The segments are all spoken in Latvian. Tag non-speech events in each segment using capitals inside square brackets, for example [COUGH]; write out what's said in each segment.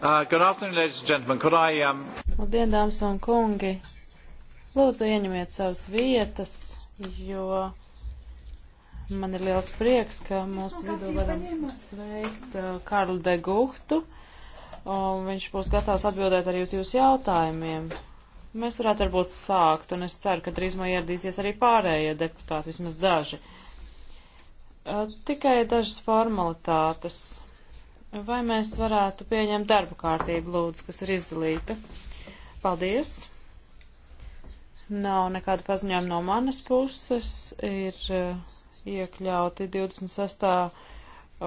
Uh, good afternoon, ladies and gentlemen. Could I, um... Labdien, dāmas un kungi. Lūdzu, ieņemiet savas vietas, jo man ir liels prieks, ka mūsu vidū varam sveikt uh, Karlu de Guhtu. Un viņš būs gatavs atbildēt arī uz jūsu jautājumiem. Mēs varētu varbūt sākt, un es ceru, ka drīzumā ieradīsies arī pārējie deputāti, vismaz daži. Uh, tikai dažas formalitātes Vai mēs varētu pieņemt darba kārtību, lūdzu, kas ir izdalīta? Paldies! Nav nekāda paziņojuma no manas puses. Ir uh, iekļauti 26.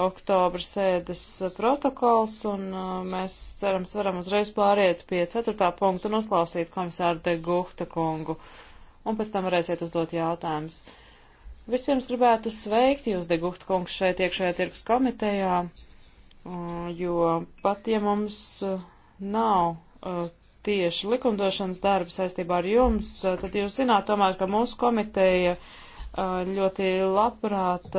oktobra sēdes uh, protokols, un uh, mēs cerams varam uzreiz pāriet pie 4. punktu un uzklausīt komisāru de Guhta kungu. Un pēc tam varēsiet uzdot jautājumus. Vispirms gribētu sveikt jūs, de Guhta kungs, šeit iekšējā tirkus komitejā. Uh, jo pat ja mums uh, nav uh, tieši likumdošanas darba saistībā ar jums, tad jūs zināt tomēr, ka mūsu komiteja ļoti labprāt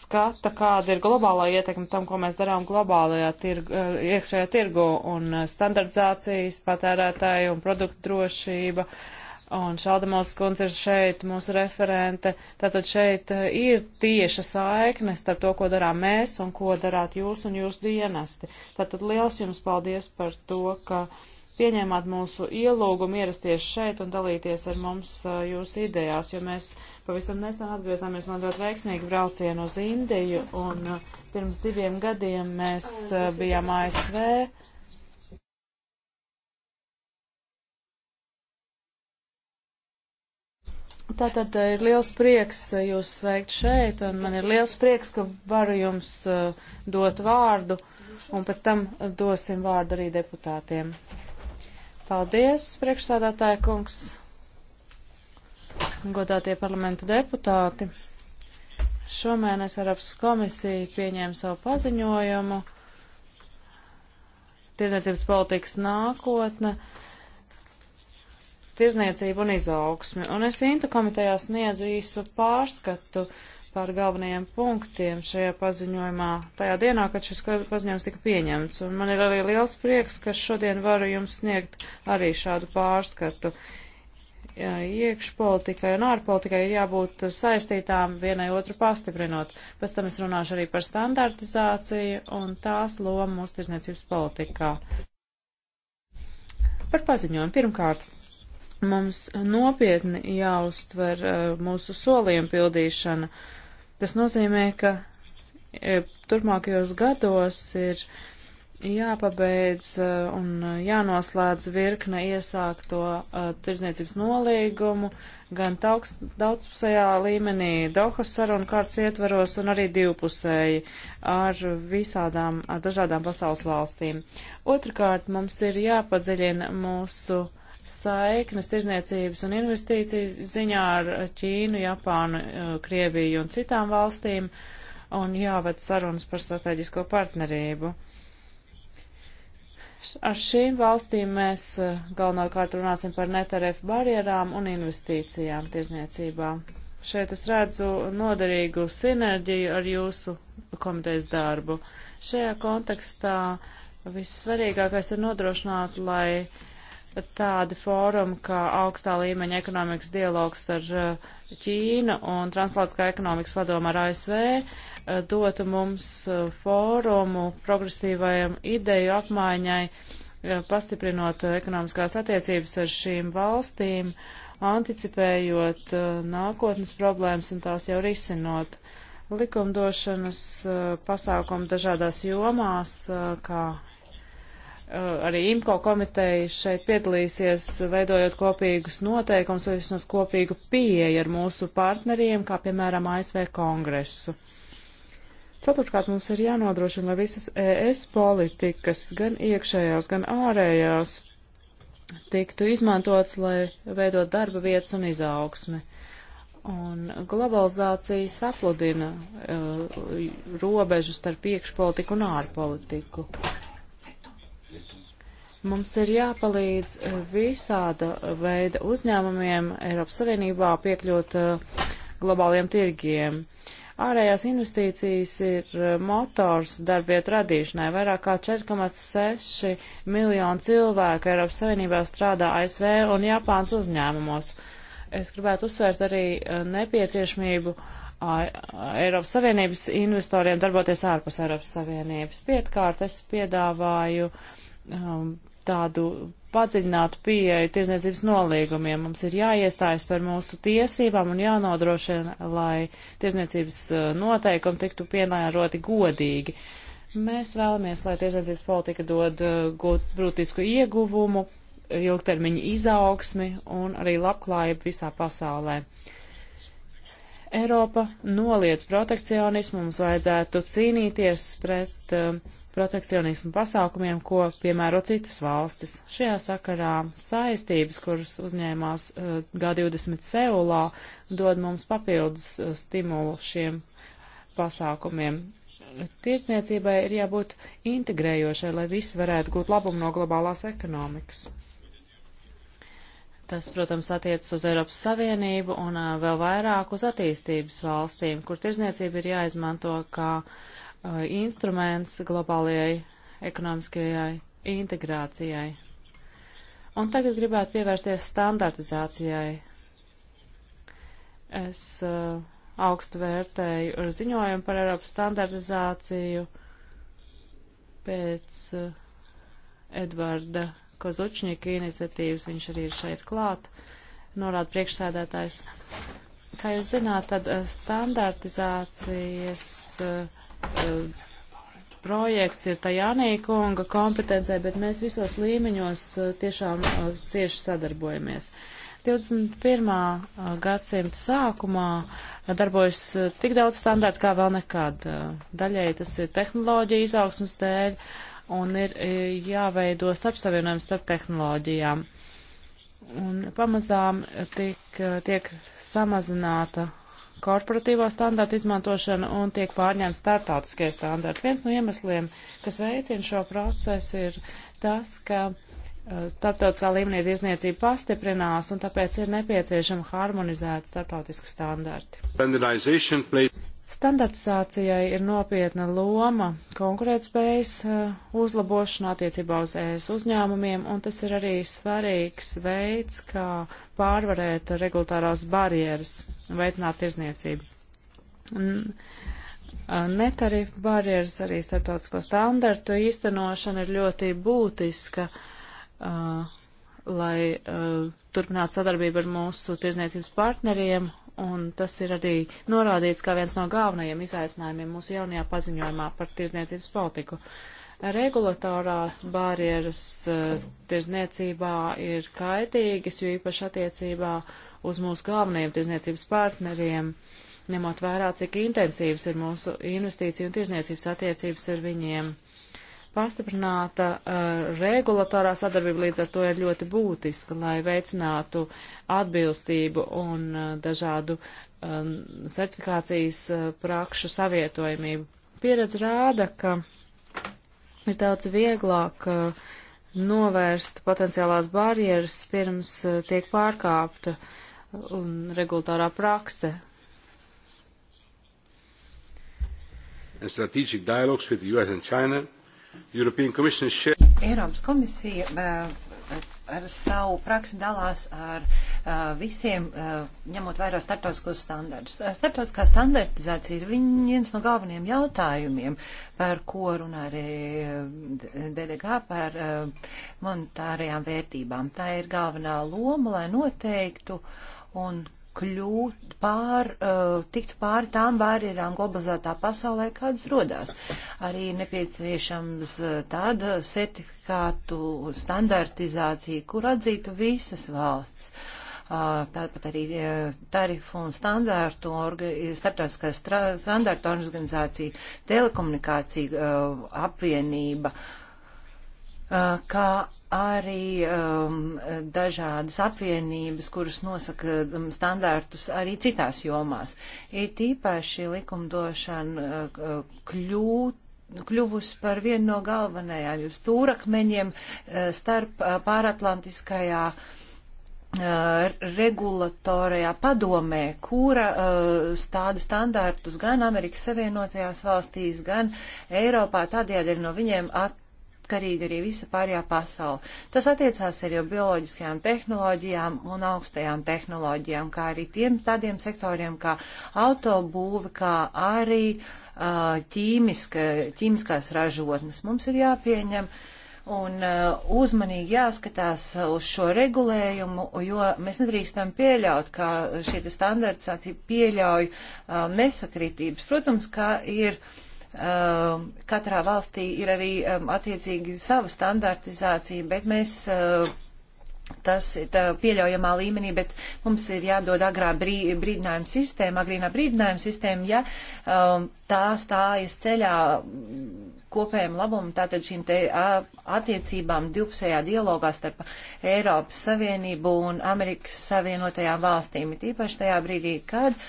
skata, kāda ir globālā ietekme tam, ko mēs darām globālajā tirgu, iekšējā tirgu un standardizācijas, patērētāju un produktu drošība. Uh, Un Šaldamos kundze ir šeit mūsu referente. Tātad šeit eh, ir tieša saikne starp to, ko darām mēs un ko darāt jūs un jūsu dienesti. Tātad liels jums paldies par to, ka pieņēmāt mūsu ielūgumu ierasties šeit un dalīties ar mums eh, jūsu idejās, jo mēs pavisam nesen atgriezāmies no ļoti veiksmīga brauciena uz Indiju un eh, pirms diviem gadiem mēs bijām ASV Tātad eh, ir liels prieks eh, jūs sveikt šeit, un man ir liels prieks, ka varu jums eh, dot vārdu, un pēc tam dosim vārdu arī deputātiem. Paldies, priekšsādātāja kungs, godātie parlamenta deputāti. Šomēnes Eiropas komisija pieņēma savu paziņojumu Tiesniecības politikas nākotne. Uh, tirzniecību un izaugsmi. Un es Intu komitejā sniedzu īsu pārskatu par galvenajiem punktiem šajā paziņojumā tajā dienā, kad šis paziņojums tika pieņemts. Un man ir arī liels prieks, ka šodien varu jums sniegt arī šādu pārskatu. Iekšpolitikai un ārpolitikai ir jābūt saistītām vienai otru pastiprinot. Pēc tam es runāšu arī par standartizāciju un tās lomu mūsu tirzniecības politikā. Par paziņojumu pirmkārt Mums nopietni jāuztver eh, mūsu solījumu pildīšana. Tas nozīmē, ka e, turpmākajos gados ir jāpabeidz e, un jānoslēdz virkne iesākto uh, e, tirdzniecības nolīgumu gan tauks, daudzpusējā līmenī, Dohas sarunu kārtas ietvaros un arī divpusēji ar visādām, ar dažādām pasaules valstīm. Otrakārt, mums ir jāpadziļina mūsu uh, saiknes tirzniecības un investīciju ziņā ar Ķīnu, Japānu, eh, Krieviju un citām valstīm un jāved sarunas par strateģisko partnerību. Ar šīm valstīm mēs eh, galvenokārt runāsim par netarefu barjerām un investīcijām tirzniecībā. Šeit es redzu noderīgu sinerģiju ar jūsu komitejas darbu. Šajā kontekstā vissvarīgākais ir nodrošināt, lai uh, tādi fórumi kā augstā līmeņa ekonomikas dialogs ar eh, Ķīnu un Translātiskā ekonomikas padoma ar ASV eh, dotu mums eh, fórumu progresīvajam ideju apmaiņai, pastiprinot ekonomiskās attiecības ar šīm valstīm, anticipējot nākotnes problēmas un tās jau risinot likumdošanas pasākumu dažādās jomās, kā Eh, arī IMCO komiteja šeit piedalīsies, veidojot kopīgus noteikumus vai vismaz kopīgu pieeju ar mūsu partneriem, kā piemēram ASV kongresu. Ceturtkārt mums ir jānodrošina, lai visas ES politikas, gan iekšējās, gan ārējās, tiktu izmantots, lai veidot darba vietas un izaugsmi. Un globalizācija sapludina uh, robežu starp iekšpolitiku un ārpolitiku. Mums ir jāpalīdz e, visāda veida uzņēmumiem Eiropas Savienībā piekļūt e, globāliem tirgiem. Ārējās investīcijas ir e, motors darbvietu radīšanai. Vairāk kā 4,6 miljonu cilvēku Eiropas Savienībā strādā ASV un Japāns uzņēmumos. Es gribētu uzsvērt arī nepieciešamību Eiropas Savienības investoriem darboties ārpus Eiropas Savienības. Pietkārt es piedāvāju um, tādu padziļinātu pieeju tiesniecības nolīgumiem. Mums ir jāiestājas par mūsu tiesībām un jānodrošina, lai tiesniecības uh, noteikumi tiktu piemēroti godīgi. Mēs vēlamies, lai tiesniecības politika dod uh, gūt brūtisku ieguvumu, ilgtermiņa izaugsmi un arī labklājību visā pasaulē. Eiropa noliedz protekcionismu, mums vajadzētu cīnīties pret uh, protekcionismu pasākumiem, ko piemēro citas valstis. Šajā sakarā saistības, kuras uzņēmās uh, G20 Seulā, dod mums papildus uh, stimulu šiem pasākumiem. Tirzniecībai ir jābūt integrējošai, lai visi varētu gūt labumu no globālās ekonomikas. Tas, protams, attiecas uz Eiropas Savienību un uh, vēl vairāk uz attīstības valstīm, kur tirzniecība ir jāizmanto kā uh, Uh, instruments globālajai ekonomiskajai integrācijai. Un tagad gribētu pievērsties standartizācijai. Es uh, augstu vērtēju ziņojumu par Eiropas standartizāciju pēc uh, Edvarda Kozučņika iniciatīvas, viņš arī ir šeit klāt, norāda priekšsēdētājs. Kā jūs zināt, tad uh, standartizācijas uh, Eh, projekts ir Tajānī kunga kompetencē, bet mēs visos līmeņos eh, tiešām eh, cieši sadarbojamies. 21. gadsimta sākumā darbojas tik daudz standārtu kā vēl nekad. Daļai tas ir tehnoloģija izaugsmas dēļ un ir jāveido starpsavienojums starp tehnoloģijām. Un pamazām tiek, tiek samazināta korporatīvo standartu izmantošana un tiek pārņemta startautiskie standarti. Viens no iemesliem, kas veicina šo procesu, ir tas, ka uh, starptautiskā līmenī tirzniecība pastiprinās un tāpēc ir nepieciešama harmonizēta starptautiska standarti. Standartizācijai ir nopietna loma konkurētspējas uh, uzlabošanā attiecībā uz ES uzņēmumiem, un tas ir arī svarīgs veids, kā uh, pārvarēt regulārās barjeras, veicināt tirzniecību. Netarifu barjeras arī starptautisko standartu īstenošana ir ļoti būtiska, uh, lai uh, turpinātu sadarbību ar mūsu tirzniecības partneriem un tas ir arī norādīts kā viens no galvenajiem izaicinājumiem mūsu jaunajā paziņojumā par tirzniecības politiku. Regulatorās barjeras eh, tirzniecībā ir kaitīgas, jo īpaši attiecībā uz mūsu galvenajiem tirzniecības partneriem, ņemot vērā, cik intensīvas ir mūsu investīcija un tirzniecības attiecības ar viņiem. Pastiprināta uh, regulatorā sadarbība līdz ar to ir ļoti būtiska, lai veicinātu atbilstību un uh, dažādu um, certifikācijas uh, prakšu savietojamību. Pieredze rāda, ka ir daudz vieglāk uh, novērst potenciālās barjeras pirms tiek pārkāpta regulārā prakse. And strategic dialogues with the US and China Eiropas komisija uh, ar savu praksi dalās ar uh, visiem, uh, ņemot vairāk starptautiskos standartus. Starptautiskā standartizācija ir viens no galvenajiem jautājumiem, par ko runā arī DDG par monetārajām vērtībām. Tā ir galvenā loma, lai noteiktu un kļūt pār, uh, tikt pāri tām barjerām globalizētā pasaulē, kādas rodās. Arī nepieciešams eh, tāda sertifikātu standartizācija, kur atzītu visas valsts. Uh, tāpat arī eh, tarifu un standārtu, starptautiskā standārtu organizācija, telekomunikācija uh, apvienība. Uh, Uh, kā arī um, dažādas apvienības, kuras nosaka um, standārtus arī citās jomās. Ir tīpaši likumdošana uh, kļūt kļuvusi par vienu no galvenajām jūs stūrakmeņiem uh, starp uh, pāratlantiskajā uh, regulatorajā padomē, kura uh, stāda standārtus gan Amerikas Savienotajās valstīs, gan Eiropā, tādējādi ir no viņiem at, atkarīga arī visa pārējā pasaule. Tas attiecās arī uz bioloģiskajām tehnoloģijām un augstajām tehnoloģijām, kā arī tiem tādiem sektoriem kā autobūve, kā arī uh, ķīmiska, ķīmiskās ražotnes. Mums ir jāpieņem un uh, uzmanīgi jāskatās uz šo regulējumu, jo mēs nedrīkstam pieļaut, ka šie standartizācija pieļauj uh, nesakritības. Protams, ka ir uh, Um, katrā valstī ir arī um, attiecīgi sava standartizācija, bet mēs uh, tas ir pieļaujamā līmenī, bet mums ir jādod agrā brī, brīdinājuma sistēma, agrīnā brīdinājuma sistēma, ja um, tā stājas ceļā kopējiem labumam, tātad šīm te attiecībām divpusējā dialogā starp Eiropas Savienību un Amerikas Savienotajām valstīm. Tīpaši tajā brīdī, kad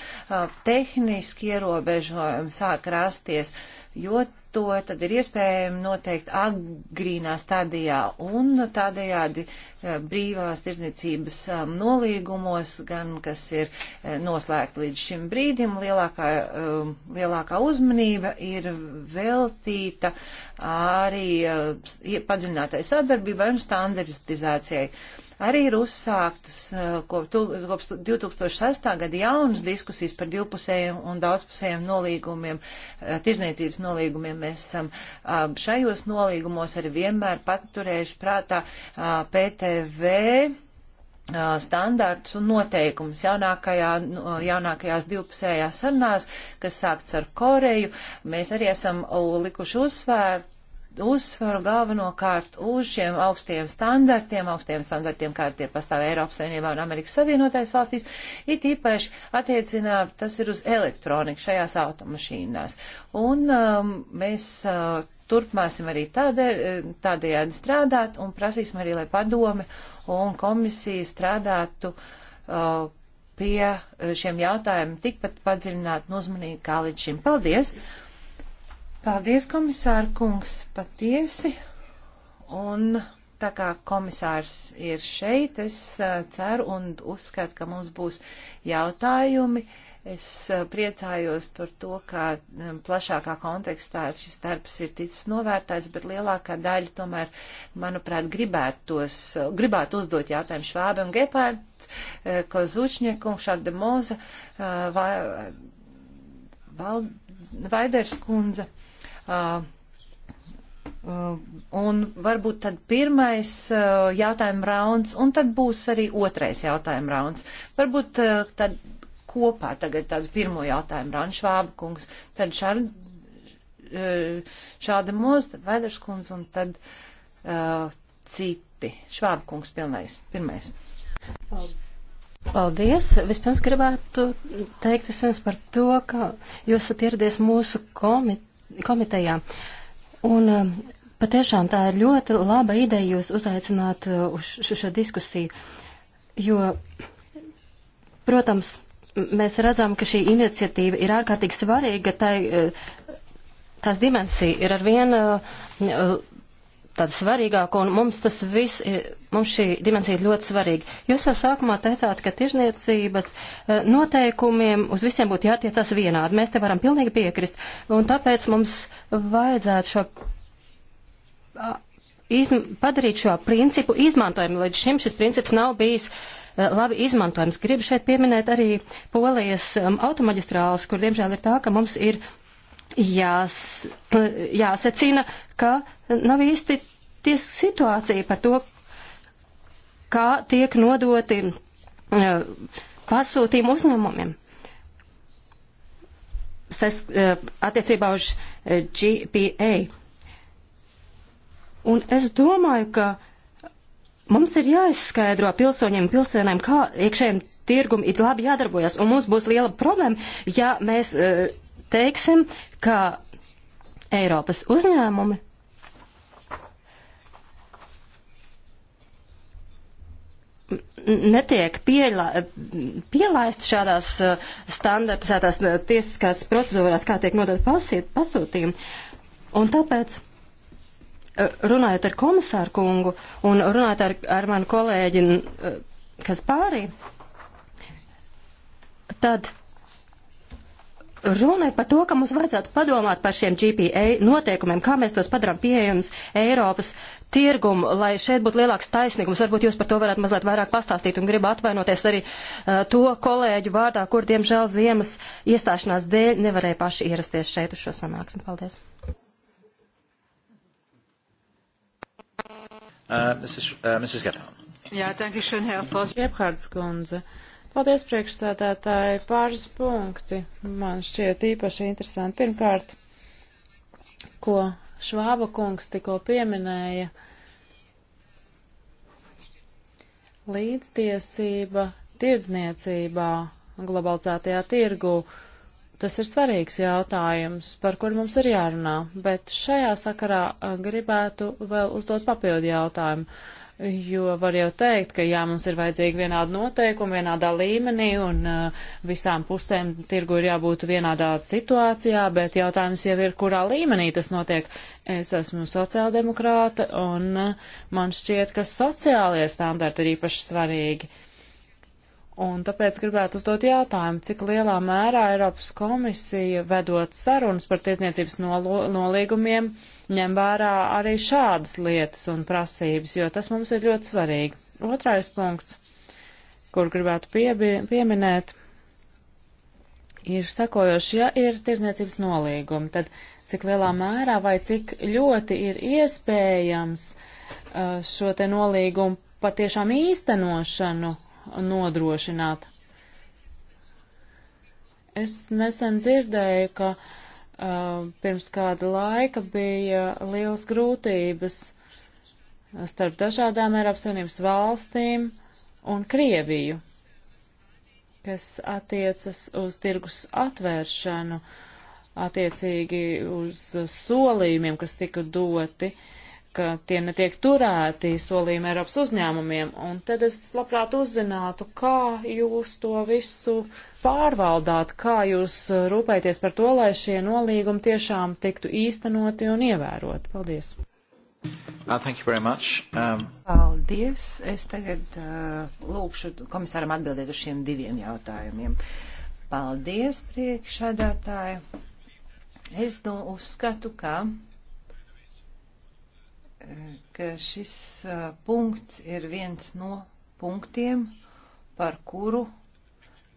tehniski ierobežojumi sāk rasties, jo to tad ir iespējami noteikt agrīnā stadijā un tādējādi eh, brīvās tirdzniecības ehm, nolīgumos, gan kas ir eh, noslēgti līdz šim brīdim, lielākā, ehm, lielākā uzmanība ir veltīta arī eh, padziļinātai sadarbībai un standartizācijai arī ir uzsāktas uh, kopš 2006. gada jaunas diskusijas par divpusējiem un daudzpusējiem nolīgumiem, uh, tirzniecības nolīgumiem. Mēs esam uh, šajos nolīgumos arī vienmēr paturējuši prātā PTV standārts un noteikums jaunākajā, nu, jaunākajās divpusējās sarunās, kas sākts ar Koreju. Mēs arī esam likuši uzsvērt uzsvaru galvenokārt uz šiem augstiem standartiem, augstiem standartiem, kā tie pastāv Eiropas Savienībā un Amerikas Savienotais valstīs, it īpaši attiecināt, tas ir uz elektroniku šajās automašīnās. Un um, mēs uh, turpmāsim arī tādē, uh, tādējādi strādāt un prasīsim arī, lai padome un komisija strādātu uh, pie uh, šiem jautājumiem tikpat padziļināt un uzmanīgi kā līdz šim. Paldies! Paldies, komisāra kungs, patiesi. Un tā kā komisārs ir šeit, es uh, ceru un uzskatu, ka mums būs jautājumi. Es uh, priecājos par to, ka um, plašākā kontekstā šis darbs ir ticis novērtēts, bet lielākā daļa tomēr, manuprāt, gribētos, uh, gribētu uzdot jautājumu Švābe un Gepārds, Kozučņieku un Šarde Moza, Vaiders kundze. Uh, Uh, uh, un varbūt tad pirmais uh, jautājuma rauns, un tad būs arī otrais jautājuma rauns. Varbūt tad kopā tagad tādu pirmo jautājumu raunu Švāba kungs, tad šāda, šāda mūs, tad Vēders kungs, un tad uh, citi. Švāba kungs pilnais, pirmais. Paldies. Paldies! Vispirms gribētu teikt vispirms par to, ka jūs esat ieradies mūsu komiteju komitejā. Un um, patiešām tā ir ļoti laba ideja jūs uzaicināt uh, uz šo, šo diskusiju, jo, protams, mēs redzam, ka šī iniciatīva ir ārkārtīgi svarīga, tai uh, tās dimensija ir arvien uh, tāda svarīgāka, un mums tas viss, mums šī dimensija ir ļoti svarīga. Jūs jau sākumā teicāt, ka tirzniecības e, noteikumiem uz visiem būtu jātiecas vienādi. Mēs te varam pilnīgi piekrist, un tāpēc mums vajadzētu šo izm, padarīt šo principu izmantojumu. Līdz šim šis princips nav bijis uh, labi izmantojams. Gribu šeit pieminēt arī Polijas um, automaģistrāles, kur diemžēl ir tā, ka mums ir jās, jāsecina, ka nav īsti tiesa situācija par to, kā tiek nodoti e, pasūtījumi uzņēmumiem. Ses, e, attiecībā uz e, GPA. Un es domāju, ka mums ir jāizskaidro pilsoņiem, pilsēnēm, kā iekšējiem tirgumi ir labi jādarbojas, un mums būs liela problēma, ja mēs teiksim, ka Eiropas uzņēmumi netiek piela, pielaist šādās uh, standartizētās uh, tiesiskās procedūrās, kā tiek nodot pasūtījumi. Un tāpēc, uh, runājot ar komisāru kungu un runājot ar, ar manu kolēģi, kas pārī, tad runa ir par to, ka mums vajadzētu padomāt par šiem GPA noteikumiem, kā mēs tos padarām pieejams Eiropas tirgumu, lai šeit būtu lielāks taisnīgums. Varbūt jūs par to varētu mazliet vairāk pastāstīt un gribu atvainoties arī uh, to kolēģu vārdā, kur, diemžēl, ziemas iestāšanās dēļ nevarēja paši ierasties šeit uz šo sanāksmi. Paldies! Uh, Mrs. Uh, Mrs. Jā, danke schön, Herr Voss. Gebhards kundze. Uh, Paldies, priekšsēdētāji. Pāris punkti man šķiet īpaši interesanti. Pirmkārt, ko Švāba kungs tikko pieminēja, līdztiesība tirdzniecībā, globalizētajā tirgu. Tas ir svarīgs jautājums, par kur mums ir jārunā, bet šajā sakarā eh, gribētu vēl uzdot papildu jautājumu jo var jau teikt, ka jā, mums ir vajadzīgi vienādi noteikumi, vienādā līmenī un uh, visām pusēm tirgu ir jābūt vienādā situācijā, bet jautājums jau ir, kurā līmenī tas notiek. Es esmu sociāldemokrāta un uh, man šķiet, ka sociālie standarti ir īpaši svarīgi. Uh, Un tāpēc gribētu uzdot jautājumu, cik lielā mērā Eiropas komisija, vedot sarunas par tiesniecības nolīgumiem, ņem vērā arī šādas lietas un prasības, jo tas mums ir ļoti svarīgi. Otrais punkts, kur gribētu pieminēt, ir sekojoši, ja ir tiesniecības nolīgumi, tad cik lielā mērā vai cik ļoti ir iespējams uh, šo te nolīgumu patiešām īstenošanu nodrošināt. Es nesen dzirdēju, ka uh, pirms kāda laika bija liels grūtības starp dažādām Eiropas Savienības valstīm un Krieviju, kas attiecas uz tirgus atvēršanu, attiecīgi uz solījumiem, kas tika doti. Uh, ka tie netiek turēti solījumi Eiropas uzņēmumiem, un tad es labprāt uzzinātu, kā jūs to visu pārvaldāt, kā jūs uh, rūpēties par to, lai šie nolīgumi tiešām tiktu īstenoti un ievērot. Paldies! Uh, thank you very much. Um... Paldies. Es tagad uh, lūkšu komisāram atbildēt uz šiem diviem jautājumiem. Paldies, priekšādātāji. Es nu uzskatu, ka ka šis punkts ir viens no punktiem, par kuru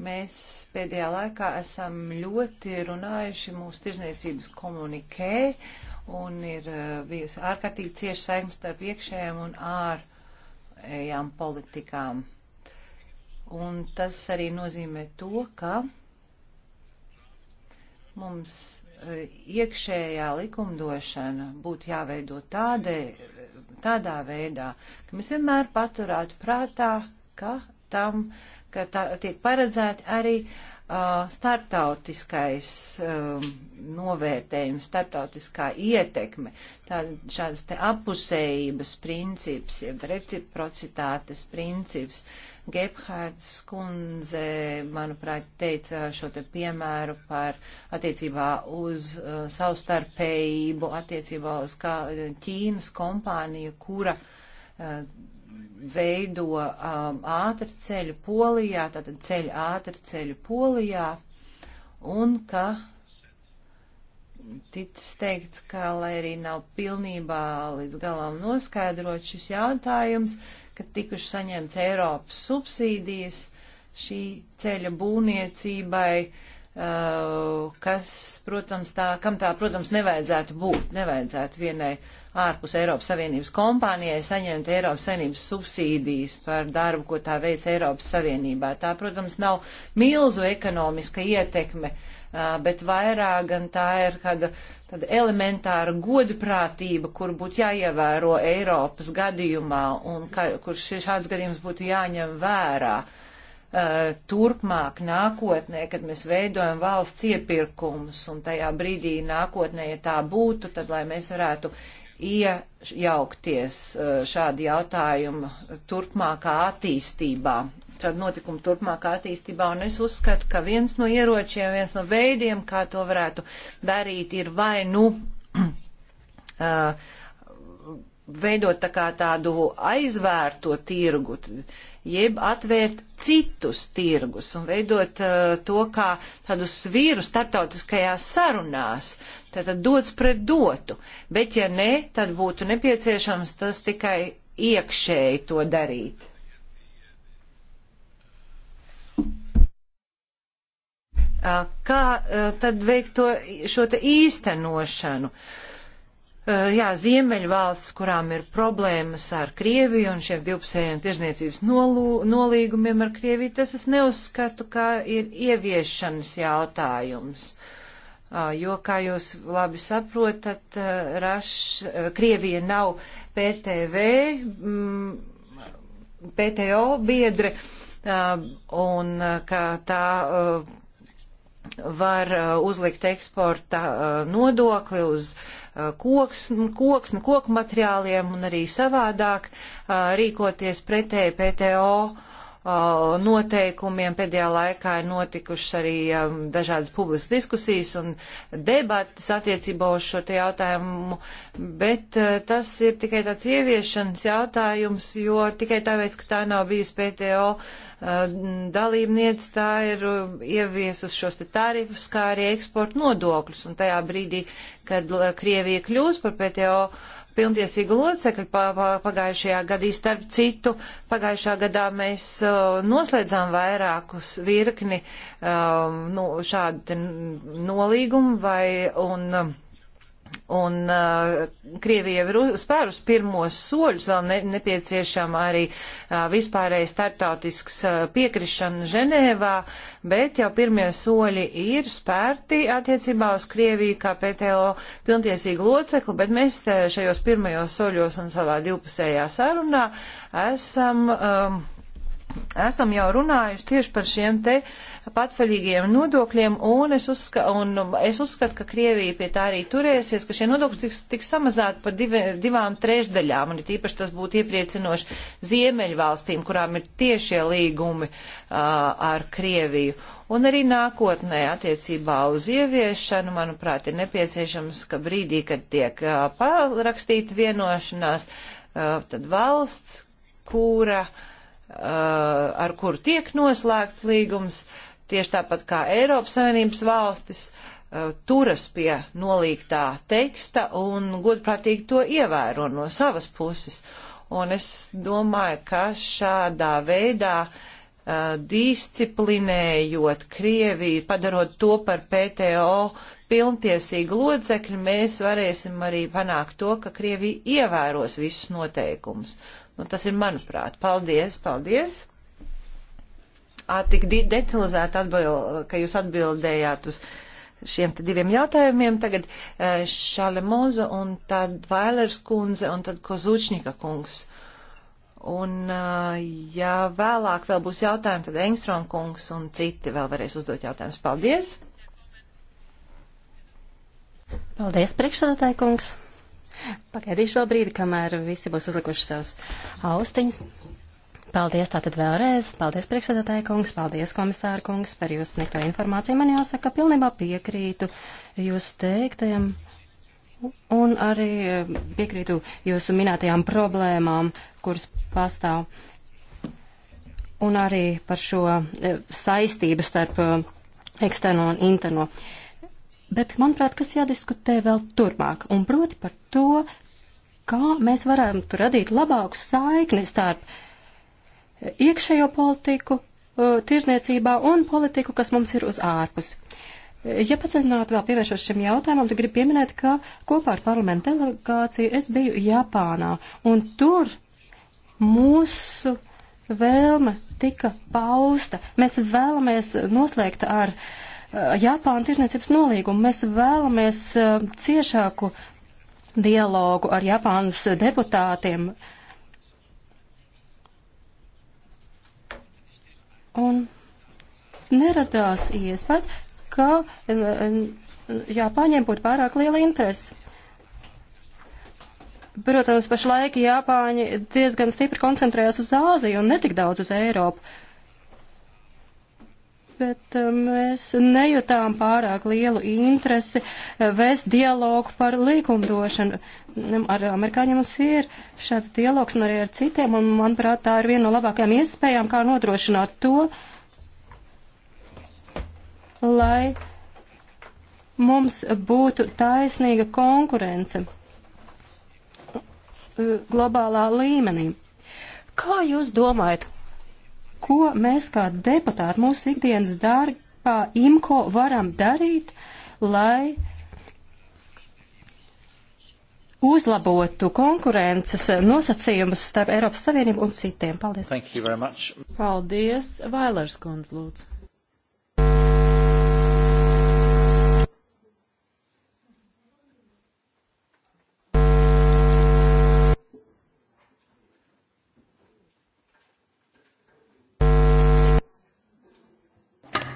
mēs pēdējā laikā esam ļoti runājuši mūsu tirzniecības komunikē un ir bijusi ārkārtīgi cieši saikni starp iekšējām un ārējām politikām. Un tas arī nozīmē to, ka mums iekšējā likumdošana būtu jāveido tādē, tādā veidā, ka mēs vienmēr paturētu prātā, ka tam, ka tā, tiek paredzēti arī uh, starptautiskais um, novērtējums, starptautiskā ietekme, tā, šādas te apusējības princips, jeb reciprocitātes princips, Gebhārds kundze, manuprāt, teica šo te piemēru par attiecībā uz uh, savstarpējību, attiecībā uz kā, Ķīnas kompāniju, kura uh, veido um, ātrceļu Polijā, tātad ceļu ātrceļu Polijā, un ka ticis teikt, ka, lai arī nav pilnībā līdz galam noskaidrot šis jautājums, ka tikuši saņemts Eiropas subsīdijas šī ceļa būvniecībai, uh, kas, protams, tā, kam tā, protams, nevajadzētu būt, nevajadzētu vienai ārpus Eiropas Savienības kompānijai saņemt Eiropas Savienības subsīdijas par darbu, ko tā veic Eiropas Savienībā. Tā, protams, nav milzu ekonomiska ietekme uh, bet vairāk gan tā ir kāda tāda elementāra godprātība, kur būtu jāievēro Eiropas gadījumā un ka, kur šāds gadījums būtu jāņem vērā turpmāk nākotnē, kad mēs veidojam valsts iepirkumus un tajā brīdī nākotnē, ja tā būtu, tad lai mēs varētu iejaukties šādi jautājumi turpmākā attīstībā šādu notikumu turpmākā attīstībā, un es uzskatu, ka viens no ieročiem, viens no veidiem, kā to varētu darīt, ir vai nu [CLEARS THROAT] uh, veidot tā kā tādu aizvērto tirgu, jeb atvērt citus tirgus un veidot uh, to kā tādu svīru starptautiskajās sarunās, tātad dots pret dotu, bet ja ne, tad būtu nepieciešams tas tikai iekšēji to darīt. Kā tad veikt to, šo te īstenošanu? Jā, Ziemeļvalsts, kurām ir problēmas ar Krieviju un šiem divpusējiem tirzniecības nolīgumiem ar Krieviju, tas es neuzskatu, kā ir ieviešanas jautājums. Jo, kā jūs labi saprotat, raš, Krievija nav PTV, mm, PTO biedre, un ka tā var uh, uzlikt eksporta uh, nodokli uz uh, koks, koksni, nu, koku materiāliem un arī savādāk rīkoties pretēji PTO Uh, noteikumiem. Pēdējā laikā ir notikušas arī um, dažādas publiskas diskusijas un debatas attiecībā uz šo te jautājumu, bet uh, tas ir tikai tāds ieviešanas jautājums, jo tikai tāpēc, ka tā nav bijusi PTO uh, dalībniece, tā ir ieviesus šos te tarifus, kā arī eksporta nodokļus, un tajā brīdī, kad Krievija kļūs par PTO, pilntiesīgu locekļu pagājušajā gadā. Starp citu, pagājušā gadā mēs noslēdzām vairākus virkni nu, šādu nolīgumu vai un. Un uh, Krievija jau ir spērus pirmos soļus, vēl ne, nepieciešama arī uh, vispārējais startautisks uh, piekrišana Ženēvā, bet jau pirmie soļi ir spērti attiecībā uz Krieviju kā PTO pilntiesīgu locekli, bet mēs uh, šajos pirmajos soļos un savā divpusējā sarunā esam. Um, uh, esam jau runājuši tieši par šiem te patvaļīgiem nodokļiem, un es, uzska, un es uzskatu, ka Krievija pie tā arī turēsies, ka šie nodokļi tiks, tiks samazāti par divi, divām trešdaļām, un tīpaši tas būtu iepriecinoši Ziemeļvalstīm, kurām ir tiešie līgumi uh, ar Krieviju. Un arī nākotnē attiecībā uz ieviešanu, manuprāt, ir nepieciešams, ka brīdī, kad tiek uh, parakstīta vienošanās, uh, tad valsts, kura uh, Uh, ar kuru tiek noslēgts līgums, tieši tāpat kā Eiropas Savienības valstis, uh, turas pie nolīgtā teksta un godprātīgi to ievēro no savas puses. Un es domāju, ka šādā veidā uh, disciplinējot Krieviju, padarot to par PTO pilntiesīgu lodzekļu, mēs varēsim arī panākt to, ka Krievija ievēros visus noteikumus. Uh, Nu, tas ir manuprāt. Paldies, paldies! À, tik detalizēti atbild, ka jūs atbildējāt uz šiem diviem jautājumiem. Tagad Šāle Moza un tad Vailers kundze un tad Kozučņika kungs. Un, ja vēlāk vēl būs jautājumi, tad Engstrom kungs un citi vēl varēs uzdot jautājumus. Paldies! Paldies, priekšsēdētāji kungs! Pagaidīšu vēl brīdi, kamēr visi būs uzlikuši savus austiņus. Paldies tātad vēlreiz. Paldies priekšsēdētāja kungs, paldies komisāra kungs par jūsu sniegto informāciju. Man jāsaka, ka pilnībā piekrītu jūsu teiktajam un arī eh, piekrītu jūsu minētajām problēmām, kuras pastāv. Un arī par šo eh, saistību starp eh, eksterno un interno. Uh, bet, manuprāt, kas jādiskutē vēl turpmāk, un proti par to, kā mēs varam radīt labāku saikni starp eh, iekšējo politiku, eh, tirzniecībā un politiku, kas mums ir uz ārpus. Eh, ja paceļinātu vēl pievēršos šim jautājumam, tad gribu pieminēt, ka kopā ar parlamentu delegāciju es biju Japānā, un tur mūsu vēlme tika pausta. Mēs vēlamies noslēgt ar uh, Eh, Japāna tirniecības nolīgumu. Mēs vēlamies eh, ciešāku dialogu ar Japānas deputātiem. Un neradās iespējas, ka eh, Japāņiem būtu pārāk liela interese. Protams, pašlaik Japāņi diezgan stipri koncentrējas uz Āziju un netik daudz uz Eiropu. Uh, bet eh, mēs nejutām pārāk lielu interesi eh, vēst dialogu par likumdošanu. Mm, ar amerikāņiem mums ir šāds dialogs un arī ar citiem, un manuprāt, tā ir viena no labākajām iespējām, kā nodrošināt to, lai mums būtu taisnīga konkurence eh, globālā līmenī. Kā jūs domājat, ko mēs kā deputāti mūsu ikdienas darbā IMCO varam darīt, lai uzlabotu konkurences nosacījumus starp Eiropas Savienību un citiem. Paldies. Paldies. Vailers kundz, lūdzu.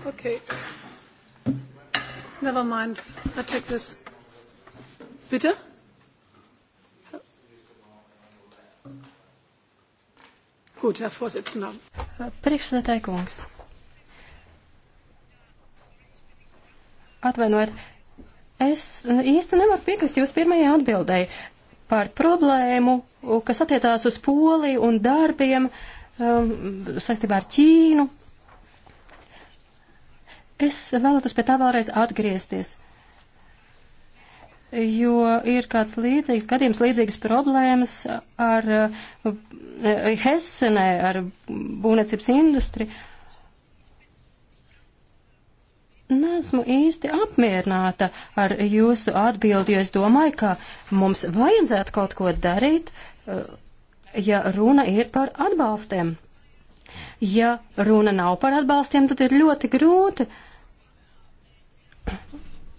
Okay. Never mind. I take this. Bitte? Gut, Herr Vorsitzender. Priekšsēdētāj kungs. Atvainojiet, es eh, īsti nevaru piekrist jūsu pirmajai atbildēji par problēmu, kas attiecās uz Poliju un darbiem um, saistībā ar Ķīnu Es vēlētos pie tā vēlreiz atgriezties, jo ir kāds līdzīgs gadījums, līdzīgas problēmas ar eh, Hessenē, ar būvniecības industri. Nesmu īsti apmierināta ar jūsu atbildi, jo es domāju, ka mums vajadzētu kaut ko darīt, eh, ja runa ir par atbalstiem. Ja runa nav par atbalstiem, tad ir ļoti grūti uh,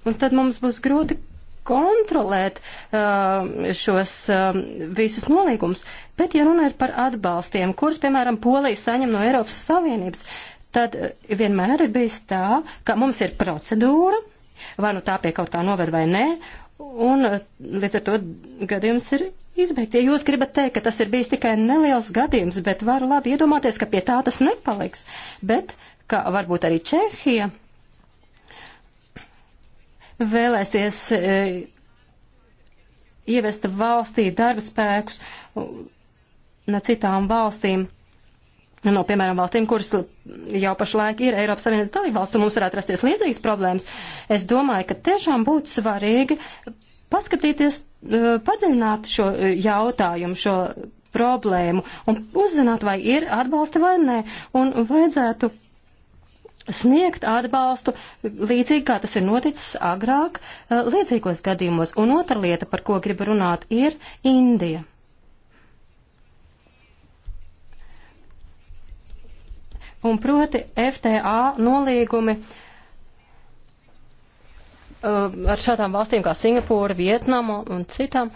Un tad mums būs grūti kontrolēt uh, šos uh, visus nolīgumus. Bet, ja runa ir par atbalstiem, kurus, piemēram, Polija saņem no Eiropas Savienības, tad uh, vienmēr ir bijis tā, ka mums ir procedūra, vai nu tā pie kaut kā noved vai nē, un uh, līdz ar to gadījums ir izbeigts. Ja jūs gribat teikt, ka tas ir bijis tikai neliels gadījums, bet varu labi iedomāties, ka pie tā tas nepaliks, bet ka varbūt arī Čehija vēlēsies e, ievest valstī darba spēkus no citām valstīm, no, piemēram, valstīm, kuras jau pašlaik ir Eiropas Savienības dalībvalsts, un mums varētu rasties līdzīgas problēmas, es domāju, ka tiešām būtu svarīgi paskatīties, e, padziļināt šo e, jautājumu, šo problēmu un uzzināt, vai ir atbalsta vai nē, un vajadzētu sniegt atbalstu, līdzīgi kā tas ir noticis agrāk, eh, līdzīgos gadījumos. Un otra lieta, par ko gribu runāt, ir Indija. Un proti FTA nolīgumi eh, ar šādām valstīm kā Singapūra, Vietnama un citām.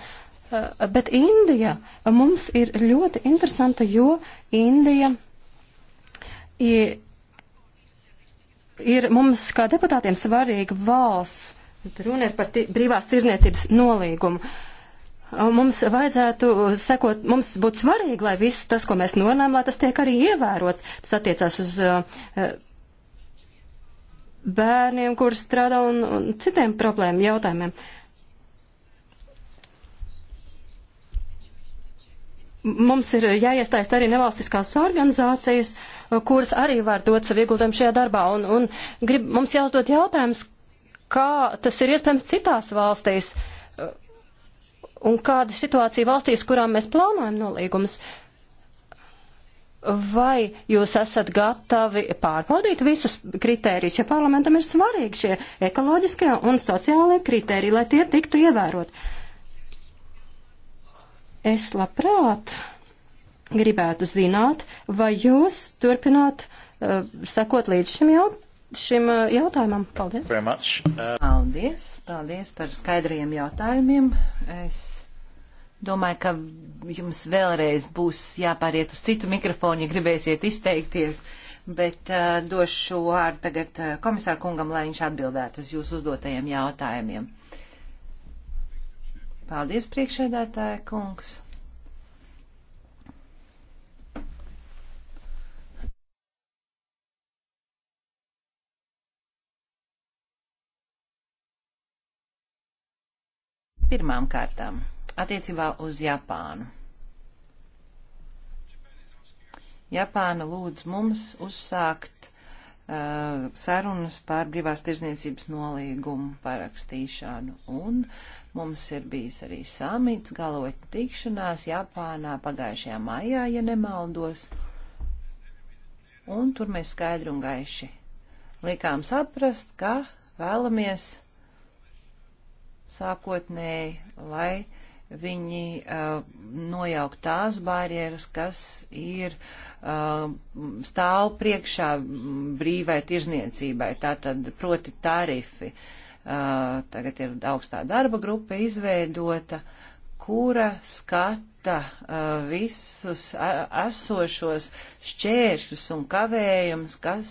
Eh, bet Indija mums ir ļoti interesanta, jo Indija ir mums kā deputātiem svarīga valsts. Runa ir par brīvās tirzniecības nolīgumu. Mums vajadzētu sekot, mums būtu svarīgi, lai viss tas, ko mēs norunājam, lai tas tiek arī ievērots. Tas attiecās uz uh, bērniem, kur strādā un, un citiem problēmu jautājumiem. Uh, mums ir jāiestājas arī nevalstiskās organizācijas, kuras arī var dot savu ieguldījumu šajā darbā. Un, un grib, mums jāuzdod jautājums, kā tas ir iespējams citās valstīs un kāda ir situācija valstīs, kurām mēs plānojam nolīgumus. Vai jūs esat gatavi pārbaudīt visus kritērijus, ja parlamentam ir svarīgi šie ekoloģiskie un sociālie kritēriji, lai tie tiktu ievērot? Uh, Es labprāt gribētu zināt, vai jūs turpināt uh, sekot līdz šim, jau, šim uh, jautājumam. Paldies. Uh... Paldies. Paldies par skaidriem jautājumiem. Es domāju, ka jums vēlreiz būs jāpāriet uz citu mikrofonu, ja gribēsiet izteikties. Bet uh, došu vārdu tagad uh, komisāru kungam, lai viņš atbildētu uz jūsu uzdotajiem jautājumiem. Uh, Paldies, priekšēdētāja kungs! Pirmām kārtām attiecībā uz Japānu. Japāna lūdz mums uzsākt uh, sarunas par brīvās tirzniecības nolīgumu parakstīšanu, un Mums ir bijis arī samits, galot tikšanās Japānā pagājušajā maijā, ja nemaldos. Un tur mēs skaidri un gaiši likām saprast, ka vēlamies sākotnēji, lai viņi uh, nojaukt tās barjeras, kas ir uh, stāv priekšā brīvai tirzniecībai, tātad proti tarifi. Uh, Uh, tagad ir augstā darba grupa izveidota, kura skata uh, visus esošos šķēršļus un kavējumus, kas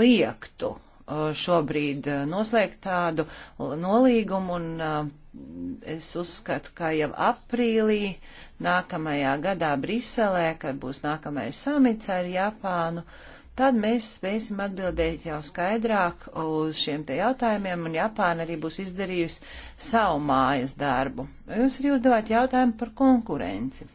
liektu uh, šobrīd noslēgt tādu nolīgumu, un es uzskatu, ka jau aprīlī nākamajā gadā Briselē, kad būs nākamais samits ar Japānu, uh, tad mēs spēsim atbildēt jau skaidrāk uz šiem te jautājumiem, un Japāna arī būs izdarījusi savu mājas darbu. Jūs arī uzdevāt jautājumu par konkurenci.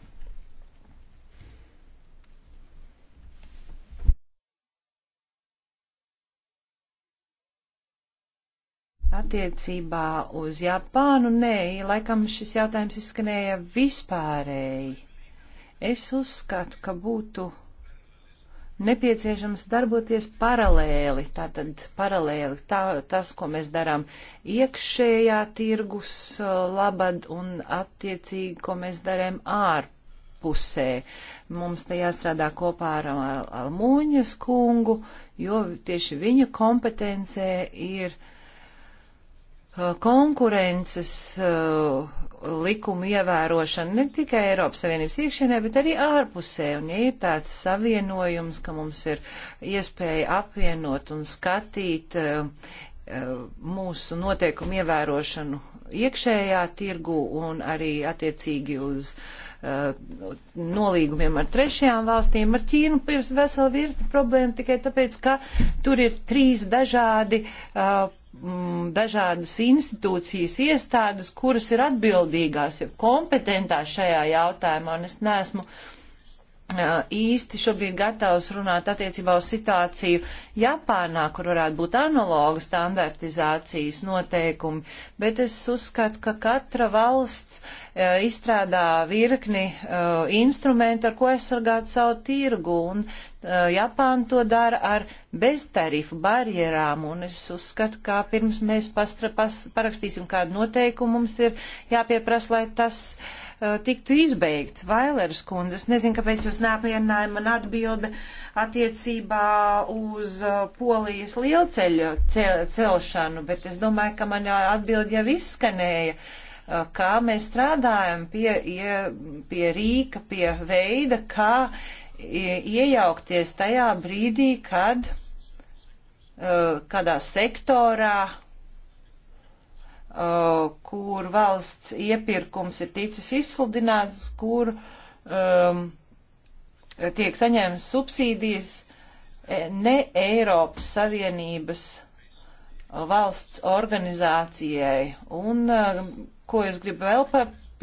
Attiecībā uz Japānu, nē, laikam šis jautājums izskanēja vispārēji. Es uzskatu, ka būtu nepieciešams darboties paralēli. Tātad paralēli tā, tas, ko mēs darām iekšējā tirgus uh, labad un attiecīgi, ko mēs darām ārpusē. Mums te jāstrādā kopā ar Almūņas kungu, jo tieši viņa kompetencē ir uh, konkurences uh, likumu ievērošanu ne tikai Eiropas Savienības iekšienē, bet arī ārpusē. Un ja ir tāds savienojums, ka mums ir iespēja apvienot un skatīt uh, mūsu noteikumu ievērošanu iekšējā tirgu un arī attiecīgi uz uh, nolīgumiem ar trešajām valstīm. Ar Ķīnu pirms vesela virkni problēma tikai tāpēc, ka tur ir trīs dažādi uh, mm, dažādas institūcijas, iestādes, kuras ir atbildīgās, ir kompetentās šajā jautājumā, un es neesmu uh, īsti šobrīd gatavs runāt attiecībā uz situāciju Japānā, kur varētu būt analoga standartizācijas noteikumi, bet es uzskatu, ka katra valsts e, izstrādā virkni e, instrumentu, ar ko aizsargāt savu tirgu, un e, Japāna to dara ar beztarifu barjerām, un es uzskatu, ka pirms mēs pastra, pas, parakstīsim kādu noteikumu, mums ir jāpieprasa, lai tas. Uh, Eh, tiktu izbeigts. Vailers kundze, es nezinu, kāpēc jūs neapvienājat man atbildi attiecībā uz eh, polijas lielceļu cel celšanu, bet es domāju, ka man atbildi jau izskanēja eh, kā mēs strādājam pie, pie rīka, pie veida, kā iejaukties tajā brīdī, kad kādā sektorā Uh, kur valsts iepirkums ir ticis izsludināts, kur um, tiek saņēmas subsīdijas e, ne Eiropas Savienības valsts organizācijai. Un uh, ko es gribu vēl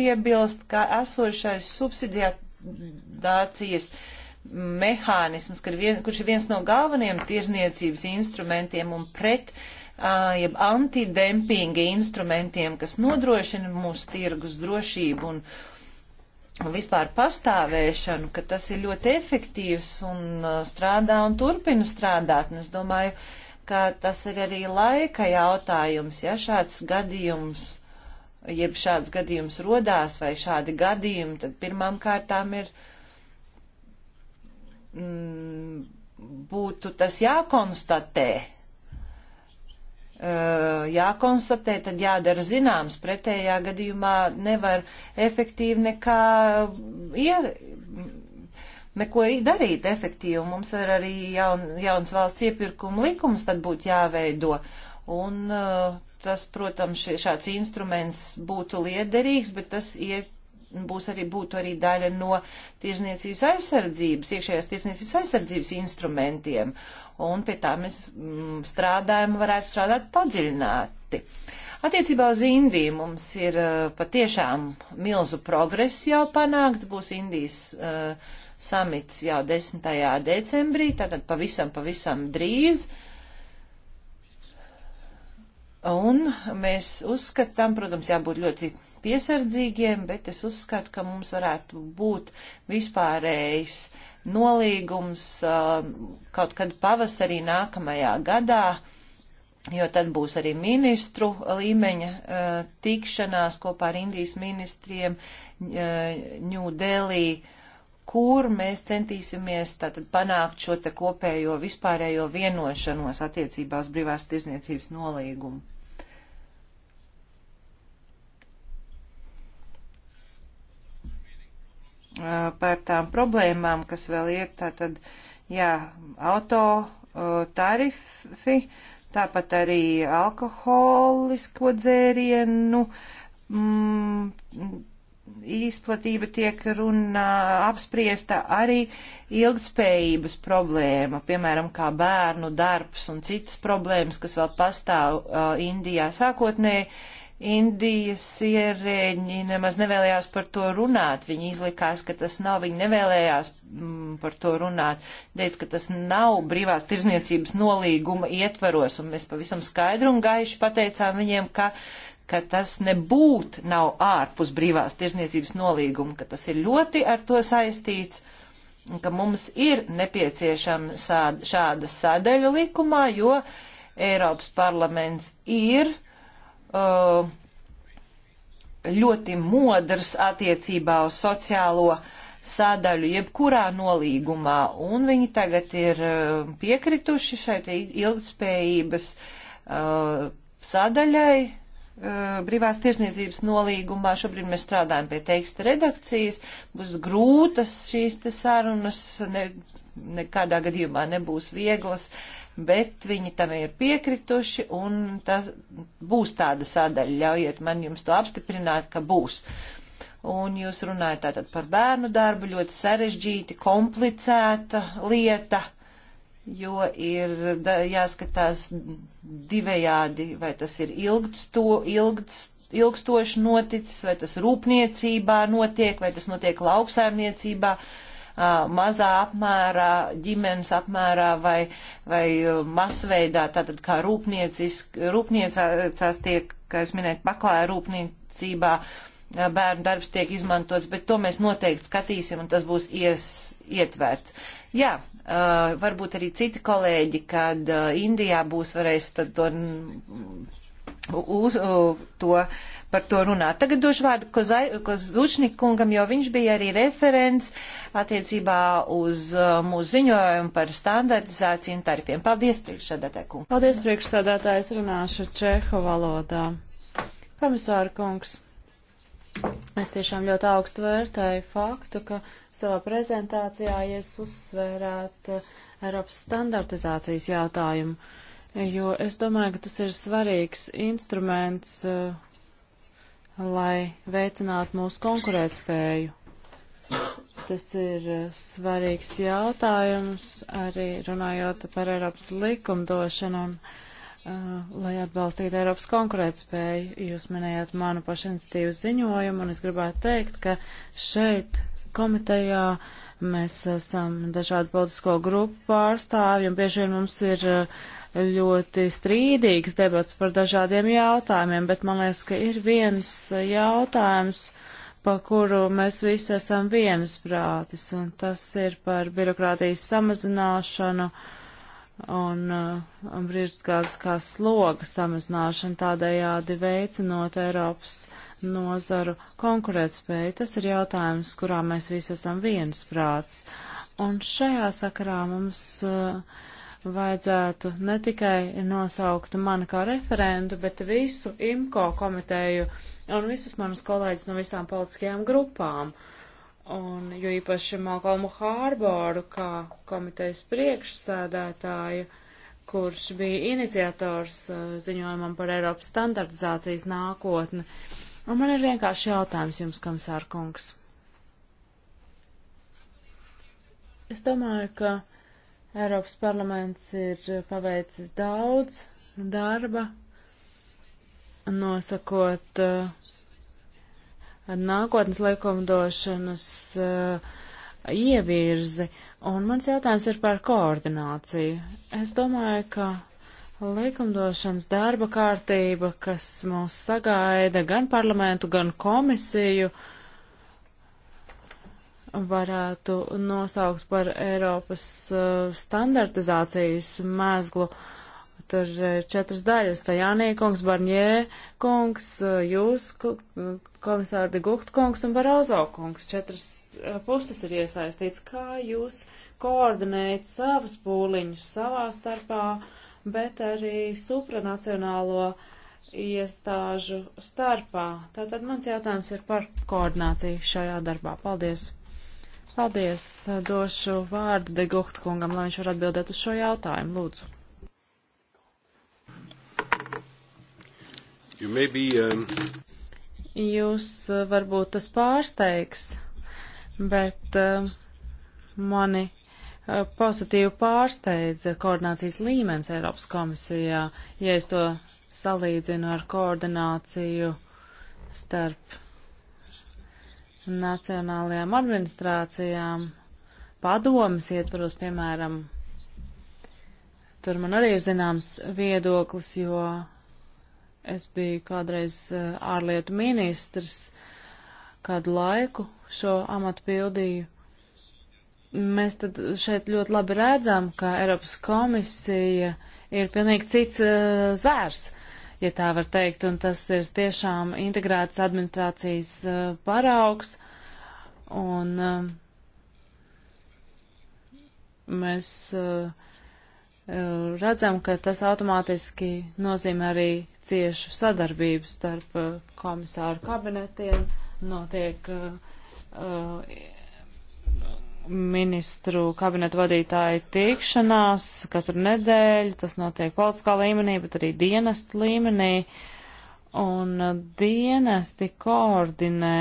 piebilst, ka esošais subsidiācijas mehānisms, kurš ir viens no galvenajiem tirzniecības instrumentiem un pret uh, jeb antidempinga instrumentiem, kas nodrošina mūsu tirgus drošību un, un vispār pastāvēšanu, ka tas ir ļoti efektīvs un strādā un turpina strādāt. Un es domāju, ka tas ir arī laika jautājums, ja šāds gadījums jeb šāds gadījums rodās vai šādi gadījumi, tad pirmām kārtām ir mm, būtu tas jākonstatē, Eh, jākonstatē, tad jādara zināms. Pretējā gadījumā nevar efektīvi nekā eh, ie, neko darīt efektīvi. Mums ir arī jaun, jauns valsts iepirkuma likums tad būtu jāveido. Un eh, tas, protams, šāds instruments būtu liederīgs, bet tas iet būs arī, būtu arī daļa no tirzniecības aizsardzības, iekšējās tirzniecības aizsardzības instrumentiem un pie tā mēs mm, strādājam, varētu strādāt padziļināti. Attiecībā uz Indiju mums ir uh, patiešām milzu progress jau panākts, būs Indijas uh, samits jau 10. decembrī, tātad pavisam, pavisam drīz. Un mēs uzskatām, protams, jābūt ļoti piesardzīgiem, bet es uzskatu, ka mums varētu būt vispārējs uh, nolīgums kaut kad pavasarī nākamajā gadā, jo tad būs arī ministru līmeņa tikšanās kopā ar Indijas ministriem Ņūdelī, kur mēs centīsimies tātad panākt šo te kopējo vispārējo vienošanos attiecībās brīvās tirzniecības nolīgumu. par tām problēmām, kas vēl ir, tātad, jā, auto tarifi, tāpat arī alkoholisko dzērienu mm, izplatība tiek runā, apspriesta arī ilgtspējības problēma, piemēram, kā bērnu darbs un citas problēmas, kas vēl pastāv uh, Indijā sākotnēji Indijas ierēģi nemaz nevēlējās par to runāt. Viņi izlikās, ka tas nav, viņi nevēlējās mm, par to runāt. Teica, ka tas nav brīvās tirzniecības nolīguma ietvaros, un mēs pavisam skaidru un gaišu pateicām viņiem, ka, ka tas nebūt nav ārpus brīvās tirzniecības nolīguma, ka tas ir ļoti ar to saistīts ka mums ir nepieciešama šāda sadaļa likumā, jo Eiropas parlaments ir Uh, ļoti modrs attiecībā uz sociālo sadaļu jebkurā nolīgumā, un viņi tagad ir uh, piekrituši šai ilgtspējības uh, sadaļai uh, brīvās tirsniecības nolīgumā. Šobrīd mēs strādājam pie teksta redakcijas, būs grūtas šīs te sarunas, ne, nekādā gadījumā nebūs vieglas. Uh, bet viņi tam ir piekrituši un tas būs tāda sadaļa. Ļaujiet man jums to apstiprināt, ka būs. Un jūs runājat tātad par bērnu darbu, ļoti sarežģīti, komplicēta lieta, jo ir da, jāskatās divējādi, vai tas ir ilgsto, ilgst, ilgstoši noticis, vai tas rūpniecībā notiek, vai tas notiek lauksaimniecībā. Uh, mazā apmērā, ģimenes apmērā vai, vai masveidā, tātad kā rūpniecās tiek, kā es minēju, paklāja rūpniecībā bērnu darbs tiek izmantots, bet to mēs noteikti skatīsim un tas būs ies, ietverts. Jā, varbūt arī citi kolēģi, kad Indijā būs varēs tad to uz to, par to runāt. Tagad došu vārdu Kozučnikungam, jo viņš bija arī referents attiecībā uz uh, mūsu ziņojumu par standartizāciju un tarifiem. Paldies, priekšsēdētāji kungs. Paldies, priekšsēdētāji, es runāšu čehu valodā. Komisāra kungs, es tiešām ļoti augstu vērtēju faktu, ka savā prezentācijā jūs uzsvērāt uh, Eiropas standartizācijas jautājumu. Uh, jo es domāju, ka tas ir svarīgs instruments, eh, lai veicinātu mūsu konkurētspēju. Tas ir eh, svarīgs jautājums arī runājot par Eiropas likumdošanu un, eh, lai atbalstītu Eiropas konkurētspēju. Jūs minējāt manu pašinicitīvu ziņojumu, un es gribētu teikt, ka šeit komitejā mēs esam dažādu politisko grupu pārstāvji, un bieži vien mums ir uh, ļoti strīdīgs debats par dažādiem jautājumiem, bet man liekas, ka ir viens jautājums, pa kuru mēs visi esam viensprātis, un tas ir par birokrātijas samazināšanu un uh, brīvkārtas kā sloga samazināšanu, tādējādi veicinot Eiropas nozaru konkurētspēju. Tas ir jautājums, kurā mēs visi esam viensprātis. Un šajā sakarā mums uh, vajadzētu ne tikai nosaukt mani kā referentu, bet visu IMCO komiteju un visus manus kolēģus no visām politiskajām grupām. Un, jo īpaši Malkolmu Hārboru kā komitejas priekšsēdētāju, kurš bija iniciators uh, ziņojumam par Eiropas standartizācijas nākotni. Un man ir vienkārši jautājums jums, komisārkungs. Es domāju, ka Eiropas parlaments ir paveicis daudz darba, nosakot uh, nākotnes likumdošanas uh, ievirzi. Un mans jautājums ir par koordināciju. Es domāju, ka likumdošanas darba kārtība, kas mūs sagaida gan parlamentu, gan komisiju, uh, varētu nosaukt par Eiropas uh, standartizācijas mēzglu. Tur ir četras daļas - Tajānī kungs, Barņē kungs, uh, jūs, komisārdi Guht kungs un Barozo kungs. Četras uh, puses ir iesaistīts, kā jūs koordinēt savus pūliņus savā starpā, bet arī supranacionālo uh, iestāžu starpā. Tātad mans jautājums ir par koordināciju šajā darbā. Paldies! Paldies. Došu vārdu Degucht kungam, lai viņš var atbildēt uz šo jautājumu. Lūdzu. Be, um... Jūs uh, varbūt tas pārsteigs, bet uh, mani uh, pozitīvi pārsteidza koordinācijas līmenis Eiropas komisijā, ja es to salīdzinu ar koordināciju starp nacionālajām administrācijām, padomas ietvaros, piemēram, tur man arī ir zināms viedoklis, jo es biju kādreiz eh, ārlietu ministrs, kādu laiku šo amatu pildīju. Mēs tad šeit ļoti labi redzam, ka Eiropas komisija ir pilnīgi cits uh, zvērs. Uh, ja tā var teikt, un tas ir tiešām integrētas administrācijas uh, paraugs, un uh, mēs uh, uh redzam, ka tas automātiski nozīmē arī ciešu sadarbību starp uh, komisāru kabinetiem, notiek uh, uh, ministru kabinetu vadītāju tikšanās katru nedēļu. Tas notiek politiskā līmenī, bet arī dienestu līmenī. Un dienesti koordinē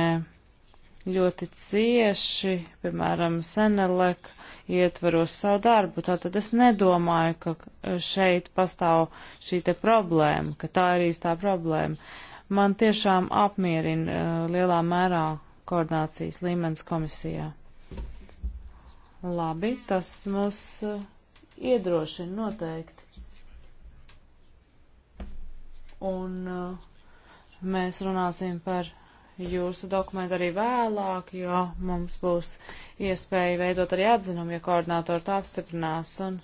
ļoti cieši, piemēram, Senelek ietveros savu darbu. Tātad es nedomāju, ka šeit pastāv šī te problēma, ka tā ir īstā problēma. Man tiešām apmierina uh, lielā mērā koordinācijas līmenis komisijā. Labi, tas mūs eh, iedrošina noteikti. Un eh, mēs runāsim par jūsu dokumentu arī vēlāk, jo mums būs iespēja veidot arī atzinumu, ja koordinātori tā apstiprinās. Un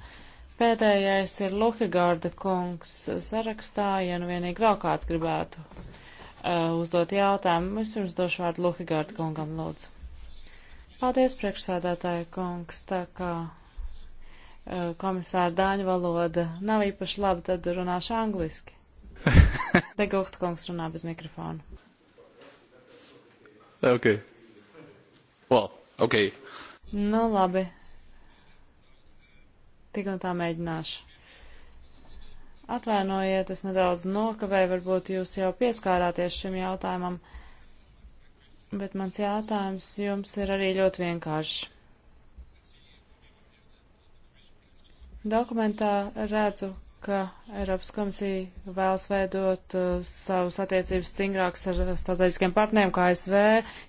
pēdējais ir Luhigārda kungs sarakstā, ja nu vienīgi vēl kāds gribētu uh, uzdot jautājumu. Es pirms došu vārdu Luhigārda kungam, lūdzu. Paldies, priekšsādātāja kungs. Tā kā e, komisāra dāņu valoda nav īpaši laba, tad runāšu angliski. [LAUGHS] Degūta kungs runā bez mikrofona. Ok. Well, ok. Nu, labi. Tik un tā mēģināšu. Atvainojiet, es nedaudz nokavēju, varbūt jūs jau pieskārāties šim jautājumam. Uh, Bet mans jautājums jums ir arī ļoti vienkāršs. Dokumentā redzu, ka Eiropas komisija vēlas veidot uh, savas attiecības stingrākas ar strateģiskiem partneriem, kā ASV,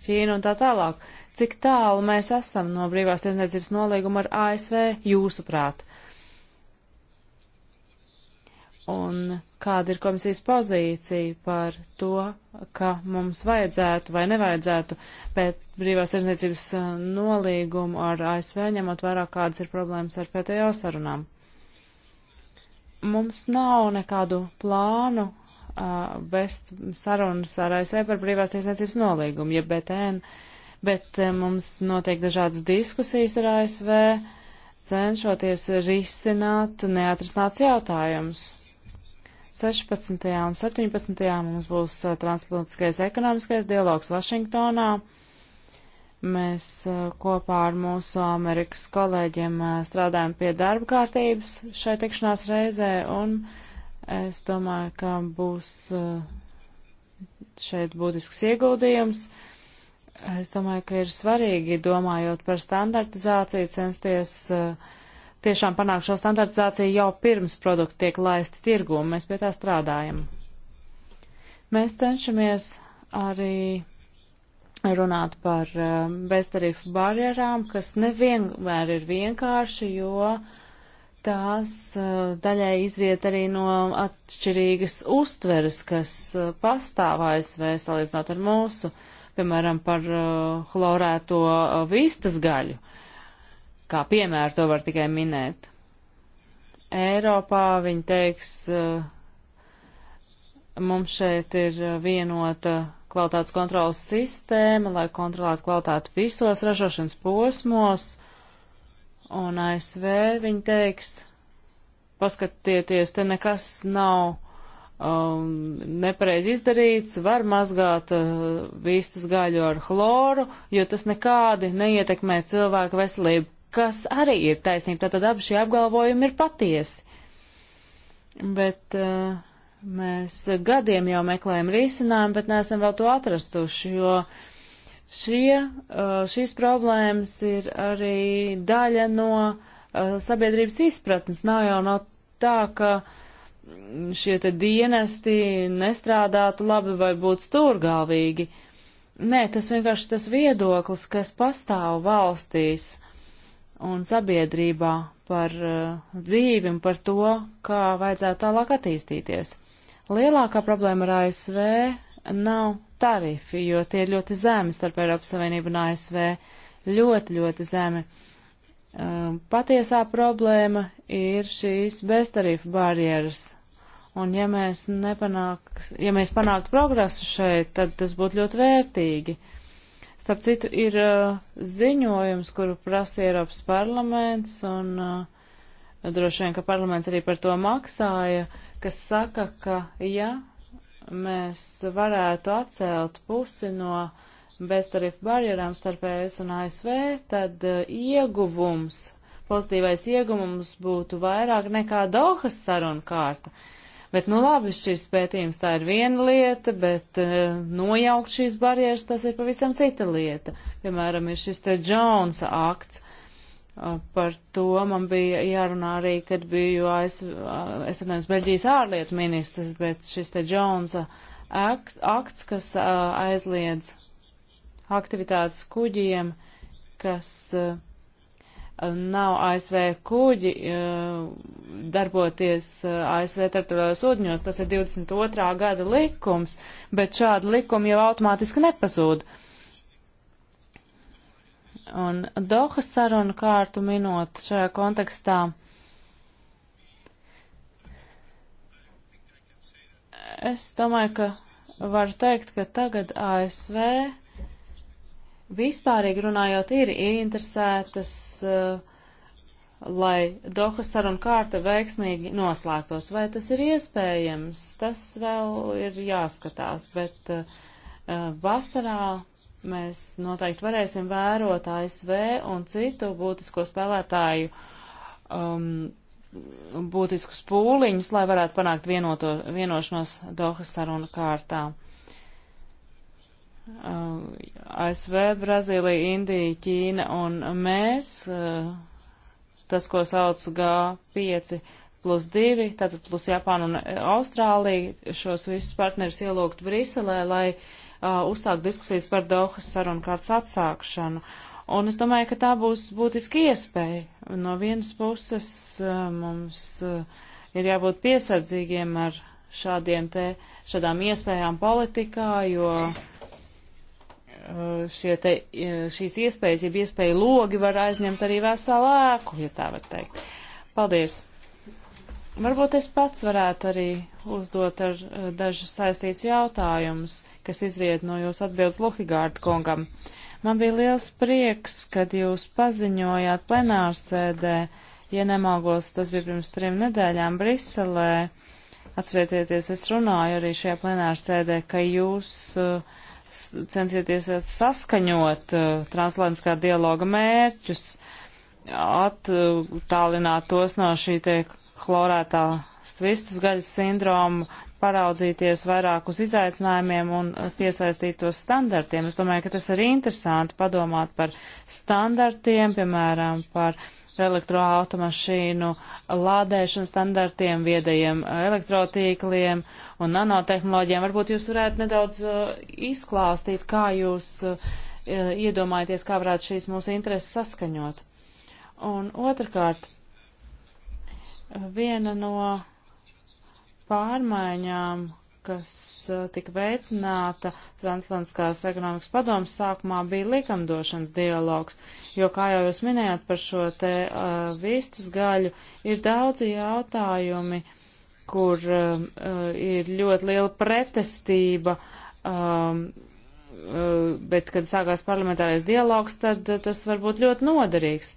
Ķīnu un tā tālāk. Cik tālu mēs esam no brīvās tiesniecības nolīguma ar ASV jūsuprāt? un kāda ir komisijas pozīcija par to, ka mums vajadzētu vai nevajadzētu pēc brīvās tirzniecības uh, nolīgumu ar ASV ņemot vērā, kādas ir problēmas ar PTO sarunām. Mums nav nekādu plānu uh, vest sarunas ar ASV par brīvās tirzniecības nolīgumu, ja BTN, bet uh, mums notiek dažādas diskusijas ar ASV, cenšoties risināt neatrastāts jautājumus 16. un 17. mums būs transatlantiskais ekonomiskais dialogs Vašingtonā. Mēs kopā ar mūsu Amerikas kolēģiem strādājam pie darba kārtības šai tikšanās reizē, un es domāju, ka būs šeit būtisks ieguldījums. Es domāju, ka ir svarīgi, domājot par standartizāciju, censties uh, tiešām panākt šo standartizāciju jau pirms produkti tiek laisti tirgū, un mēs pie tā strādājam. Mēs cenšamies arī runāt par um, beztarifu barjerām, kas nevienmēr ir vienkārši, jo tās uh, daļai izriet arī no atšķirīgas uztveres, kas uh, pastāv ASV salīdzinot ar mūsu, piemēram, par uh, chlorēto vistas gaļu. Uh, Kā piemēru to var tikai minēt. Eiropā viņi teiks, eh, mums šeit ir eh, vienota kvalitātes kontrolas sistēma, lai kontrolētu kvalitāti visos ražošanas posmos, un ASV viņi teiks, paskatieties, te nekas nav um, nepareiz izdarīts, var mazgāt uh, vistas gaļu ar chloru, jo tas nekādi neietekmē cilvēku veselību kas arī ir taisnība. Tātad abi šie apgalvojumi ir patiesi. Bet uh, mēs gadiem jau meklējam risinājumu, bet neesam vēl to atrastuši, jo šie, uh, šīs problēmas ir arī daļa no uh, sabiedrības izpratnes. Nav jau no tā, ka šie te dienesti nestrādātu labi vai būtu stūrgalvīgi. Nē, tas vienkārši tas viedoklis, kas pastāv valstīs. Uh, un sabiedrībā par uh, dzīvi un par to, kā vajadzētu tālāk attīstīties. Lielākā problēma ar ASV nav tarifi, jo tie ir ļoti zemi starp Eiropas Savienību un ASV. Ļoti, ļoti zemi. Uh, patiesā problēma ir šīs beztarifu barjeras. Un ja mēs, nepanāk, ja mēs panāktu progresu šeit, tad tas būtu ļoti vērtīgi. Uh, Starp citu, ir uh, ziņojums, kuru prasa Eiropas parlaments, un uh, droši vien, ka parlaments arī par to maksāja, kas saka, ka ja mēs varētu atcelt pusi no beztarifu barjerām starp ES un ASV, tad uh, ieguvums, pozitīvais ieguvums būtu vairāk nekā Dohas saruna kārta. Uh, Bet, nu labi, šis pētījums tā ir viena lieta, bet eh, nojaukt šīs barjeras tas ir pavisam cita lieta. Piemēram, ir šis te Jonesa akts. Par to man bija jārunā arī, kad biju ASV, es atnēmu Beļģijas ārlietu ministrs, bet šis te Jonesa akt, akts, kas aizliedz aktivitātes kuģiem, kas uh, nav ASV kuģi eh, darboties eh, ASV teritoriālajos ūdņos. Tas ir 22. gada likums, bet šādi likumi jau automātiski nepazūd. Un Doha sarunu kārtu minot šajā kontekstā. Es domāju, ka varu teikt, ka tagad ASV vispārīgi runājot ir interesētas, eh, lai Dohas saruna kārta veiksmīgi noslēgtos. Vai tas ir iespējams? Tas vēl ir jāskatās, bet eh, vasarā mēs noteikti varēsim vērot ASV un citu būtisko spēlētāju um, būtiskus pūliņus, lai varētu panākt vienoto, vienošanos Dohas saruna kārtā. Uh, ASV, Brazīlija, Indija, Ķīna un mēs, uh, tas, ko sauc G5 plus 2, tātad plus Japāna un Austrālija, šos visus partnerus ielūgt Briselē, lai uh, uzsākt diskusijas par Dohas sarunu kārtas atsākšanu. Un es domāju, ka tā būs būtiski iespēja. No vienas puses uh, mums uh, ir jābūt piesardzīgiem ar šādiem te, šādām iespējām politikā, jo. Uh, Eh, šie te, eh, šīs iespējas, jeb iespēja logi var aizņemt arī veselu ēku, ja tā var teikt. Paldies! Varbūt es pats varētu arī uzdot ar eh, dažus saistīts jautājumus, kas izriet no jūsu atbildes Lohigārda kungam. Man bija liels prieks, kad jūs paziņojāt plenārsēdē, ja nemalgos, tas bija pirms trim nedēļām Briselē. Atcerieties, es runāju arī šajā plenārsēdē, ka jūs uh, centieties saskaņot uh, transatlantiskā dialoga mērķus, attālināt tos no šī te chlorētā svistas gaļas sindroma, paraudzīties vairāk uz izaicinājumiem un piesaistīt tos standartiem. Es domāju, ka tas ir interesanti padomāt par standartiem, piemēram, par elektroautomašīnu lādēšanu standartiem, viedajiem elektrotīkliem. Uh, un nanotehnoloģijām. Varbūt jūs varētu nedaudz uh, izklāstīt, kā jūs uh, iedomājaties, kā varētu šīs mūsu intereses saskaņot. Un otrkārt, viena no pārmaiņām, kas uh, tika veicināta Transatlantiskās ekonomikas padomas sākumā, bija likumdošanas dialogs, jo, kā jau jūs minējāt par šo te uh, vistas gaļu, ir daudzi jautājumi, uh, kur um, uh, ir ļoti liela pretestība, um, uh, bet kad sākās parlamentārais dialogs, tad uh, tas var būt ļoti noderīgs.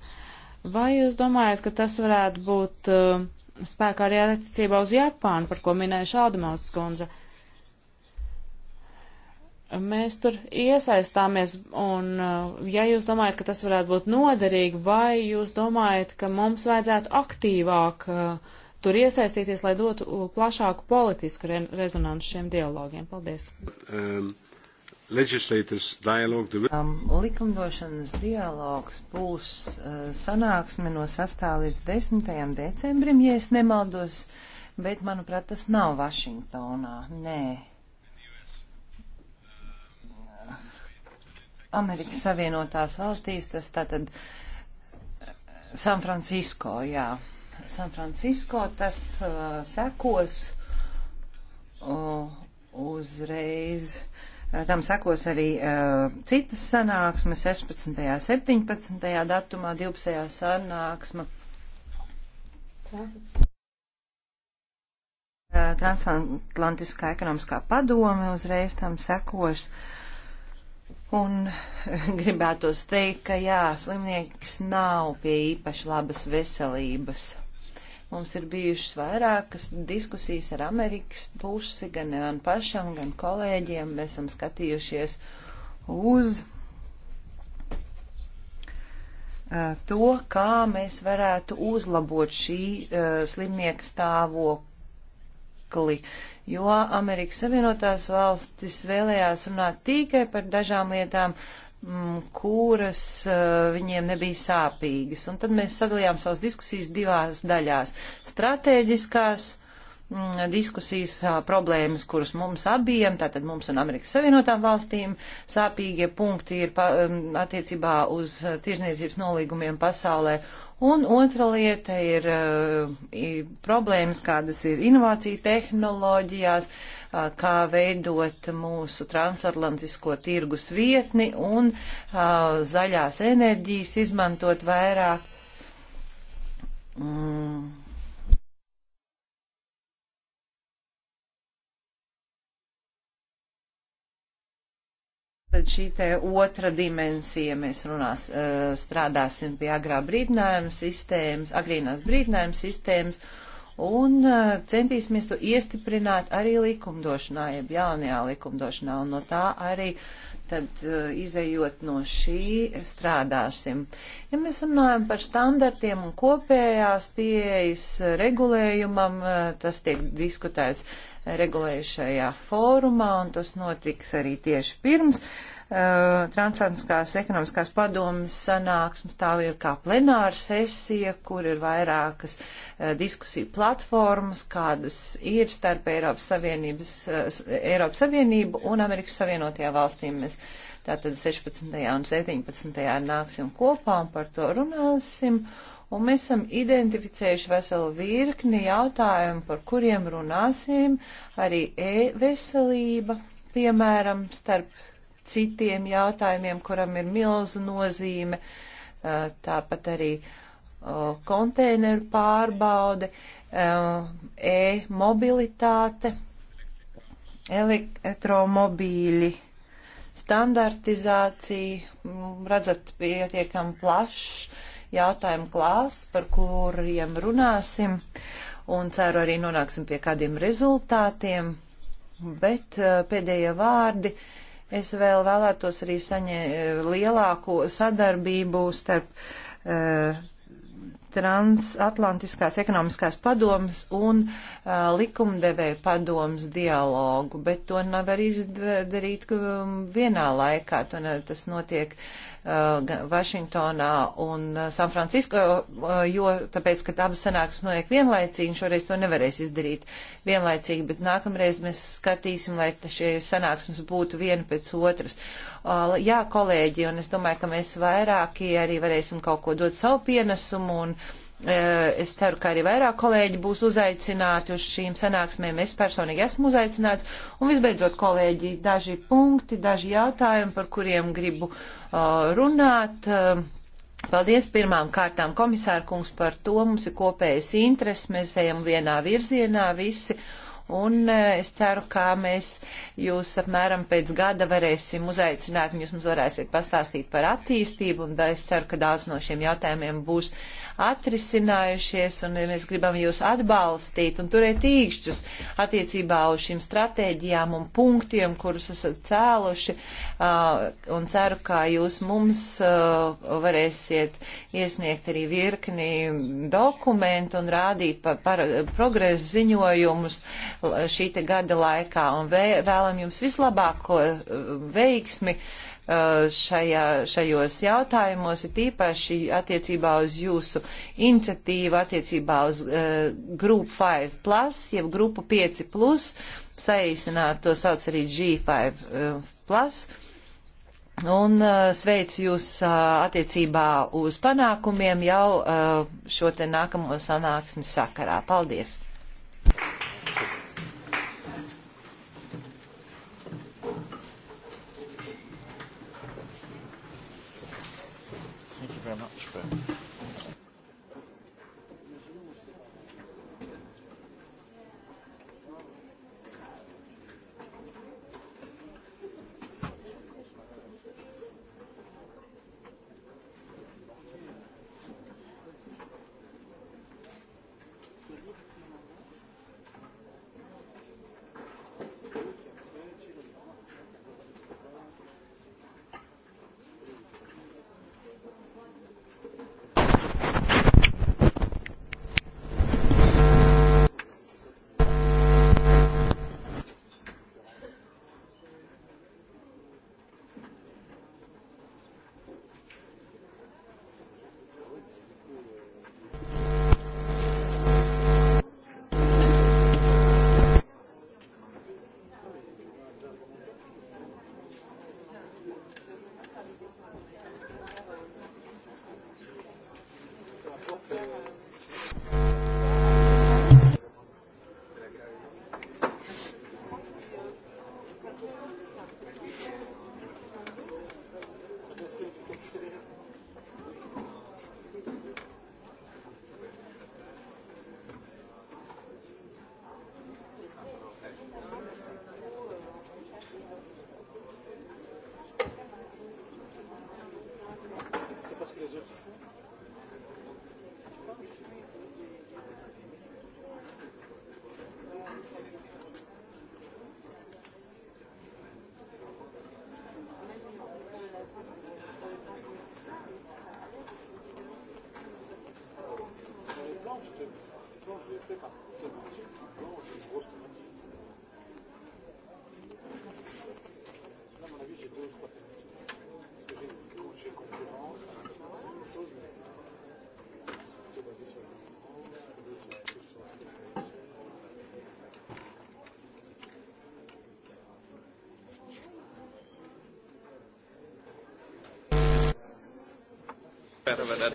Vai jūs domājat, ka tas varētu būt uh, spēkā arī attiecībā uz Japānu, par ko minēja Šaudamās skundze? Mēs tur iesaistāmies, un uh, ja jūs domājat, ka tas varētu būt noderīgi, vai jūs domājat, ka mums vajadzētu aktīvāk uh, tur iesaistīties, lai dotu plašāku politisku re rezonansu šiem dialogiem. Paldies! Um. Dialogue, the... um, likumdošanas dialogs būs uh, sanāksme no 6. līdz 10. decembrim, ja es nemaldos, bet, manuprāt, tas nav Vašingtonā. Nē. Amerikas Savienotās valstīs, tas tātad uh, San Francisco, jā. San Francisco, tas uh, sekos uh, uzreiz. Uh, tam sekos arī uh, citas sanāksmes 16. 17. datumā, 12. sanāksma. Uh, Transatlantiskā ekonomiskā padome uzreiz tam sekos. Un [LAUGHS] gribētos teikt, ka jā, slimnieks nav pie īpaši labas veselības. Mums ir bijušas vairākas diskusijas ar Amerikas pusi, gan man pašam, gan kolēģiem. Mēs esam skatījušies uz to, kā mēs varētu uzlabot šī uh, slimnieka stāvokli, jo Amerikas Savienotās valstis vēlējās runāt tikai par dažām lietām, uh, Mm, kuras eh, viņiem nebija sāpīgas. Un tad mēs sadalījām savas diskusijas divās daļās. Stratēģiskās mm, diskusijas eh, problēmas, kuras mums abiem, tātad mums un Amerikas Savienotām valstīm, sāpīgie punkti ir pa, mm, attiecībā uz eh, tirzniecības nolīgumiem pasaulē Un otra lieta ir, eh, ir problēmas, kādas ir inovācija tehnoloģijās, kā veidot mūsu transatlantisko tirgus vietni un zaļās enerģijas izmantot vairāk. Mm Tad šī te otra dimensija, mēs runās, eh, strādāsim pie agrā brīdinājuma sistēmas, agrīnās brīdinājuma sistēmas un eh, centīsimies to iestiprināt arī likumdošanā, jeb jaunajā likumdošanā, un no tā arī tad eh, izējot no šī strādāsim. Ja mēs runājam par standartiem un kopējās pieejas regulējumam, eh, tas tiek diskutēts regulējušajā fórumā, un tas notiks arī tieši pirms uh, Eh, transatlantiskās ekonomiskās padomas sanāksmes, tā ir kā plenāra sesija, kur ir vairākas eh, diskusiju platformas, kādas ir starp Eiropas, Savienības, eh, Eiropas Savienību un Amerikas Savienotajā valstīm. Mēs tātad 16. un 17. nāksim kopā un par to runāsim un mēs esam identificējuši veselu virkni jautājumu, par kuriem runāsim, arī e-veselība, piemēram, starp citiem jautājumiem, kuram ir milzu nozīme, tāpat arī konteineru pārbaude, e-mobilitāte, elektromobīļi, standartizācija, redzat, pietiekam plašs jautājumu klāsts, par kuriem runāsim, un ceru arī nonāksim pie kādiem rezultātiem, bet pēdējie vārdi uh, Es vēl vēlētos arī saņemt lielāku sadarbību starp uh, transatlantiskās ekonomiskās padomas un uh, likumdevēja padomas dialogu, bet to nevar izdarīt vienā laikā. To, ne, tas notiek uh, Uh, Vašingtonā un uh, Sanfrancisko, uh, jo tāpēc, ka abas sanāksmes noiek vienlaicīgi, šoreiz to nevarēs izdarīt vienlaicīgi, bet nākamreiz mēs skatīsim, lai šie sanāksmes būtu viena pēc otras. Jā, kolēģi, un es domāju, ka mēs vairāki arī varēsim kaut ko dot savu pienesumu un uh, Eh, es ceru, ka arī vairāk kolēģi būs uzaicināti uz šīm sanāksmēm. Es personīgi esmu uzaicināts. Un visbeidzot, kolēģi, daži punkti, daži jautājumi, par kuriem gribu eh, runāt. Eh, paldies pirmām kārtām komisārkungs par to. Mums ir kopējas intereses, mēs ejam vienā virzienā visi. Uh, un eh, es ceru, ka mēs jūs apmēram pēc gada varēsim uzaicināt un jūs mums varēsiet pastāstīt par attīstību, un es ceru, ka daudz no šiem jautājumiem būs atrisinājušies, un mēs gribam jūs atbalstīt un turēt īkšķus attiecībā uz šīm stratēģijām un punktiem, kurus esat cēluši, eh, un ceru, ka jūs mums eh, varēsiet iesniegt arī virkni dokumentu un rādīt par, par progresu ziņojumus, šī te gada laikā un vēlam jums vislabāko eh, veiksmi eh, šajā, šajos jautājumos, ir tīpaši attiecībā uz jūsu iniciatīvu, attiecībā uz uh, Group 5 plus, jeb Grupu 5 plus, saīsināt to sauc arī G5 uh, plus. Un uh, sveicu jūs uh, attiecībā uz panākumiem jau uh, šo te nākamo sanāksmi sakarā. Paldies! je t'aime pas. Et quand je l'ai fait par thématique, blanc, j'ai une grosse thématique. Là, à mon avis, j'ai deux ou trois thématiques. Parce que j'ai, j'ai concurrence, c'est une chose, mais c'est plutôt basé sur les better than that.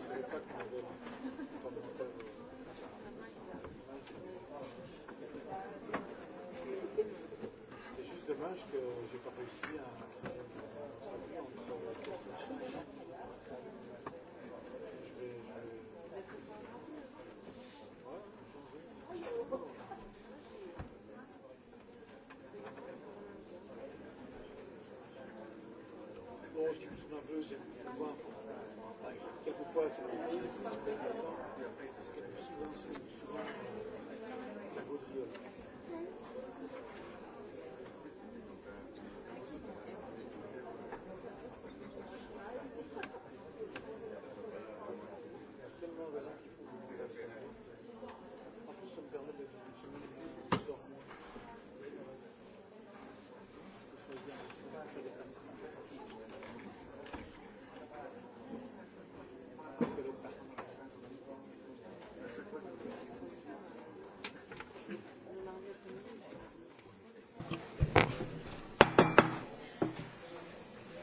C'est juste dommage que j'ai pas réussi à traduire entre question et poste, je me souviens un peu, c'est une fois, quelquefois c'est la crise, c'est ce qui est plus souvent, c'est souvent la gaudriole.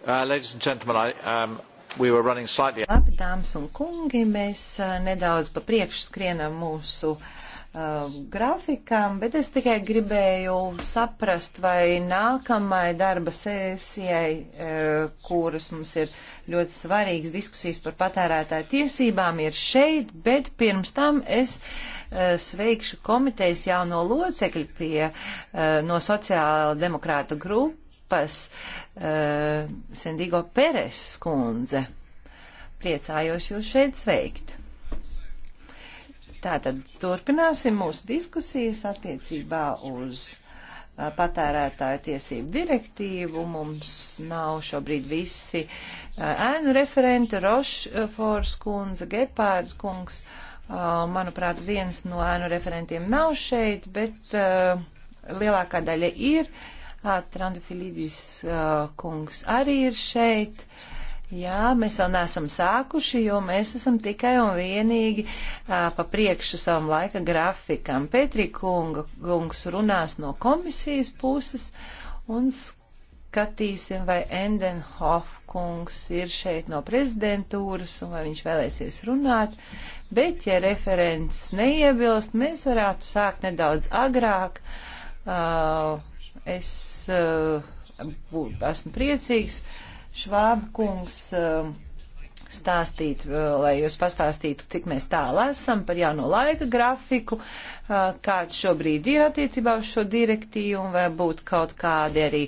Uh, ladies and gentlemen, I, um, we were running slightly. Labi, dāmas un kungi, mēs uh, nedaudz pa priekšu skrienam mūsu uh, grafikam, bet es tikai gribēju saprast, vai nākamai darba sesijai, uh, kuras mums ir ļoti svarīgas diskusijas par patērētāju tiesībām, ir šeit, bet pirms tam es uh, sveikšu komitejas jauno locekļu pie, uh, no sociāla demokrāta grupas grupas uh, Sendigo Peres skundze. Priecājos jūs šeit sveikt. Tātad turpināsim mūsu diskusijas attiecībā uz uh, patērētāju tiesību direktīvu. Mums nav šobrīd visi uh, ēnu referenti, Rošfors kundze, Gepārds kungs. Manuprāt, viens no ēnu referentiem nav šeit, bet lielākā daļa ir. Uh, Trandafilīdis kungs arī ir šeit. Jā, mēs vēl neesam sākuši, jo mēs esam tikai un vienīgi a, pa priekšu savam laika grafikam. Pētrī kunga, kungs runās no komisijas puses un skatīsim, vai Endenhof kungs ir šeit no prezidentūras un vai viņš vēlēsies runāt. Bet, ja referents neiebilst, mēs varētu sākt nedaudz agrāk. Uh, Es uh, esmu priecīgs. Švāba kungs uh, stāstīt, uh, lai jūs pastāstītu, cik mēs tālu esam par jauno laika grafiku, uh, kāds šobrīd ir attiecībā uz šo direktīvu un vai būtu kaut kādi arī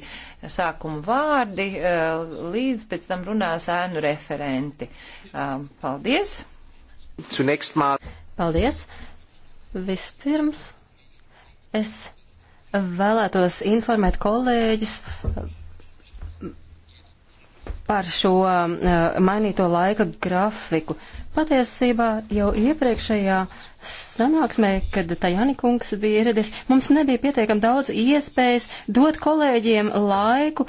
sākuma vārdi, uh, līdz pēc tam runās ēnu referenti. Uh, paldies! Paldies! Vispirms es vēlētos informēt kolēģis par šo eh, mainīto laika grafiku. Patiesībā jau iepriekšējā sanāksmē, kad Tajani kungs bija ieradies, mums nebija pietiekam daudz iespējas dot kolēģiem laiku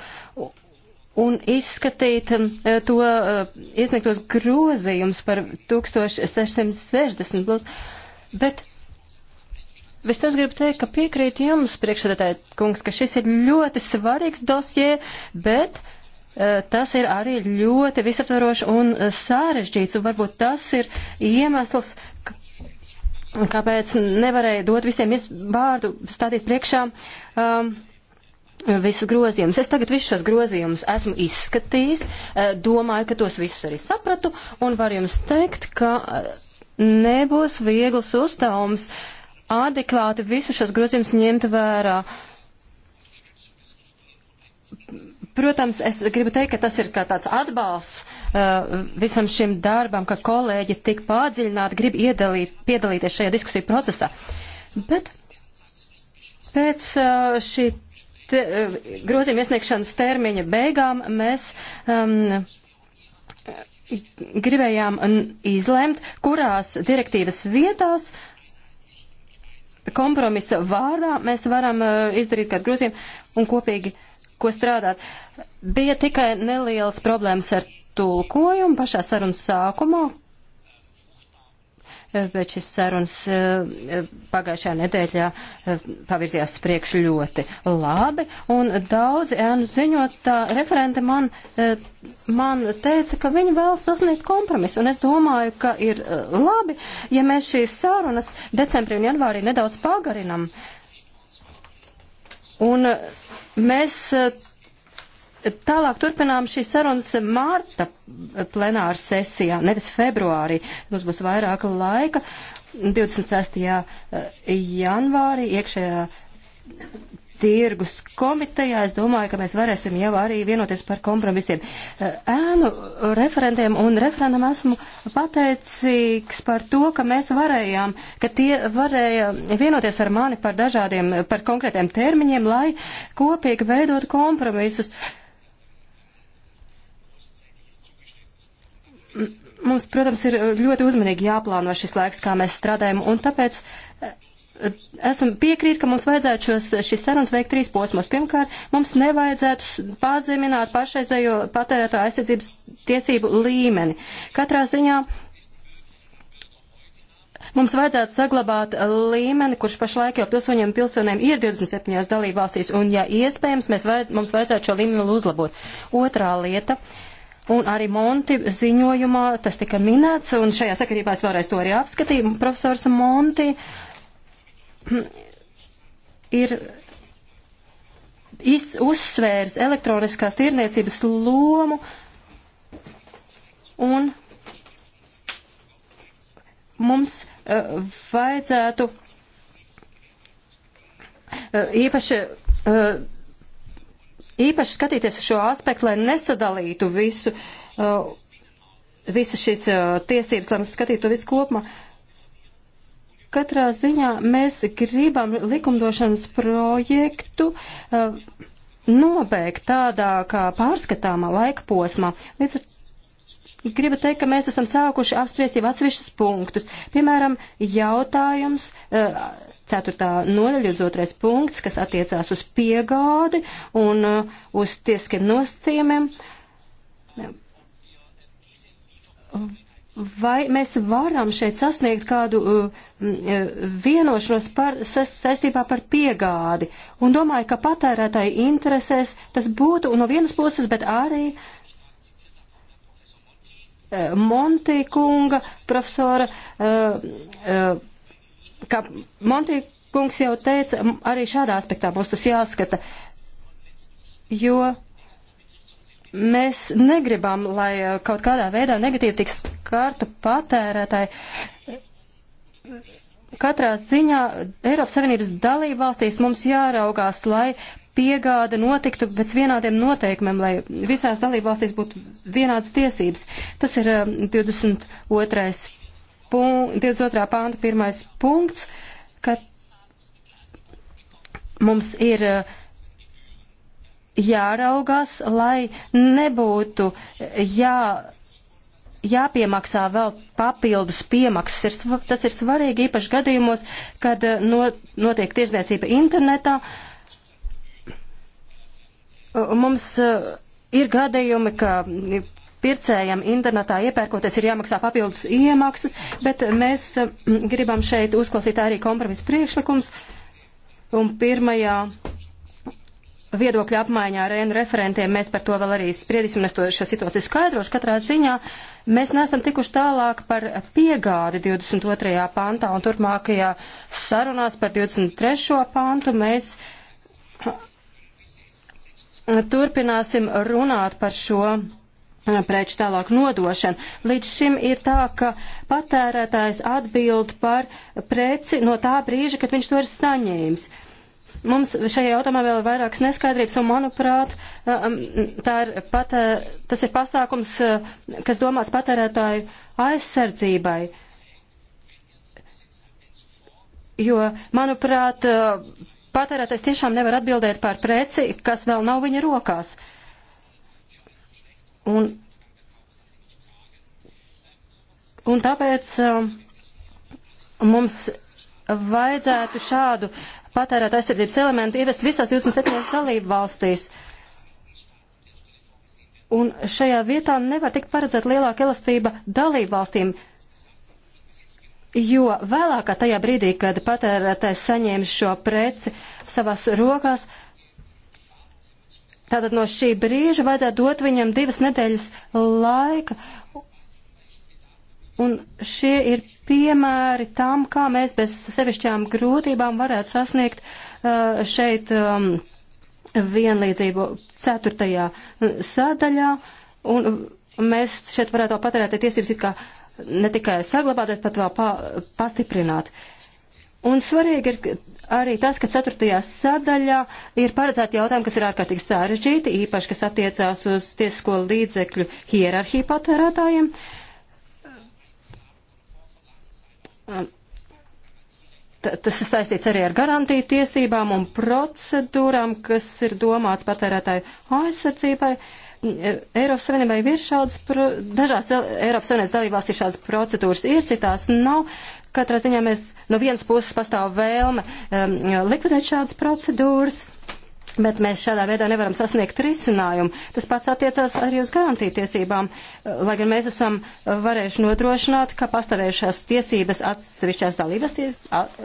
un izskatīt eh, to eh, iesniegtos grozījumus par 1660. Plus, bet Vispirms gribu teikt, ka piekrīt jums, priekšsēdētāji kungs, ka šis ir ļoti svarīgs dosie, bet uh, tas ir arī ļoti visaptvarošs un uh, eh, sārežģīts, un varbūt tas ir iemesls, kāpēc nevarēja dot visiem vārdu stādīt priekšā um, visus grozījumus. Es tagad visus šos grozījumus esmu izskatījis, uh, domāju, ka tos visus arī sapratu, un varu jums teikt, ka nebūs viegls uzdevums. Uh, adekvāti visu šos grozījumus ņemt vērā. Protams, es gribu teikt, ka tas ir kā tāds atbalsts uh, visam šim darbam, ka kolēģi tik padziļināti grib iedalīt, piedalīties šajā diskusiju procesā. Bet pēc uh, šī te, uh, grozījuma iesniegšanas termiņa beigām mēs um, gribējām izlemt, kurās direktīvas vietās uh, kompromisa vārdā mēs varam eh, izdarīt kādu grozījumu un kopīgi ko strādāt. Bija tikai nelielas problēmas ar tulkojumu pašā sarunas sākumā, bet šis sarunas eh, pagājušajā nedēļā eh, pavirzījās priekš ļoti labi, un daudzi ēnu ziņotā referenti man, eh, man teica, ka viņi vēl sasniegt kompromisu, un es domāju, ka ir labi, ja mēs šīs sarunas decembrī un janvārī nedaudz pagarinam. Un mēs Tālāk turpinām šīs sarunas mārta plenāra sesijā, nevis februārī. Mums būs vairāk laika. 26. Eh, janvārī iekšējā tirgus komitejā. Es domāju, ka mēs varēsim jau arī vienoties par kompromisiem. Eh, ēnu referentiem un referendam esmu pateicīgs par to, ka mēs varējām, ka tie varēja vienoties ar mani par dažādiem, par konkrētiem termiņiem, lai kopīgi veidot kompromisus. mums, protams, ir ļoti uzmanīgi jāplāno šis laiks, kā mēs strādājam, un tāpēc eh, esmu piekrīt, ka mums vajadzētu šos, šis sarunas veikt trīs posmos. Pirmkārt, mums nevajadzētu pazemināt pašreizējo patērēto aizsardzības tiesību līmeni. Katrā ziņā mums vajadzētu saglabāt līmeni, kurš pašlaik jau pilsoņiem un pilsoniem ir 27 dalībvalstīs, un, ja iespējams, mēs vajad, mums vajadzētu šo līmeni uzlabot. Otrā lieta. Uh, un arī Monti ziņojumā tas tika minēts, un šajā sakarībā es vēlreiz to arī apskatīju. Profesors Monti ir iz, uzsvērs elektroniskās tirniecības lomu un mums uh, vajadzētu uh, īpaši uh, īpaši skatīties šo aspektu, lai nesadalītu visu, uh, visas šīs uh, tiesības, lai mēs skatītu to visu kopumā. Katrā ziņā mēs gribam likumdošanas projektu uh, nobeigt tādā kā pārskatāmā laika posmā. Līdz ar gribu teikt, ka mēs esam sākuši apspriest jau atsevišķus punktus. Piemēram, jautājums uh, ceturtā nodaļa, uz otrais punkts, kas attiecās uz piegādi un uh, uz tieskiem nosacījumiem. Vai mēs varam šeit sasniegt kādu uh, vienošanos par, saistībā par piegādi? Un domāju, ka patērētāji interesēs tas būtu no vienas puses, bet arī uh, Monti kunga, profesora uh, uh, kā Monti kungs jau teica, arī šādā aspektā mums tas jāskata, jo mēs negribam, lai uh, kaut kādā veidā negatīvi tiks kārta patērētāji. Katrā ziņā Eiropas Savienības dalību valstīs mums jāraugās, lai piegāde notiktu pēc vienādiem noteikumiem, lai visās dalībvalstīs būtu vienādas tiesības. Tas ir 22. Um, punk, 22. pānta pirmais punkts, ka mums ir eh, jāraugās, lai nebūtu eh, jā, jāpiemaksā vēl papildus piemaksas. Ir, tas ir svarīgi īpaši gadījumos, kad eh, notiek tirzniecība internetā. Mums ir gadījumi, ka pircējam internetā iepērkoties ir jāmaksā papildus iemaksas, bet mēs mm, gribam šeit uzklausīt arī kompromisu priekšlikums. Un pirmajā viedokļa apmaiņā ar ēnu referentiem mēs par to vēl arī spriedīsim, un es to šo situāciju skaidrošu. Katrā ziņā mēs neesam tikuši tālāk par piegādi 22. pantā, un turpmākajā sarunās par 23. pantu mēs turpināsim runāt par šo preču tālāk nodošanu. Līdz šim ir tā, ka patērētājs atbild par preci no tā brīža, kad viņš to ir saņēmis. Mums šajā jautājumā vēl ir vairākas neskaidrības, un manuprāt, ir pat, tas ir pasākums, kas domāts patērētāju aizsardzībai. Jo, manuprāt, patērētājs tiešām nevar atbildēt par preci, kas vēl nav viņa rokās. Uh, Un, un tāpēc uh, mums vajadzētu šādu patērētu aizsardzības elementu ievest visās 27 dalību valstīs. Un šajā vietā nevar tikt paredzēt lielāka elastība dalību valstīm, jo vēlākā tajā brīdī, kad patērētājs saņēma šo preci savās rokās, uh, Tātad no šī brīža vajadzētu dot viņam divas nedēļas laika. Un šie ir piemēri tam, kā mēs bez sevišķām grūtībām varētu sasniegt uh, šeit um, vienlīdzību ceturtajā um, sadaļā. Un mēs šeit varētu patērēt tiesības it kā ne tikai saglabāt, bet pat vēl pa, pastiprināt. Un svarīgi ir arī tas, ka ceturtajā sadaļā ir paredzēti jautājumi, kas ir ārkārtīgi sarežģīti, īpaši, kas attiecās uz tiesisko līdzekļu hierarhiju patērētājiem. T tas ir saistīts arī ar garantiju tiesībām un procedūrām, kas ir domāts patērētāju aizsardzībai. E, Eiropas Savienībai ir šādas, dažās Eiropas Savienības dalībās ir šādas procedūras, ir citās nav. No Katrā ziņā mēs no vienas puses pastāv vēlme um, likvidēt šādas procedūras. Bet mēs šādā veidā nevaram sasniegt risinājumu. Tas pats attiecās arī uz garantiju tiesībām, uh, lai gan mēs esam varējuši nodrošināt, ka pastāvējušās tiesības atsevišķās uh,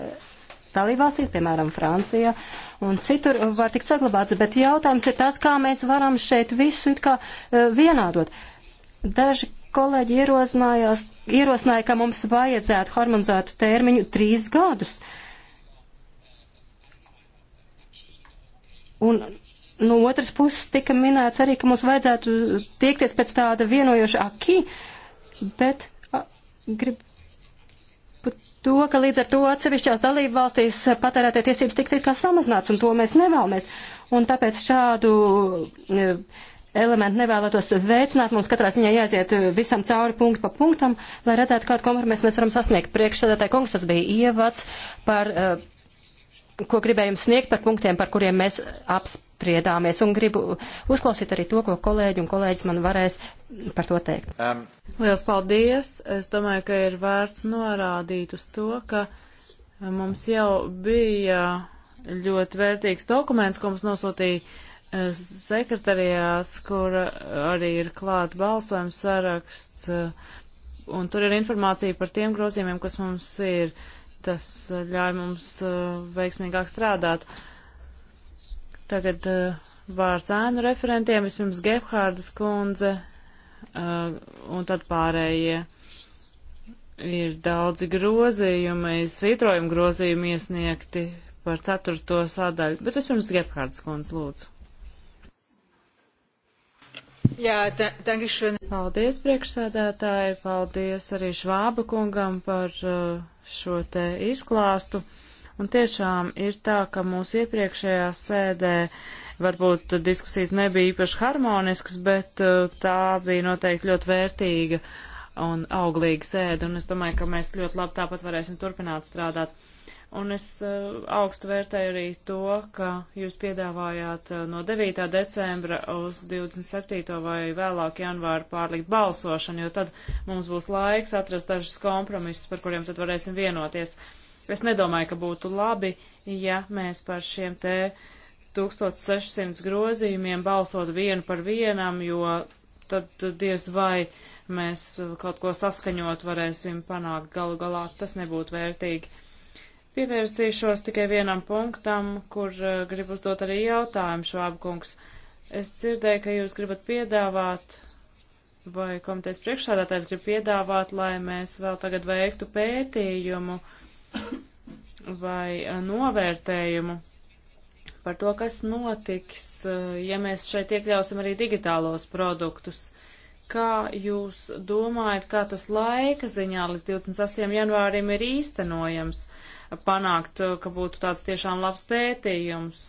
dalībvalstīs, piemēram, Francijā un citur, var tikt saglabāts. Bet jautājums ir tas, kā mēs varam šeit visu it kā uh, vienādot. Daži kolēģi ierosināja, ka mums vajadzētu harmonizētu termiņu trīs gadus. Un no otras puses tika minēts arī, ka mums vajadzētu tiekties pēc tāda vienojoša akī, bet a, grib to, ka līdz ar to atsevišķās dalību valstīs patērētie tiesības tik tik kā samazināts, un to mēs nevēlamies. Un tāpēc šādu. Uh, elementu nevēlētos veicināt. Mums katrā ziņā jāiziet eh, visam cauri punktu pa punktam, lai redzētu, kādu kompromisu mēs varam sasniegt. Priekšsēdētāji kungs, tas bija ievads par, eh, ko gribēju jums sniegt par punktiem, par kuriem mēs apspriedāmies. Un gribu uzklausīt arī to, ko kolēģi un kolēģis man varēs par to teikt. Um. Lielas paldies! Es domāju, ka ir vērts norādīt uz to, ka mums jau bija ļoti vērtīgs dokuments, ko mums nosūtīja sekretariāts, kur arī ir klāt balsojums saraksts, eh, un tur ir informācija par tiem grozījumiem, kas mums ir. Tas eh, ļauj mums eh, veiksmīgāk strādāt. Tagad vārds ēnu referentiem, vispirms Gebhārdas kundze, un tad pārējie. Ir daudzi grozījumi, svītrojumi grozījumi iesniegti par ceturto sadaļu, bet vispirms Gebhārdas kundze lūdzu. Jā, tangi šodien. Paldies, priekšsēdētāji, paldies arī Švāba kungam par uh, šo te izklāstu. Un tiešām ir tā, ka mūsu iepriekšējā sēdē varbūt diskusijas nebija īpaši harmoniskas, bet uh, tā bija noteikti ļoti vērtīga un auglīga sēde, un es domāju, ka mēs ļoti labi tāpat varēsim turpināt strādāt un es eh, augstu vērtēju arī to, ka jūs piedāvājāt eh, no 9. decembra uz 27. vai vēlāk janvāru pārlikt balsošanu, jo tad mums būs laiks atrast dažus kompromisus, par kuriem tad varēsim vienoties. Es nedomāju, ka būtu labi, ja mēs par šiem te 1600 grozījumiem balsot vienu par vienam, jo tad diez vai mēs kaut ko saskaņot varēsim panākt galu galā, tas nebūtu vērtīgi. Pievērsīšos tikai vienam punktam, kur uh, eh, gribu uzdot arī jautājumu šo apkungs. Es dzirdēju, ka jūs gribat piedāvāt, vai komitejas priekšsādātājs grib piedāvāt, lai mēs vēl tagad veiktu pētījumu vai uh, novērtējumu par to, kas notiks, uh, ja mēs šeit iekļausim arī digitālos produktus. Kā jūs domājat, kā tas laika ziņā līdz 28. janvārim ir īstenojams? Uh, panākt, eh, ka būtu tāds tiešām labs pētījums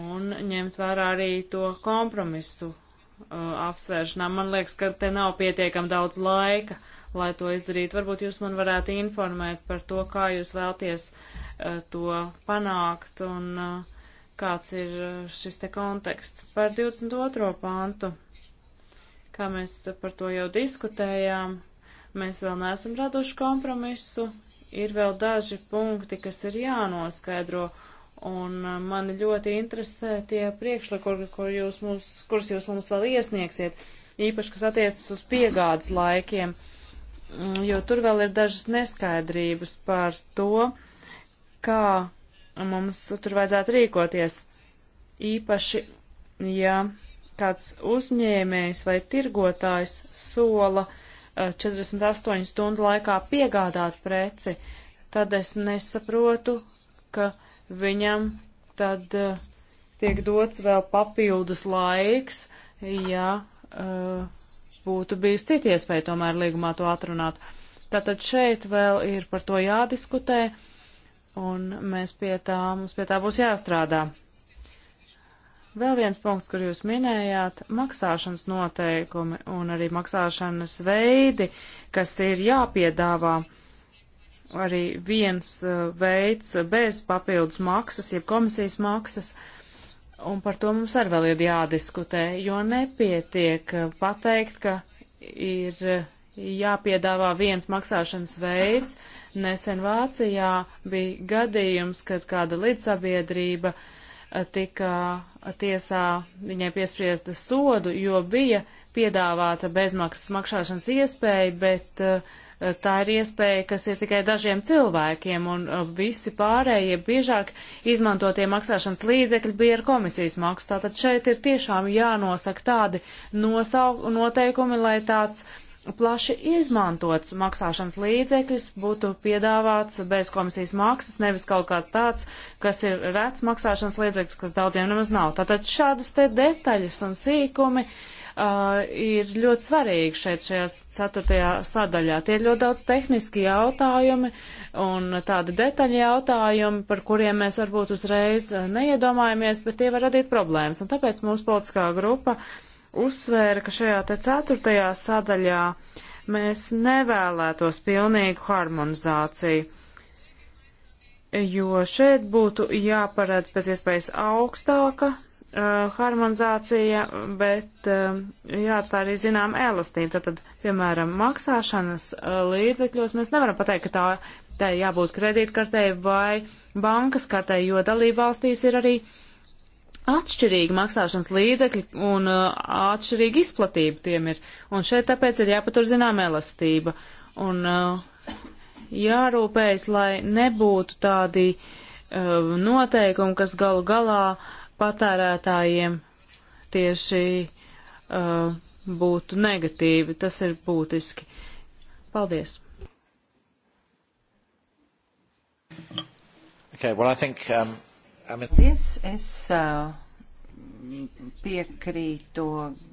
un ņemt vērā arī to kompromisu uh, apsvēršanā. Man liekas, ka te nav pietiekam daudz laika, lai to izdarītu. Varbūt jūs man varētu informēt par to, kā jūs vēlties uh, to panākt un uh, kāds ir šis te konteksts. Par 22. pantu, kā mēs par to jau diskutējām, mēs vēl neesam raduši kompromisu ir vēl daži punkti, kas ir jānoskaidro, un uh, mani ļoti interesē tie priekšlikumi, kur jūs mums, kurus jūs mums vēl iesniegsiet, īpaši, kas attiecas uz piegādes laikiem, mm, jo tur vēl ir dažas neskaidrības par to, kā mums tur vajadzētu rīkoties. Īpaši, ja kāds uzņēmējs vai tirgotājs sola, uh, 48 stundu laikā piegādāt preci, tad es nesaprotu, ka viņam tad uh, tiek dots vēl papildus laiks, ja uh, būtu bijusi cita iespēja tomēr līgumā to atrunāt. Tātad šeit vēl ir par to jādiskutē, un mēs pie tā, mums pie tā būs jāstrādā. Vēl viens punkts, kur jūs minējāt, maksāšanas noteikumi un arī maksāšanas veidi, kas ir jāpiedāvā. Arī viens uh, veids bez papildus maksas, jeb komisijas maksas, un par to mums arī vēl ir jādiskutē, jo nepietiek uh, pateikt, ka ir uh, jāpiedāvā viens maksāšanas veids. Nesen Vācijā bija gadījums, kad kāda līdzsabiedrība uh, tika tiesā viņai piespriesta sodu, jo bija piedāvāta bezmaksas maksāšanas iespēja, bet uh, tā ir iespēja, kas ir tikai dažiem cilvēkiem, un eh, visi pārējie biežāk izmantotie maksāšanas līdzekļi bija ar komisijas maksu. Tātad šeit ir tiešām jānosaka tādi nosau, noteikumi, lai tāds plaši izmantots maksāšanas līdzeklis būtu piedāvāts bez komisijas maksas, nevis kaut kāds tāds, kas ir rēts maksāšanas līdzeklis, kas daudziem nemaz nav. Tātad šādas te detaļas un sīkumi uh, ir ļoti svarīgi šeit šajā ceturtajā sadaļā. Tie ir ļoti daudz tehniski jautājumi un tādi detaļi jautājumi, par kuriem mēs varbūt uzreiz uh, neiedomājamies, bet tie var radīt problēmas. Un tāpēc mūsu politiskā grupa uh, uzsvēra, ka šajā te ceturtajā sadaļā mēs nevēlētos pilnīgu harmonizāciju, jo šeit būtu jāparedz pēc iespējas augstāka uh, harmonizācija, bet uh, jāatstāj arī zinām elastību. Tātad, piemēram, maksāšanas uh, līdzekļos mēs nevaram pateikt, ka tā, tā jābūt kredītkartē vai bankas kartē, jo dalībvalstīs ir arī uh, atšķirīgi maksāšanas līdzekļi un uh, atšķirīga izplatība tiem ir. Un šeit tāpēc ir jāpatur zinām elastība un uh, jārūpējas, lai nebūtu tādi uh, noteikumi, kas galu galā patērētājiem tieši uh, būtu negatīvi. Tas ir būtiski. Paldies! Okay, well, I think, um, Paldies, es uh, piekrītu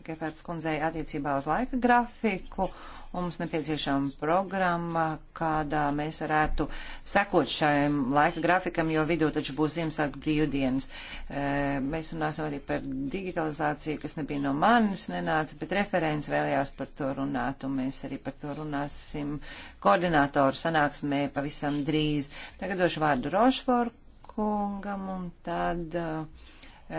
Gepārds kundzei attiecībā uz laika grafiku. Mums nepieciešama programma, kādā mēs varētu sekot šajam laika grafikam, jo vidū taču būs Ziemassvētku brīvdienas. Uh, mēs runāsim arī par digitalizāciju, kas nebija no manis nenāca, bet referents vēlējās par to runāt, un mēs arī par to runāsim koordinātoru sanāksmē pavisam drīz. Tagad došu vārdu Rošforu kungam un tad uh,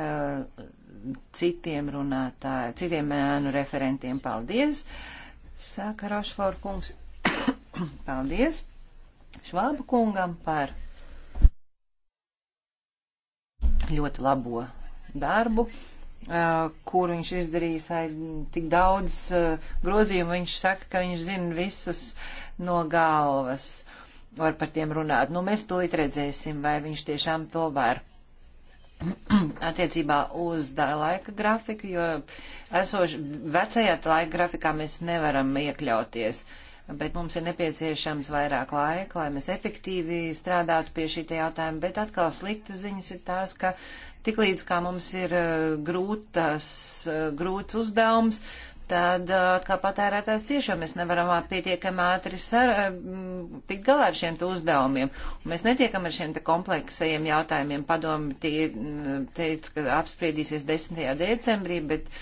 citiem runātājiem, citiem mēnu referentiem paldies. Saka Rošfor kungs, [COUGHS] paldies Švābu kungam par ļoti labo darbu, uh, kur viņš izdarījis tik daudz uh, grozījumu. Viņš saka, ka viņš zina visus no galvas var par tiem runāt. Nu, mēs tūlīt redzēsim, vai viņš tiešām to var [CLEARS THROAT] attiecībā uz laika grafiku, jo esoši vecajā laika grafikā mēs nevaram iekļauties. Bet mums ir nepieciešams vairāk laika, lai mēs efektīvi strādātu pie šī jautājuma. Bet atkal slikta ziņas ir tās, ka tiklīdz kā mums ir eh, grūtas, eh, grūts uzdevums, tad uh, kā patērētājs ciešam mēs nevaram pietiekami ātri sar, uh, tikt galā ar šiem uzdevumiem. Un mēs netiekam ar šiem kompleksajiem jautājumiem. Padomi tie teica, ka apspriedīsies 10. decembrī, bet.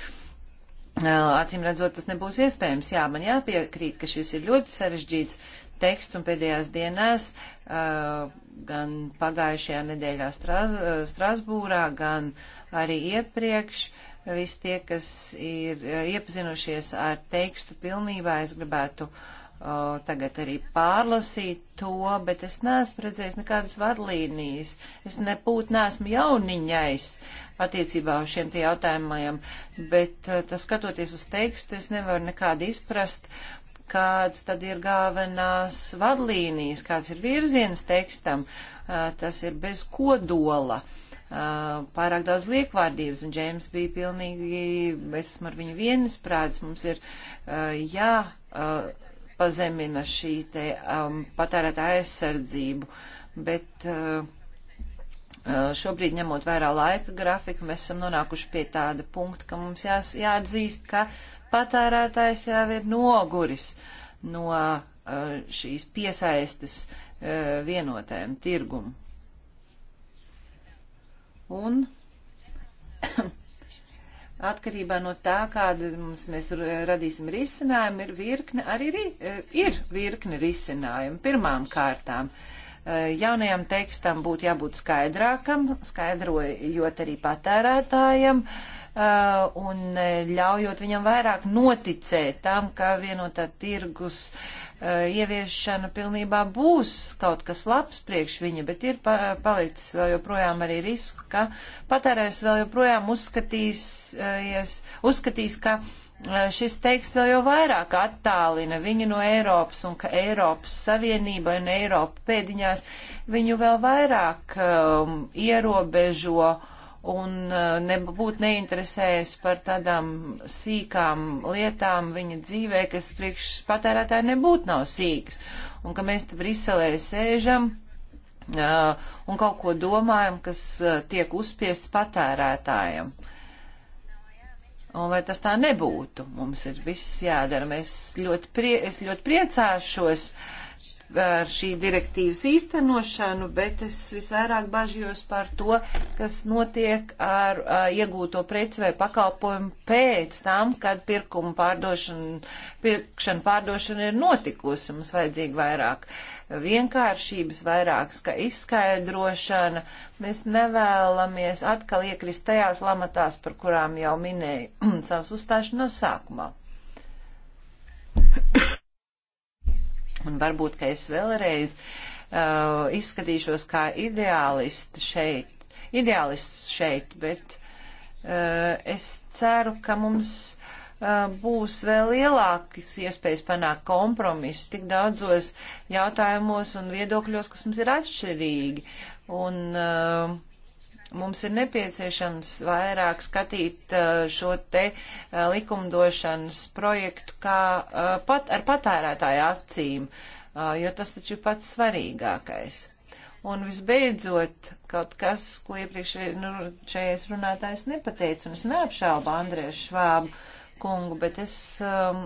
Uh, acīm redzot, tas nebūs iespējams. Jā, man jāpiekrīt, ka šis ir ļoti sarežģīts teksts un pēdējās dienās, gan pagājušajā nedēļā Strasbūrā, gan arī iepriekš Visi tie, kas ir eh, iepazinušies ar tekstu pilnībā, es gribētu uh, tagad arī pārlasīt to, bet es neesmu redzējis nekādas vadlīnijas. Es nepūt neesmu jauniņais attiecībā uz šiem tie jautājumiem, bet uh, tas skatoties uz tekstu, es nevaru nekādu izprast, kāds tad ir galvenās vadlīnijas, kāds ir virziens tekstam, eh, tas ir bez kodola. Uh, pārāk daudz liekvārdības, un Džēms bija pilnīgi, es esmu ar viņu vienisprāts, mums ir uh, jāpazemina uh, šī te um, patērētā aizsardzību, bet šobrīd ņemot vērā laika grafiku, mēs esam nonākuši pie tāda punkta, ka mums jās, jāatzīst, ka patērētājs jau ir noguris no šīs piesaistes vienotajam tirgumam. Un [COUGHS] atkarībā no tā, kāda mums mēs radīsim risinājumu, ir virkne, arī ri, e, ir virkne risinājumu. Pirmām kārtām e, jaunajam tekstam būtu jābūt skaidrākam, skaidrojot arī patērētājiem. Uh, Uh, un uh, ļaujot viņam vairāk noticēt tam, ka vienotā tirgus uh, ieviešana pilnībā būs kaut kas labs priekš viņa, bet ir palicis vēl joprojām arī risks, ka patērēs vēl joprojām uzskatīs, uzskatīs ka šis teksts vēl jau vairāk attālina viņu no Eiropas un ka Eiropas Savienība un Eiropa pēdiņās viņu vēl vairāk um, ierobežo un eh, nebūtu neinteresējusi par tādām sīkām lietām viņa dzīvē, kas priekš patērētāji nebūtu nav sīkas. Un ka mēs te Briselē sēžam uh, un kaut ko domājam, kas uh, tiek uzspiests patērētājiem. Un lai tas tā nebūtu, mums ir viss jādara. Mēs ļoti prie, es ļoti priecāšos. Uh, ar šī direktīvas īstenošanu, bet es visvairāk bažījos par to, kas notiek ar a, iegūto preci vai pakalpojumu pēc tam, kad pirkuma pārdošana, pirkšana pārdošana ir notikusi. Mums vajadzīga vairāk vienkāršības, vairāk izskaidrošana. Mēs nevēlamies atkal iekrist tajās lamatās, par kurām jau minēju [CLEARS THROAT] savas uzstāšanās sākumā. [COUGHS] Un varbūt, ka es vēlreiz uh, izskatīšos kā ideālists šeit, ideālists šeit, bet uh, es ceru, ka mums uh, būs vēl lielākas iespējas panākt kompromisu tik daudzos jautājumos un viedokļos, kas mums ir atšķirīgi. Un, uh, Mums ir nepieciešams vairāk skatīt uh, šo te uh, likumdošanas projektu kā uh, pat ar patērētāju acīm, jo tas taču ir pats svarīgākais. Un visbeidzot, kaut kas, ko iepriekšējais nu, runātājs nepateica, un es neapšaubu Andrēs Švābu kungu, bet es um,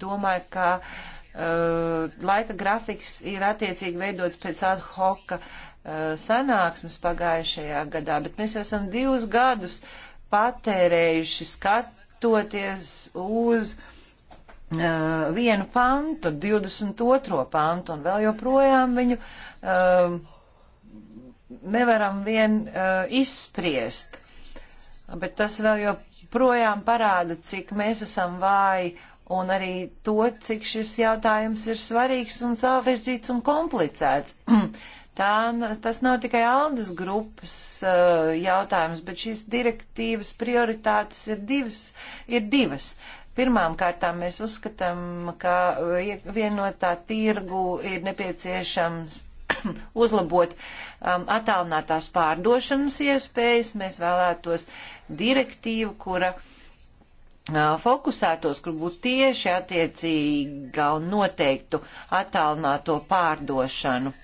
domāju, ka uh, laika grafiks ir attiecīgi veidots pēc ad hoc uh, Eh, sanāksmes pagājušajā gadā, bet mēs jau esam divus gadus patērējuši skatoties uz uh, vienu pantu, 22. pantu, un vēl joprojām viņu uh, nevaram vien uh, izspriest. Bet tas vēl joprojām parāda, cik mēs esam vāji un arī to, cik šis jautājums ir svarīgs un sarežģīts un komplicēts. [CLEARS THROAT] Tā, tas nav tikai Aldas grupas uh, jautājums, bet šīs direktīvas prioritātes ir divas. Ir divas. Pirmām kārtām mēs uzskatām, ka uh, vienotā tirgu ir nepieciešams [CLEARS THROAT] uzlabot um, attālinātās pārdošanas iespējas. Mēs vēlētos direktīvu, kura uh, fokusētos, kur būtu tieši attiecīga un noteiktu attālināto pārdošanu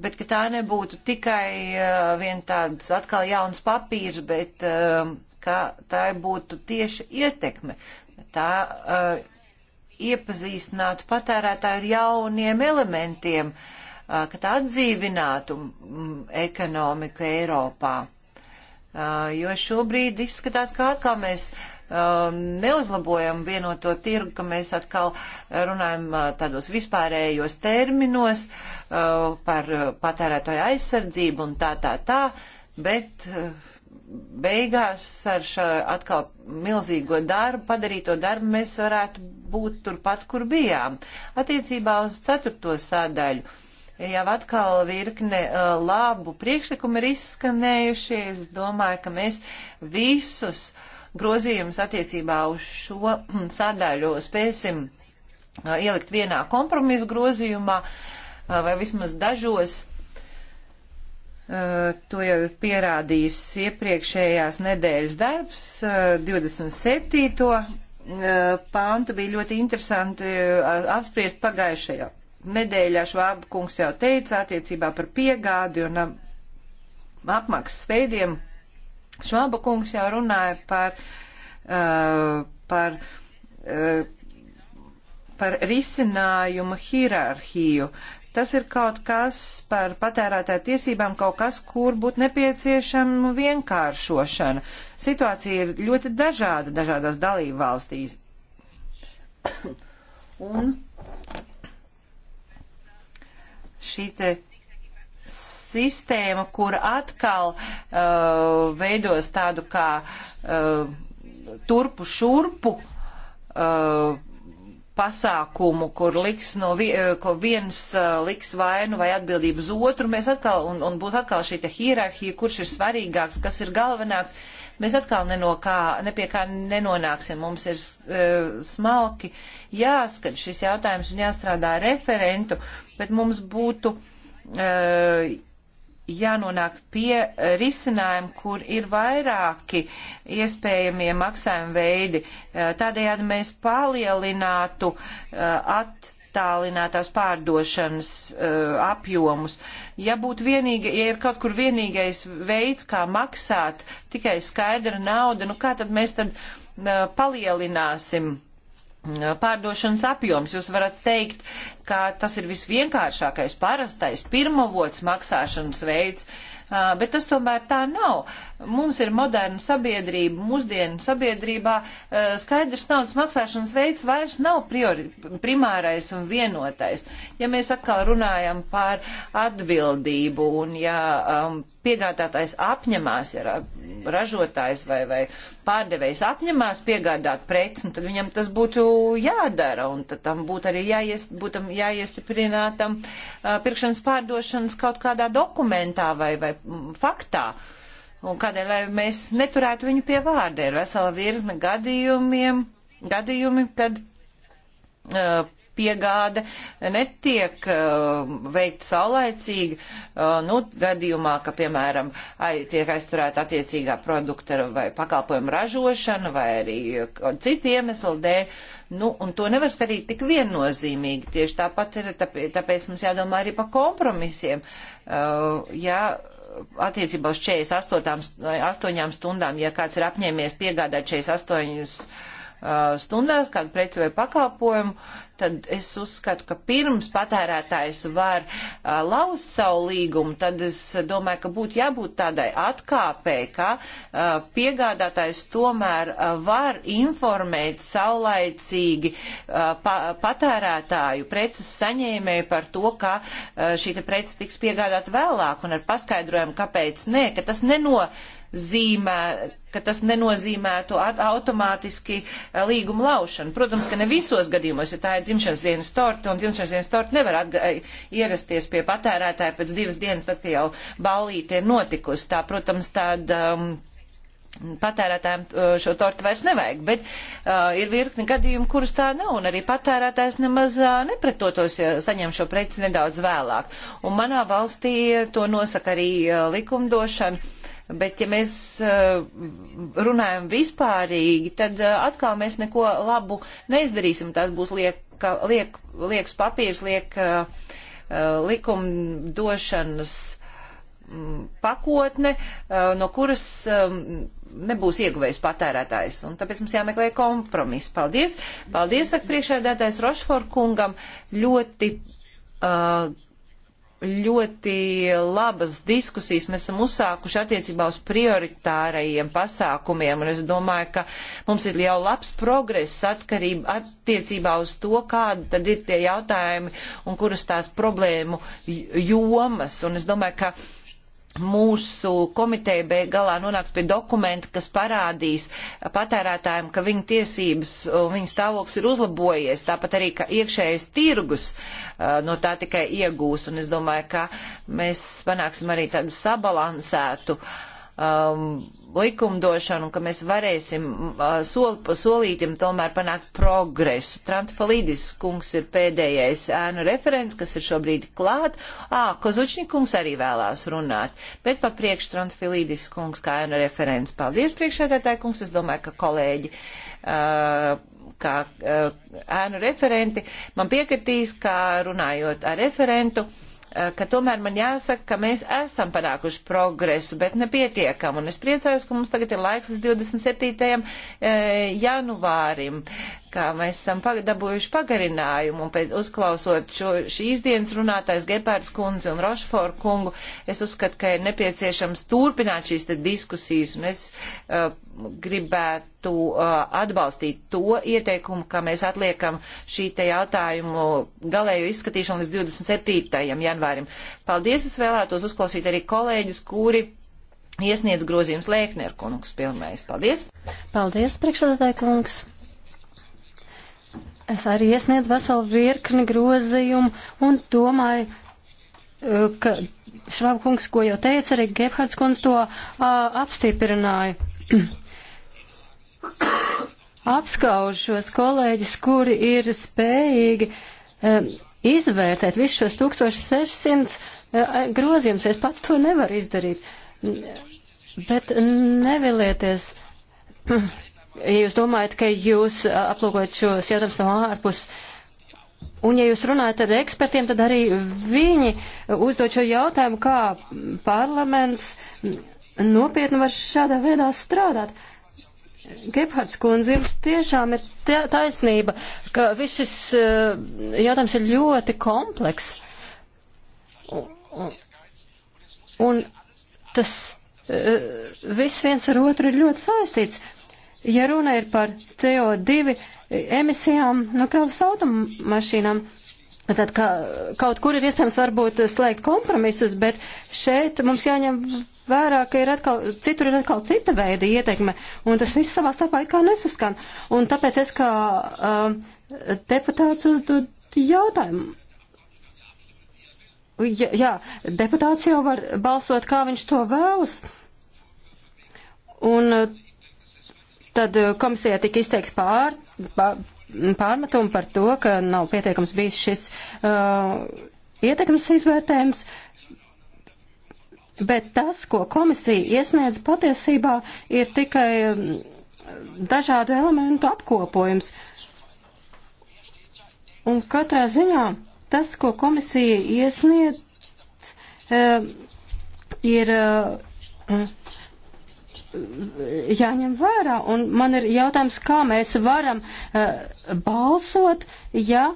bet ka tā nebūtu tikai uh, vien tāds atkal jauns papīrs, bet uh, ka tā būtu tieši ietekme. Tā uh, eh, iepazīstinātu patērētāju ar jauniem elementiem, uh, ka tā atdzīvinātu mm, ekonomiku Eiropā. Uh, jo šobrīd izskatās, ka atkal mēs uh, Um, neuzlabojam vienoto tirgu, ka mēs atkal runājam uh, tādos vispārējos terminos uh, par uh, patērētāju aizsardzību un tā, tā, tā, bet beigās ar šo atkal milzīgo darbu, padarīto darbu, mēs varētu būt turpat, kur bijām. Attiecībā uz ceturto sādaļu jau atkal virkne labu priekšlikumu ir izskanējuši. Es domāju, ka mēs visus uh, grozījumus attiecībā uz šo [CLEARS THROAT] sadaļu spēsim uh, ielikt vienā kompromisu grozījumā uh, vai vismaz dažos. Uh, to jau ir pierādījis iepriekšējās nedēļas darbs, 27 pāntu bija ļoti interesanti apspriest pagājušajā nedēļā. Švāba kungs jau teica attiecībā par piegādi un apmaksas veidiem. Švāba kungs jau runāja par, uh, par, uh, par risinājumu hierarhiju. Tas ir kaut kas par patērētāju tiesībām, kaut kas, kur būtu nepieciešama vienkāršošana. Situācija ir ļoti dažāda dažādās dalību valstīs. [COUGHS] Un šī te sistēmu, kur atkal uh, veidos tādu kā uh, turpu šurpu uh, pasākumu, kur liks no vi, uh, ko viens uh, liks vainu vai atbildību uz otru, mēs atkal, un, un būs atkal šī hierarhija, kurš ir svarīgāks, kas ir galvenāks, mēs atkal neno kā, ne pie kā nenonāksim. Mums ir uh, smalki jāskat šis jautājums un jāstrādā referentu, bet mums būtu uh, jānonāk pie eh, risinājuma, kur ir vairāki iespējamie maksājuma veidi. Eh, tādējādi mēs palielinātu at eh, attālinātās pārdošanas uh, apjomus. Ja būtu vienīga, ja ir kaut kur vienīgais veids, kā maksāt tikai skaidra nauda, nu kā tad mēs tad uh, palielināsim uh, pārdošanas apjoms. Jūs varat teikt, ka tas ir visvienkāršākais, parastais, pirmavots maksāšanas veids, bet tas tomēr tā nav. Mums ir moderna sabiedrība, mūsdienu sabiedrībā eh, skaidrs naudas maksāšanas veids vairs nav priori, primārais un vienotais. Ja mēs atkal runājam par atbildību un ja um, piegādātājs apņemās, ja ražotājs vai, vai pārdevējs apņemās piegādāt preci, nu tad viņam tas būtu jādara un tad tam būtu arī jāiest, būtam jāiestiprinātam uh, eh, pirkšanas pārdošanas kaut kādā dokumentā vai, vai faktā. Uh, Un kādēļ, lai mēs neturētu viņu pie vārda, ir vesela virkne gadījumiem, gadījumi, kad uh, piegāde netiek uh, veikt saulaicīgi, uh, nu, gadījumā, ka, piemēram, ai, tiek aizturēta attiecīgā produkta vai pakalpojuma ražošana vai arī uh, citi iemesli dēļ, nu, un to nevar starīt tik viennozīmīgi. Tieši tāpat ir, tāpēc mums jādomā arī par kompromisiem. Uh, ja, attiecībā uz 48 stundām, ja kāds ir apņēmies piegādāt 48 uh, stundās kādu preci vai pakalpojumu, tad es uzskatu, ka pirms patērētājs var uh, laust savu līgumu, tad es domāju, ka būtu jābūt tādai atkāpēji, ka uh, piegādātājs tomēr uh, var informēt saulaicīgi uh, pa patērētāju preces saņēmēju par to, ka uh, šī prece tiks piegādāta vēlāk un ar paskaidrojumu, kāpēc nē, ka tas neno zīmē, ka tas nenozīmētu automātiski eh, līgumu laušanu. Protams, ka ne visos gadījumos, ja tā ir dzimšanas dienas torta, un dzimšanas dienas torta nevar eh, ierasties pie patērētāja pēc divas dienas, tad, ka jau ballīte ir notikusi. Tā, protams, tāda. Um, patērētājiem eh, šo tortu vairs nevajag, bet uh, ir virkni gadījumi, kurus tā nav, un arī patērētājs nemaz uh, nepretotos, ja saņem šo preci nedaudz vēlāk. Un manā valstī to nosaka arī uh, likumdošana. Uh, Bet, ja mēs eh, runājam vispārīgi, tad eh, atkal mēs neko labu neizdarīsim. Tas būs liek, liek, lieks papīrs, liek eh, likumdošanas mm, pakotne, no kuras nebūs ieguvējis patērētājs. Un tāpēc mums jāmeklē kompromis. Paldies! Paldies, saka priekšēdētājs Rošfor kungam. Ļoti uh, ļoti labas diskusijas mēs esam uzsākuši attiecībā uz prioritārajiem pasākumiem, un es domāju, ka mums ir jau labs progress atkarība attiecībā uz to, kāda tad ir tie jautājumi un kuras tās problēmu jomas, un es domāju, ka mūsu komiteja beig galā nonāks pie dokumenta, kas parādīs patērētājiem, ka viņa tiesības un viņa stāvoklis ir uzlabojies, tāpat arī, ka iekšējais tirgus uh, no tā tikai iegūs, un es domāju, ka mēs panāksim arī tādu sabalansētu um, likumdošanu, ka mēs varēsim soli pa solītim tomēr panākt progresu. Trantfalīdis kungs ir pēdējais ēnu referents, kas ir šobrīd klāt. Ā, Kozučņik kungs arī vēlās runāt, bet pa priekš Trantfalīdis kungs kā ēnu referents. Paldies priekšēdētāji kungs, es domāju, ka kolēģi. Uh, kā uh, ēnu referenti, man piekritīs, kā runājot ar referentu, uh, Eh, ka tomēr man jāsaka, ka mēs esam panākuši progresu, bet nepietiekam. Un es priecājos, ka mums tagad ir laiks līdz 27. Eh, janvārim, kā mēs esam dabūjuši pagarinājumu. Un pēc uzklausot šo, šīs dienas runātājs Gepārds kundzi un Rošforu kungu, es uzskatu, ka ir nepieciešams turpināt šīs diskusijas. Un es uh, gribētu uh, atbalstīt to ieteikumu, ka mēs atliekam šī te jautājumu galēju izskatīšanu līdz 27. janvārim. Paldies, es vēlētos uzklausīt arī kolēģus, kuri iesniedz grozījums Lēkner kungs pilnmējas. Paldies! Paldies, priekšsēdētāji kungs! Es arī iesniedzu veselu virkni grozījumu un domāju, uh, ka Švabkungs, ko jau teica, arī Gebhards kungs to uh, apstiprināja. [CLEARS THROAT] apskauž šos kolēģis, kuri ir spējīgi um, izvērtēt visus šos 1600 uh, grozījumus. Es pats to nevaru izdarīt. Bet nevilieties. Ja jūs domājat, ka jūs uh, aplūkojat šos jautājumus no ārpus, un ja jūs runājat ar ekspertiem, tad arī viņi uzdod šo jautājumu, kā parlaments nopietni var šādā veidā strādāt. Uh, Gebhards kundze, jums tiešām ir taisnība, ka viss šis eh, jautājums ir ļoti kompleks. Un, un, un tas eh, viss viens ar otru ir ļoti saistīts. Ja runa ir par CO2 emisijām no nu, kravas automašīnām, Tad kā, kaut kur ir iespējams varbūt slēgt kompromisus, bet šeit mums jāņem vērā, ka ir atkal, citur ir atkal cita veida ietekme, un tas viss savā starpā kā nesaskan. Un tāpēc es kā uh, deputāts uzdod jautājumu. Ja, jā, deputāts jau var balsot, kā viņš to vēlas. Un uh, tad uh, komisijā tika izteikts pār, pār, pārmetumi par to, ka nav pietiekams bijis šis uh, ietekmes izvērtējums. Uh, bet tas, ko komisija iesniedz patiesībā, ir tikai um, dažādu elementu apkopojums. Un katrā ziņā tas, ko komisija iesniedz, um, ir uh, mm, jāņem vērā. Un man ir jautājums, kā mēs varam uh, balsot, ja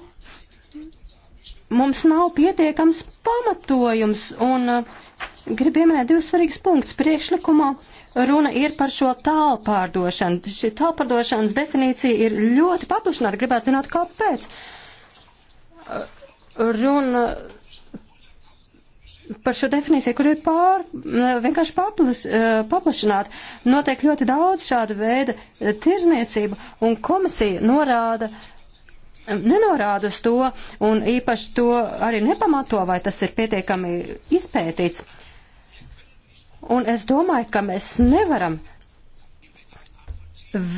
mums nav pietiekams pamatojums. Un, uh, Gribu pieminēt divus svarīgus punktus. Priekšlikumā runa ir par šo tālpārdošanu. Šī tālpārdošanas definīcija ir ļoti paplašināta. Gribētu zināt, kāpēc. Runa par šo definīciju, kur ir pār, vienkārši paplis, eh, paplašināta. Notiek ļoti daudz šāda veida eh, tirzniecība, un komisija norāda, eh, nenorāda uz to, un īpaši to arī nepamato, vai tas ir pietiekami izpētīts. Un es domāju, ka mēs nevaram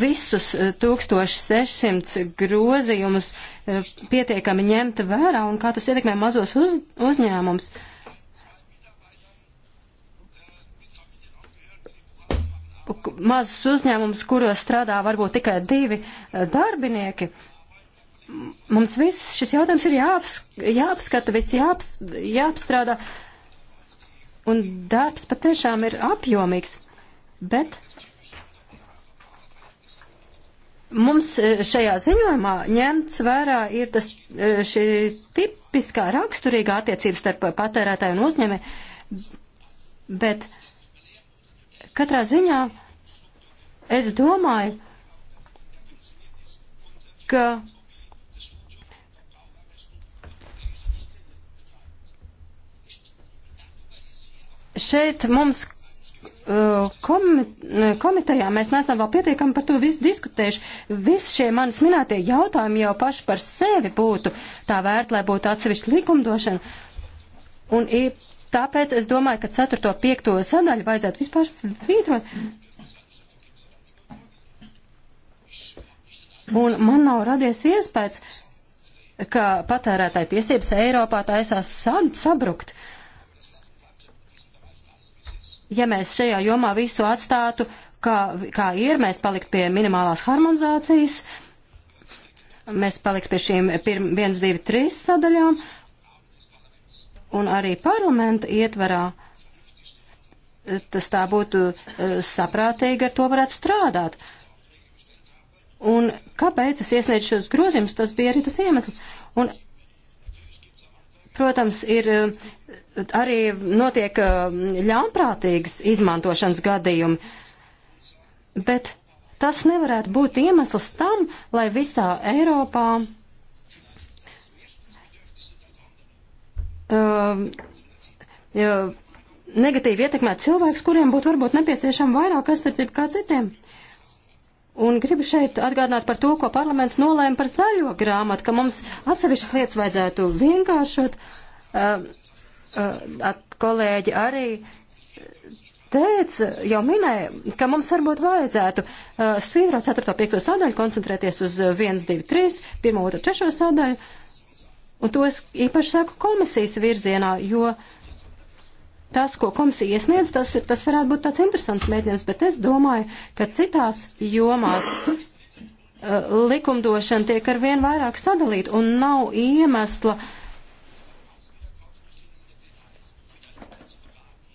visus 1600 eh, grozījumus eh, pietiekami ņemt vērā un kā tas ietekmē mazos uz, uzņēmums. Mazus uzņēmumus, kuros strādā varbūt tikai divi eh, darbinieki. Mums viss šis jautājums ir jāaps, jāapskata, viss jāaps, jāapstrādā. Uh, Un darbs patiešām ir apjomīgs, bet mums e, šajā ziņojumā ņemts vērā ir tas e, šī tipiskā raksturīgā attiecības starp patērētāju un uzņēmē, bet katrā ziņā es domāju, ka šeit mums uh, komitejā mēs neesam vēl pietiekami par to visu diskutējuši. Visi šie manis minētie jautājumi jau paši par sevi būtu tā vērt, lai būtu atsevišķa likumdošana. Un tāpēc es domāju, ka 4. 5. sadaļu vajadzētu vispār svītrot. Un man nav radies iespējas, ka patērētāju tiesības Eiropā taisās sabrukt. Uh, ja mēs šajā jomā visu atstātu, kā, kā ir, mēs palikt pie minimālās harmonizācijas, mēs palikt pie šīm 1, 2, 3 sadaļām un arī parlamenta ietverā. Tas tā būtu eh, saprātīgi, ar to varētu strādāt. Un kāpēc es iesniedzu šos grozījumus, tas bija arī tas iemesls. Un, protams, ir arī notiek uh, ļaunprātīgas izmantošanas gadījumi, bet tas nevarētu būt iemesls tam, lai visā Eiropā uh, uh, negatīvi ietekmēt cilvēkus, kuriem būtu varbūt nepieciešama vairāk aizsardzība kā citiem. Un gribu šeit atgādināt par to, ko parlaments nolēma par zaļo grāmatu, ka mums atsevišķas lietas vajadzētu vienkāršot. Uh, Eh, kolēģi arī teica, jau minēja, ka mums varbūt vajadzētu uh, svītrot 4. 5. sadaļu, koncentrēties uz 1, 2, 3, 1, 2, 3 sadaļu, un to es īpaši saku komisijas virzienā, jo tas, ko komisija iesniedz, tas, tas varētu būt tāds interesants mēģinājums, bet es domāju, ka citās jomās uh, likumdošana tiek ar vien vairāk sadalīt un nav iemesla uh,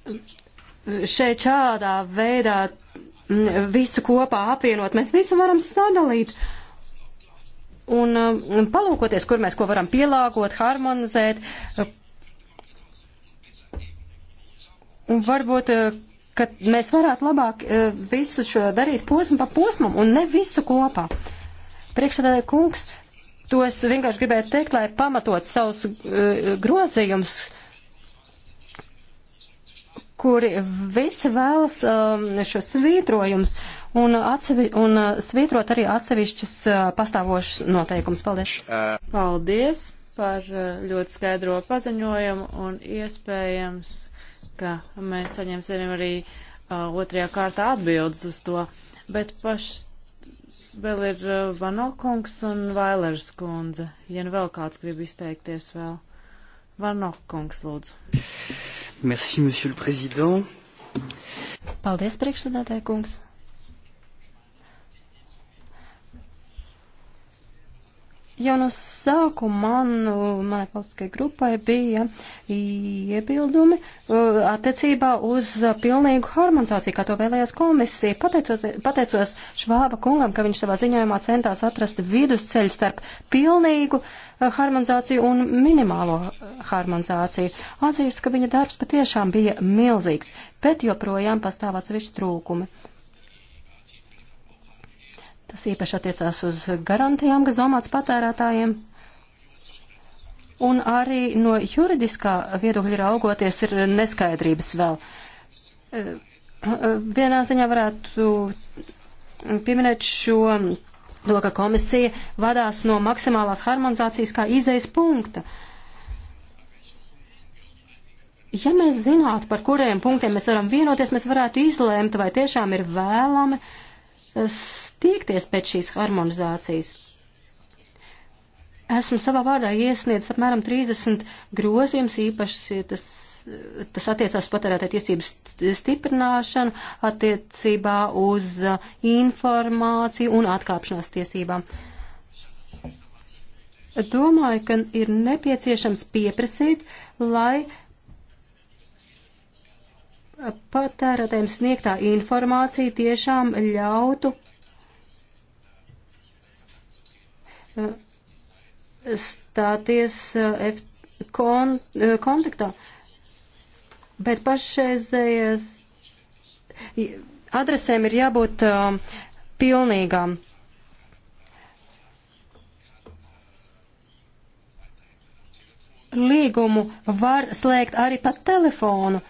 šeit šādā veidā mm, visu kopā apvienot, mēs visu varam sadalīt. Un, un mm, palūkoties, kur mēs ko varam pielāgot, harmonizēt. Un varbūt, ka mēs varētu labāk e, visu šo darīt posmu pa posmam un ne visu kopā. Priekšsēdētāji kungs, to es vienkārši gribēju teikt, lai pamatot savus e, grozījumus. Uh, kuri visi vēlas um, šos svītrojumus un, atsevi, un uh, svītrot arī atsevišķus uh, pastāvošus noteikumus. Paldies! Paldies par uh, ļoti skaidro paziņojumu un iespējams, ka mēs saņemsim arī otrajā kārtā atbildes uz to. Bet paš vēl ir Vanokungs un Vailers kundze, ja nu vēl kāds grib izteikties vēl. Vanokungs, lūdzu. Merci, monsieur le président. Paldies, priekšsēdētāja kungs. Jau no sākuma man, manai politiskai grupai bija iebildumi uh, attiecībā uz pilnīgu harmonizāciju, kā to vēlējās komisija. Pateicos, pateicos Švāba kungam, ka viņš savā ziņojumā centās atrast vidusceļu starp pilnīgu uh, harmonizāciju un minimālo uh, harmonizāciju. Atzīstu, ka viņa darbs patiešām bija milzīgs, bet joprojām pastāv atsevišķi trūkumi. Tas īpaši attiecās uz garantijām, kas domāts patērētājiem. Un arī no juridiskā viedokļa raugoties ir neskaidrības vēl. Vienā ziņā varētu pieminēt šo, to, ka komisija vadās no maksimālās harmonizācijas kā izejas punkta. Ja mēs zinātu, par kuriem punktiem mēs varam vienoties, mēs varētu izlēmt, vai tiešām ir vēlami tiekties pēc šīs harmonizācijas. Esmu savā vārdā iesniedzis apmēram 30 grozījums, īpaši tas, tas attiecās patērētāju tiesības stiprināšanu attiecībā uz uh, informāciju un atkāpšanās tiesībām. Domāju, ka ir nepieciešams pieprasīt, lai patērētājiem sniegtā informācija tiešām ļautu stāties eh, kon, eh, kontaktā. Bet pašreizējais adresēm ir jābūt eh, pilnīgām. Līgumu var slēgt arī pa telefonu,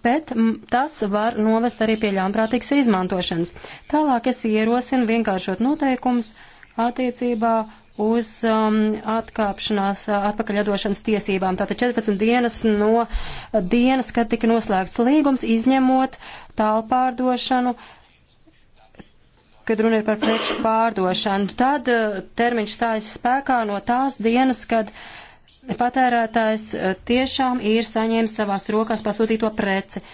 bet tas var novest arī pie ļaunprātīgas izmantošanas. Tālāk es ierosinu vienkāršot noteikumus, uh, attiecībā uz um, atkāpšanās uh, atpakaļ atdošanas tiesībām. Tātad 14 dienas no dienas, kad tika noslēgts līgums, izņemot tālpārdošanu, kad runa ir par preču pārdošanu. Tad uh, termiņš stājas spēkā no tās dienas, kad patērētājs uh, tiešām ir saņēmis savās rokās pasūtīto preci.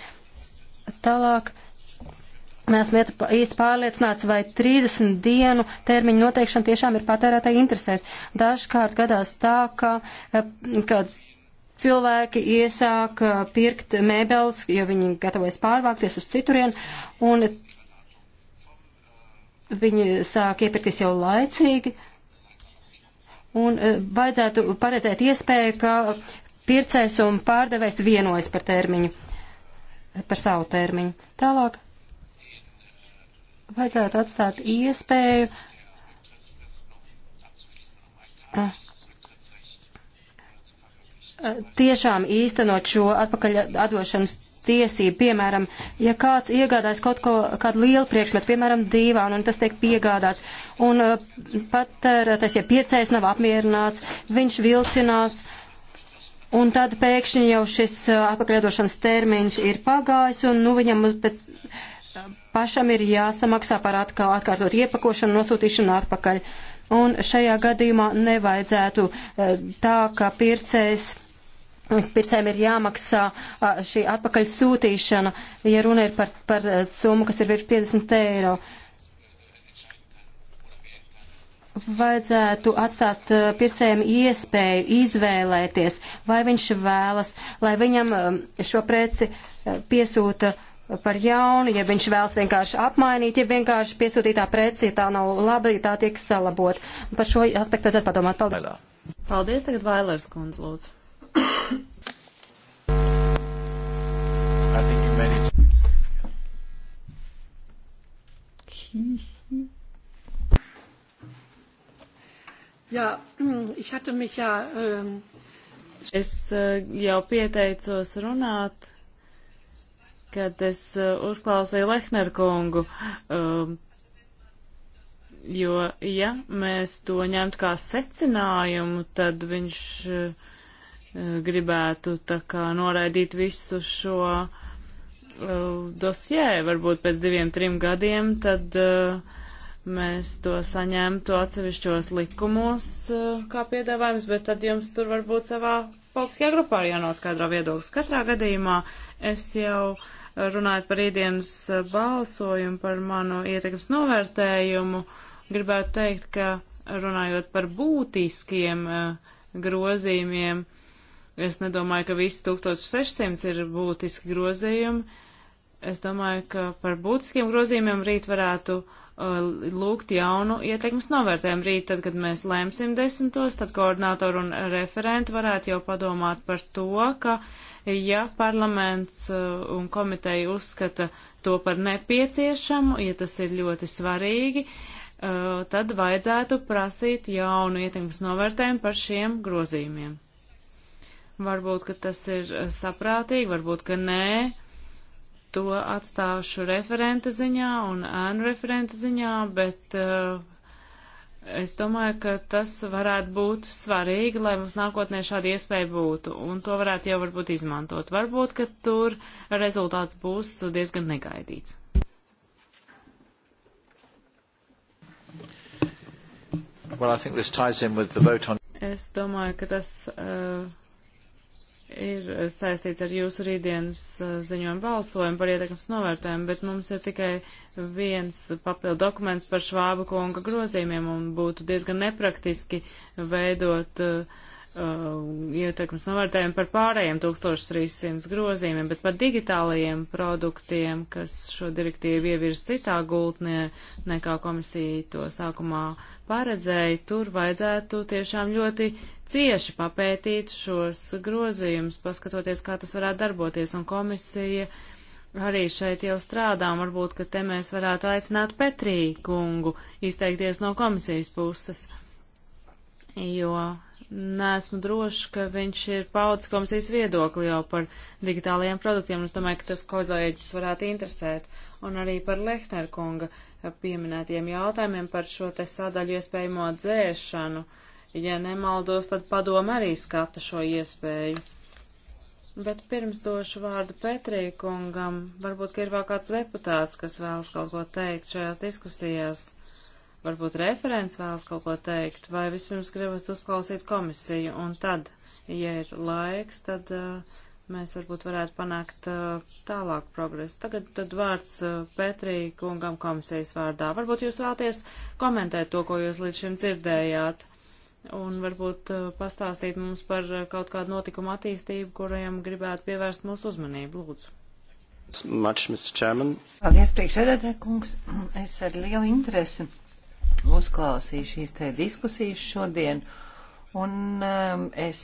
Tālāk Esmu īsti pārliecināts, vai 30 dienu termiņu noteikšana tiešām ir patērētāji interesēs. Dažkārt gadās tā, ka, eh, ka cilvēki iesāk eh, pirkt mēbeles, jo viņi gatavojas pārvākties uz citurien, un viņi sāk iepirkties jau laicīgi. Un eh, vajadzētu paredzēt iespēju, ka pircējs un pārdevējs vienojas par termiņu, par savu termiņu. Tālāk vajadzētu atstāt iespēju eh, tiešām īstenot šo atpakaļ atdošanas tiesību. Piemēram, ja kāds iegādājas kaut ko, kādu lielu priekšmetu, piemēram, divānu, un tas tiek piegādāts, un eh, pat tas, ja piecais nav apmierināts, viņš vilcinās, un tad pēkšņi jau šis eh, atpakaļ atdošanas termiņš ir pagājis, un nu viņam pēc pašam ir jāsamaksā par atkal atkārtot iepakošanu, nosūtīšanu atpakaļ. Un šajā gadījumā nevajadzētu eh, tā, ka pircējs. Pircējiem ir jāmaksā šī atpakaļ sūtīšana, ja runa ir par, par eh, summu, kas ir virs 50 eiro. Vajadzētu atstāt eh, pircējiem iespēju izvēlēties, vai viņš vēlas, lai viņam šo preci piesūta uh, par jaunu, ja viņš vēlas vienkārši apmainīt, ja vienkārši piesūtītā preci, ja tā nav laba, ja tā tiek salabot. Par šo aspektu vajadzētu padomāt. Paldies. Paldies, tagad Vailers kundze, lūdzu. Ja, ich hatte mich ja, ähm... Es äh, jau pieteicos runāt kad es eh, uzklausīju Lehner kungu, um, jo, ja mēs to ņemtu kā secinājumu, tad viņš uh, gribētu tā kā noraidīt visu šo uh, eh, dosjē, varbūt pēc diviem, trim gadiem, tad uh, mēs to saņemtu atsevišķos likumos kā piedāvājums, bet tad jums tur varbūt savā politiskajā grupā ir jānoskaidro viedoklis. Katrā gadījumā es jau uh, runājot par rītdienas eh, balsojumu, par manu ietekmes novērtējumu, gribētu teikt, ka runājot par būtiskiem eh, grozījumiem, es nedomāju, ka visi 1600 ir būtiski grozījumi. Es domāju, ka par būtiskiem grozījumiem rīt varētu uh, Uh, lūgt jaunu ieteikumus novērtējumu rīt, tad, kad mēs lemsim desmitos, tad koordinātori un referenti varētu jau padomāt par to, ka, ja parlaments uh, un komiteja uzskata to par nepieciešamu, ja tas ir ļoti svarīgi, uh, tad vajadzētu prasīt jaunu ieteikumus novērtējumu par šiem grozījumiem. Varbūt, ka tas ir saprātīgi, varbūt, ka nē to atstāšu referenta ziņā un ēnu referenta ziņā, bet uh, es domāju, ka tas varētu būt svarīgi, lai mums nākotnē šāda iespēja būtu, un to varētu jau varbūt izmantot. Varbūt, ka tur rezultāts būs diezgan negaidīts. Well, I think this ties in with the vote on. Es domāju, ka tas uh, ir eh, saistīts ar jūsu rītdienas eh, ziņojumu balsojumu par ietekmes novērtējumu, bet mums ir tikai viens papildu dokuments par švābu kunga grozījumiem un būtu diezgan nepraktiski veidot uh, ietekmes novērtējumu par pārējiem 1300 grozījumiem, bet par digitālajiem produktiem, kas šo direktīvu ievirs citā gultnē nekā komisija to sākumā uh, paredzēja, tur vajadzētu tiešām ļoti cieši papētīt šos grozījumus, paskatoties, kā tas varētu darboties, un komisija arī šeit jau strādā, un varbūt, ka te mēs varētu aicināt Petrī kungu izteikties no komisijas puses, jo neesmu droši, ka viņš ir paudzis komisijas viedokli jau par digitālajiem produktiem, un es domāju, ka tas kolēģis varētu interesēt, un arī par Lehner kunga pieminētiem jautājumiem par šo te sadaļu iespējamo dzēšanu. Ja nemaldos, tad padoma arī skata šo iespēju. Bet pirms došu vārdu Petrīkungam, varbūt, ka ir vēl kāds deputāts, kas vēlas kaut ko teikt šajās diskusijās. Varbūt referents vēlas kaut ko teikt, vai vispirms gribat uzklausīt komisiju, un tad, ja ir laiks, tad uh, mēs varbūt varētu panākt uh, tālāk progresu. Tagad tad vārds uh, Pētrī kungam komisijas vārdā. Varbūt jūs vēlaties komentēt to, ko jūs līdz šim dzirdējāt, un varbūt uh, pastāstīt mums par uh, kaut kādu notikumu attīstību, kuriem gribētu pievērst mūsu uzmanību. Lūdzu. Much, Paldies, priekšsēdētāj kungs. Es ar lielu interesi uzklausīju šīs te diskusijas šodien. Uh, Un um, es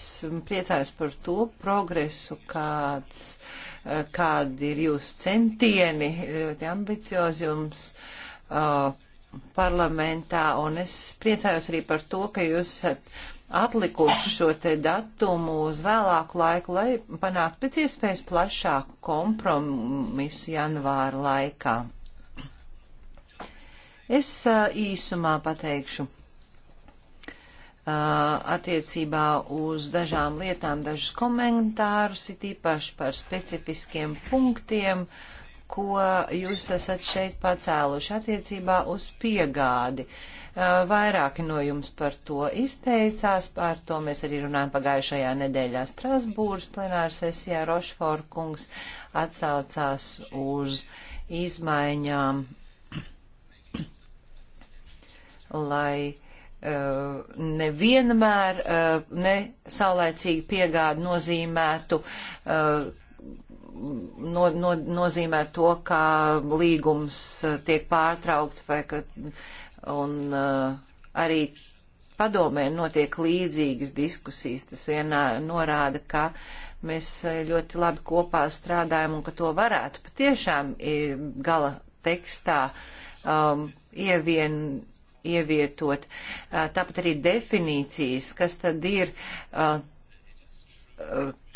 priecājos par to progresu, kāds, uh, kādi ir jūsu centieni, ļoti ambiciozi jums uh, parlamentā. Un es priecājos arī par to, ka jūs esat atlikuši šo te datumu uz vēlāku laiku, lai panāktu pēc iespējas plašāku kompromisu janvāra laikā. Es uh, īsumā pateikšu attiecībā uz dažām lietām, dažus komentārus, it īpaši par specifiskiem punktiem, ko jūs esat šeit pacēluši attiecībā uz piegādi. Vairāki no jums par to izteicās, par to mēs arī runājam pagājušajā nedēļā Strasbūras plenāra sesijā. Rošfor kungs atsaucās uz izmaiņām, [CLEARS THROAT] lai uh, Uh, nevienmēr uh, nesaulēcīga piegāda nozīmētu uh, no, no, nozīmē to, ka līgums tiek pārtraukts vai ka un, uh, arī padomē notiek līdzīgas diskusijas. Tas vienā norāda, ka mēs ļoti labi kopā strādājam un ka to varētu patiešām gala tekstā um, ievien, ievietot. Tāpat arī definīcijas, kas tad ir,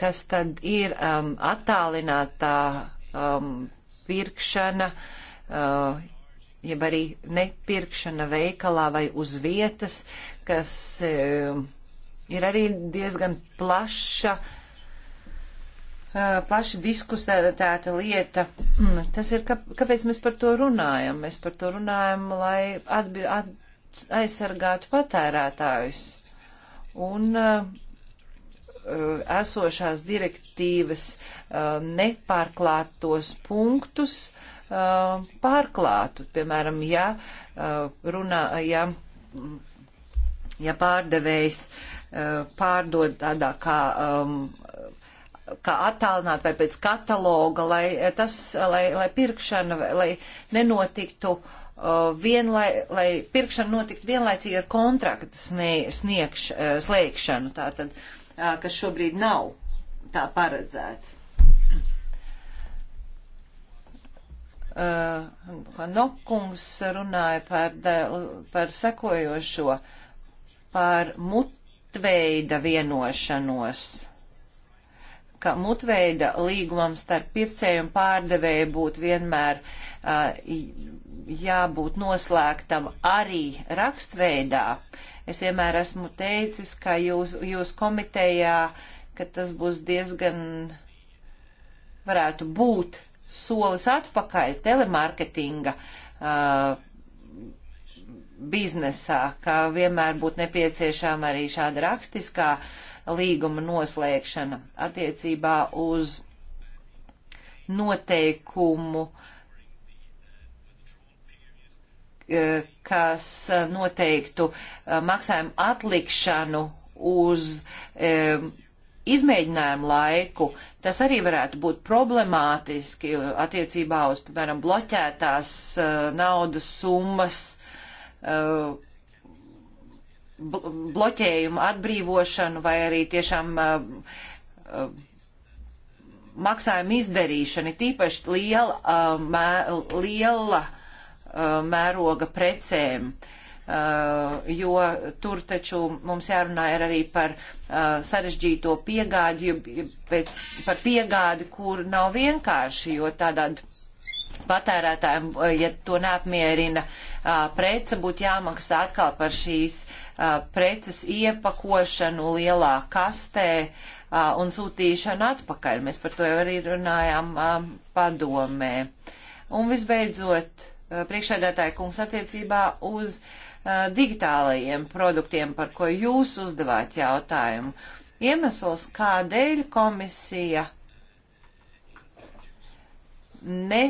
kas tad ir um, attālinātā um, pirkšana, uh, jeb arī nepirkšana veikalā vai uz vietas, kas uh, ir arī diezgan plaša uh, Eh, plaši diskutēta lieta. Mm. Tas ir, kāpēc mēs par to runājam? Mēs par to runājam, lai atbi, at, aizsargātu patērētājus. Un uh, esošās direktīvas uh, nepārklātos punktus uh, pārklātu. Piemēram, ja runā, ja, mm, ja pārdevējs pārdod tādā kā um, kā attālināt vai pēc kataloga, lai eh, tas, lai, lai pirkšana, lai nenotiktu uh, vienlai, lai pirkšana notiktu vienlaicīgi ar kontrakta sniegš, eh, slēgšanu, tātad, uh, kas šobrīd nav tā paredzēts. Uh, Nokungs runāja par, de, par sekojošo, par mutveida vienošanos. Uh, ka mutveida līgumam starp pircēju un pārdevēju būtu vienmēr jābūt noslēgtam arī rakstveidā. Es vienmēr esmu teicis, ka jūs, jūs komitejā, ka tas būs diezgan varētu būt solis atpakaļ telemarketinga uh, biznesā, ka vienmēr būtu nepieciešama arī šāda rakstiskā uh, līguma noslēgšana attiecībā uz noteikumu, eh, kas noteiktu eh, maksājumu atlikšanu uz eh, izmēģinājumu laiku, tas arī varētu būt problemātiski attiecībā uz, piemēram, bloķētās naudas summas bloķējumu atbrīvošanu vai arī tiešām uh, uh maksājumu izdarīšana, tīpaši liela, uh, mē, liela uh, mēroga precēm. Uh, jo tur taču mums jārunā ir arī par uh, sarežģīto piegādi, pēc, par piegādi, kur nav vienkārši, jo tādā patērētājiem, eh, ja to neapmierina eh, prece, būtu jāmaksā atkal par šīs eh, preces iepakošanu lielā kastē un sūtīšanu atpakaļ. Mēs par to jau arī runājām padomē. Un visbeidzot, priekšēdētāja kungs attiecībā uz digitālajiem produktiem, par ko jūs uzdevāt jautājumu. Iemesls, kādēļ komisija ne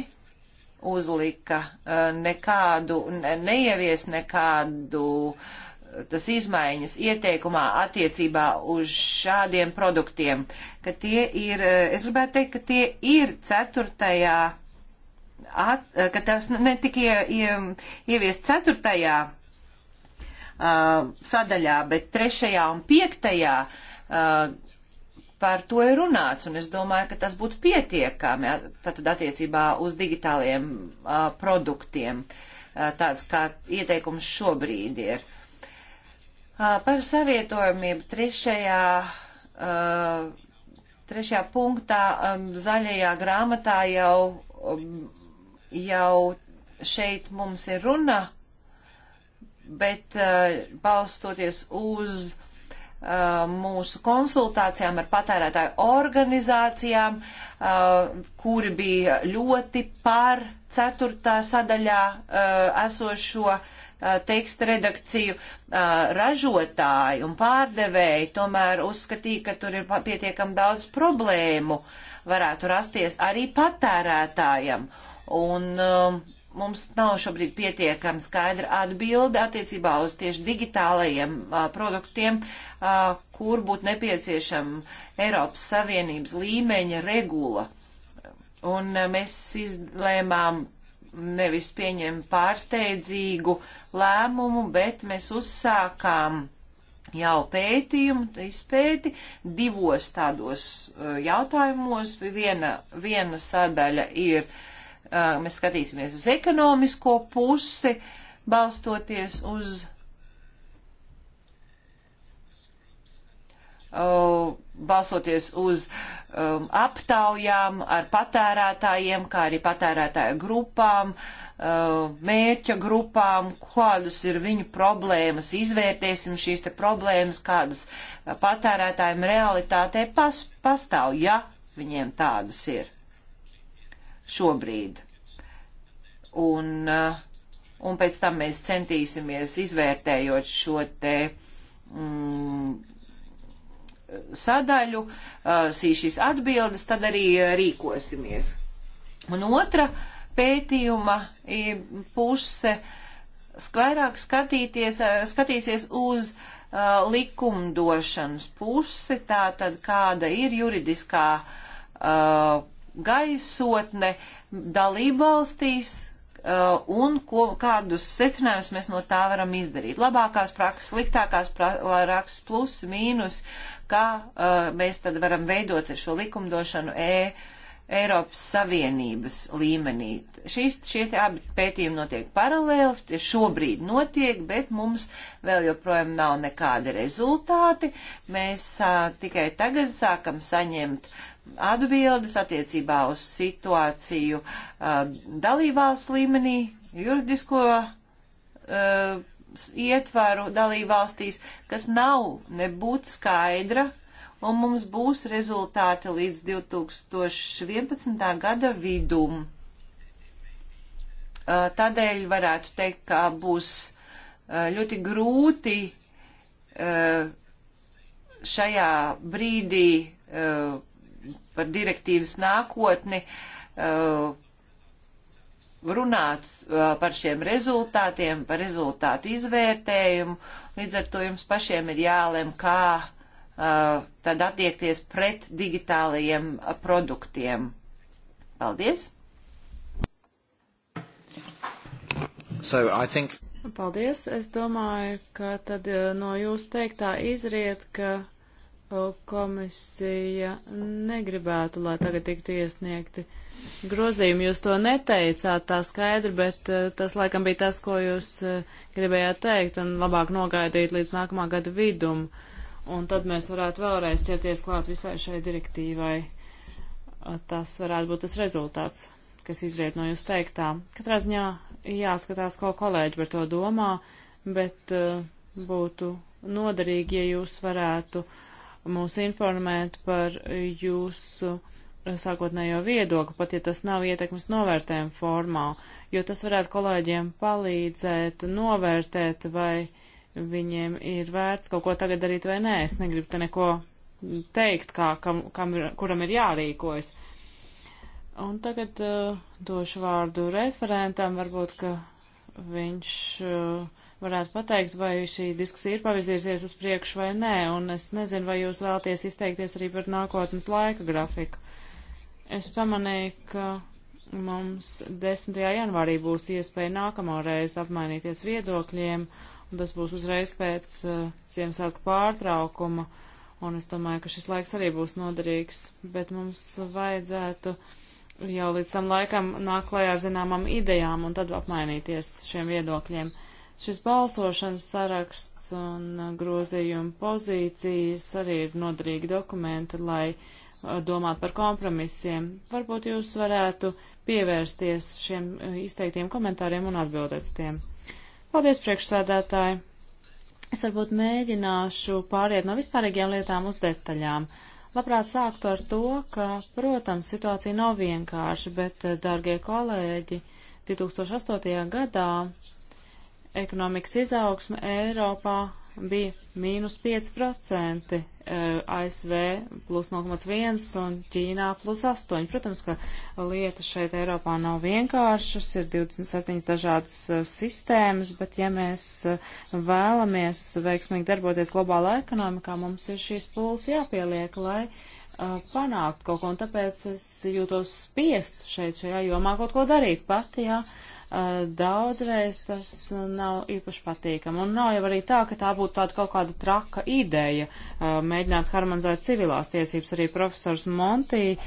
uzlika eh, nekādu, neievies nekādu eh, tas izmaiņas ieteikumā attiecībā uz šādiem produktiem, ka tie ir, eh, es gribētu teikt, ka tie ir ceturtajā, at, ka tas netika ie, ievies ceturtajā uh, sadaļā, bet trešajā un piektajā uh, par to ir runāts, un es domāju, ka tas būtu pietiekami tātad attiecībā uz digitāliem uh, produktiem, uh, tāds kā ieteikums šobrīd ir. Uh, par savietojumību trešajā, uh, trešajā punktā um, zaļajā grāmatā jau, um, jau šeit mums ir runa, bet uh, balstoties uz Uh, mūsu konsultācijām ar patērētāju organizācijām, uh, kuri bija ļoti par ceturtā sadaļā uh, esošo teksta redakciju ražotāji un pārdevēji tomēr uzskatīja, ka tur ir pietiekam daudz problēmu varētu rasties arī patērētājam. Un uh, mums nav šobrīd pietiekami skaidra atbilde attiecībā uz tieši digitālajiem a, produktiem, a, kur būtu nepieciešama Eiropas Savienības līmeņa regula. Un a, mēs izlēmām nevis pieņemt pārsteidzīgu lēmumu, bet mēs uzsākām jau pētījumu, izpēti divos tādos jautājumos. Viena, viena sadaļa ir uh, Uh, mēs skatīsimies uz ekonomisko pusi, balstoties uz uh, balsoties uz um, aptaujām ar patērētājiem, kā arī patērētāju grupām, um, mērķa grupām, kādas ir viņu problēmas, izvērtēsim šīs te problēmas, kādas patērētājiem realitātē pas, pastāv, ja viņiem tādas ir šobrīd un, uh, un pēc tam mēs centīsimies izvērtējot šo te mm, sadaļu, uh, šīs atbildes, tad arī rīkosimies. Un otra pētījuma puse vairāk skatīties, uh, skatīsies uz uh, likumdošanas pusi, tātad kāda ir juridiskā uh, gaisotne dalībvalstīs, Uh, un ko, kādus secinājumus mēs no tā varam izdarīt. Labākās prakses, sliktākās prakses, plusi, mīnus, kā uh, mēs tad varam veidot šo likumdošanu E Eiropas Savienības līmenī. Šīs, šie abi pētījumi notiek paralēli, tie šobrīd notiek, bet mums vēl joprojām nav nekādi rezultāti. Mēs a, tikai tagad sākam saņemt atbildes attiecībā uz situāciju a, dalībvalstu līmenī, juridisko a, ietvaru dalībvalstīs, kas nav nebūt skaidra un mums būs rezultāti līdz 2011. gada vidum. Tādēļ varētu teikt, ka būs ļoti grūti šajā brīdī par direktīvas nākotni runāt par šiem rezultātiem, par rezultātu izvērtējumu. Līdz ar to jums pašiem ir jālem, kā tad attiekties pret digitālajiem produktiem. Paldies! So I think... Paldies! Es domāju, ka tad no jūsu teiktā izriet, ka komisija negribētu, lai tagad tiktu iesniegti grozījumi. Jūs to neteicāt tā skaidri, bet tas laikam bija tas, ko jūs gribējāt teikt, un labāk nogaidīt līdz nākamā gada vidumu un tad mēs varētu vēlreiz ķerties klāt visai šai direktīvai. Tas varētu būt tas rezultāts, kas izriet no jūs teiktā. Katrā ziņā jāskatās, ko kolēģi par to domā, bet uh, būtu noderīgi, ja jūs varētu mūs informēt par jūsu sākotnējo viedokli, pat ja tas nav ietekmes novērtējuma formā, jo tas varētu kolēģiem palīdzēt novērtēt, vai viņiem ir vērts kaut ko tagad darīt vai nē. Es negribu te neko teikt, kā, kam, kam ir, kuram ir jārīkojas. Un tagad uh, došu vārdu referentam, varbūt, ka viņš uh, varētu pateikt, vai šī diskusija ir pavizīsies uz priekšu vai nē, un es nezinu, vai jūs vēlties izteikties arī par nākotnes laika grafiku. Es pamanīju, ka mums 10. janvārī būs iespēja nākamo reizi apmainīties viedokļiem. Uh, tas būs uzreiz pēc uh, Ziemassvētku pārtraukuma, un es domāju, ka šis laiks arī būs noderīgs, bet mums vajadzētu jau līdz tam laikam nāk klajā ar zināmām idejām un tad apmainīties šiem viedokļiem. Šis balsošanas saraksts un eh, grozījuma pozīcijas arī ir noderīgi dokumenti, lai eh, domāt par kompromisiem. Varbūt jūs varētu pievērsties šiem izteiktiem komentāriem un atbildēt uz tiem. Paldies, priekšsēdētāji! Es varbūt mēģināšu pāriet no vispārīgiem lietām uz detaļām. Labprāt sāktu ar to, ka, protams, situācija nav vienkārša, bet, eh, dārgie kolēģi, 2008. gadā ekonomikas izaugsme Eiropā bija mīnus 5%, eh, ASV plus 0,1% un Ķīnā plus 8%. Protams, ka lietas šeit Eiropā nav vienkāršas, ir 27 dažādas eh, sistēmas, bet ja mēs eh, vēlamies veiksmīgi darboties globālā ekonomikā, mums ir šīs pūles jāpieliek, lai panākt kaut ko, un tāpēc es jūtos spiests šeit šajā jomā kaut ko darīt pati, jā. Ja Eh, daudzreiz tas nav īpaši patīkam. Un nav jau arī tā, ka tā būtu tāda kaut kāda traka ideja eh, mēģināt harmonizēt civilās tiesības. Arī profesors Monti eh,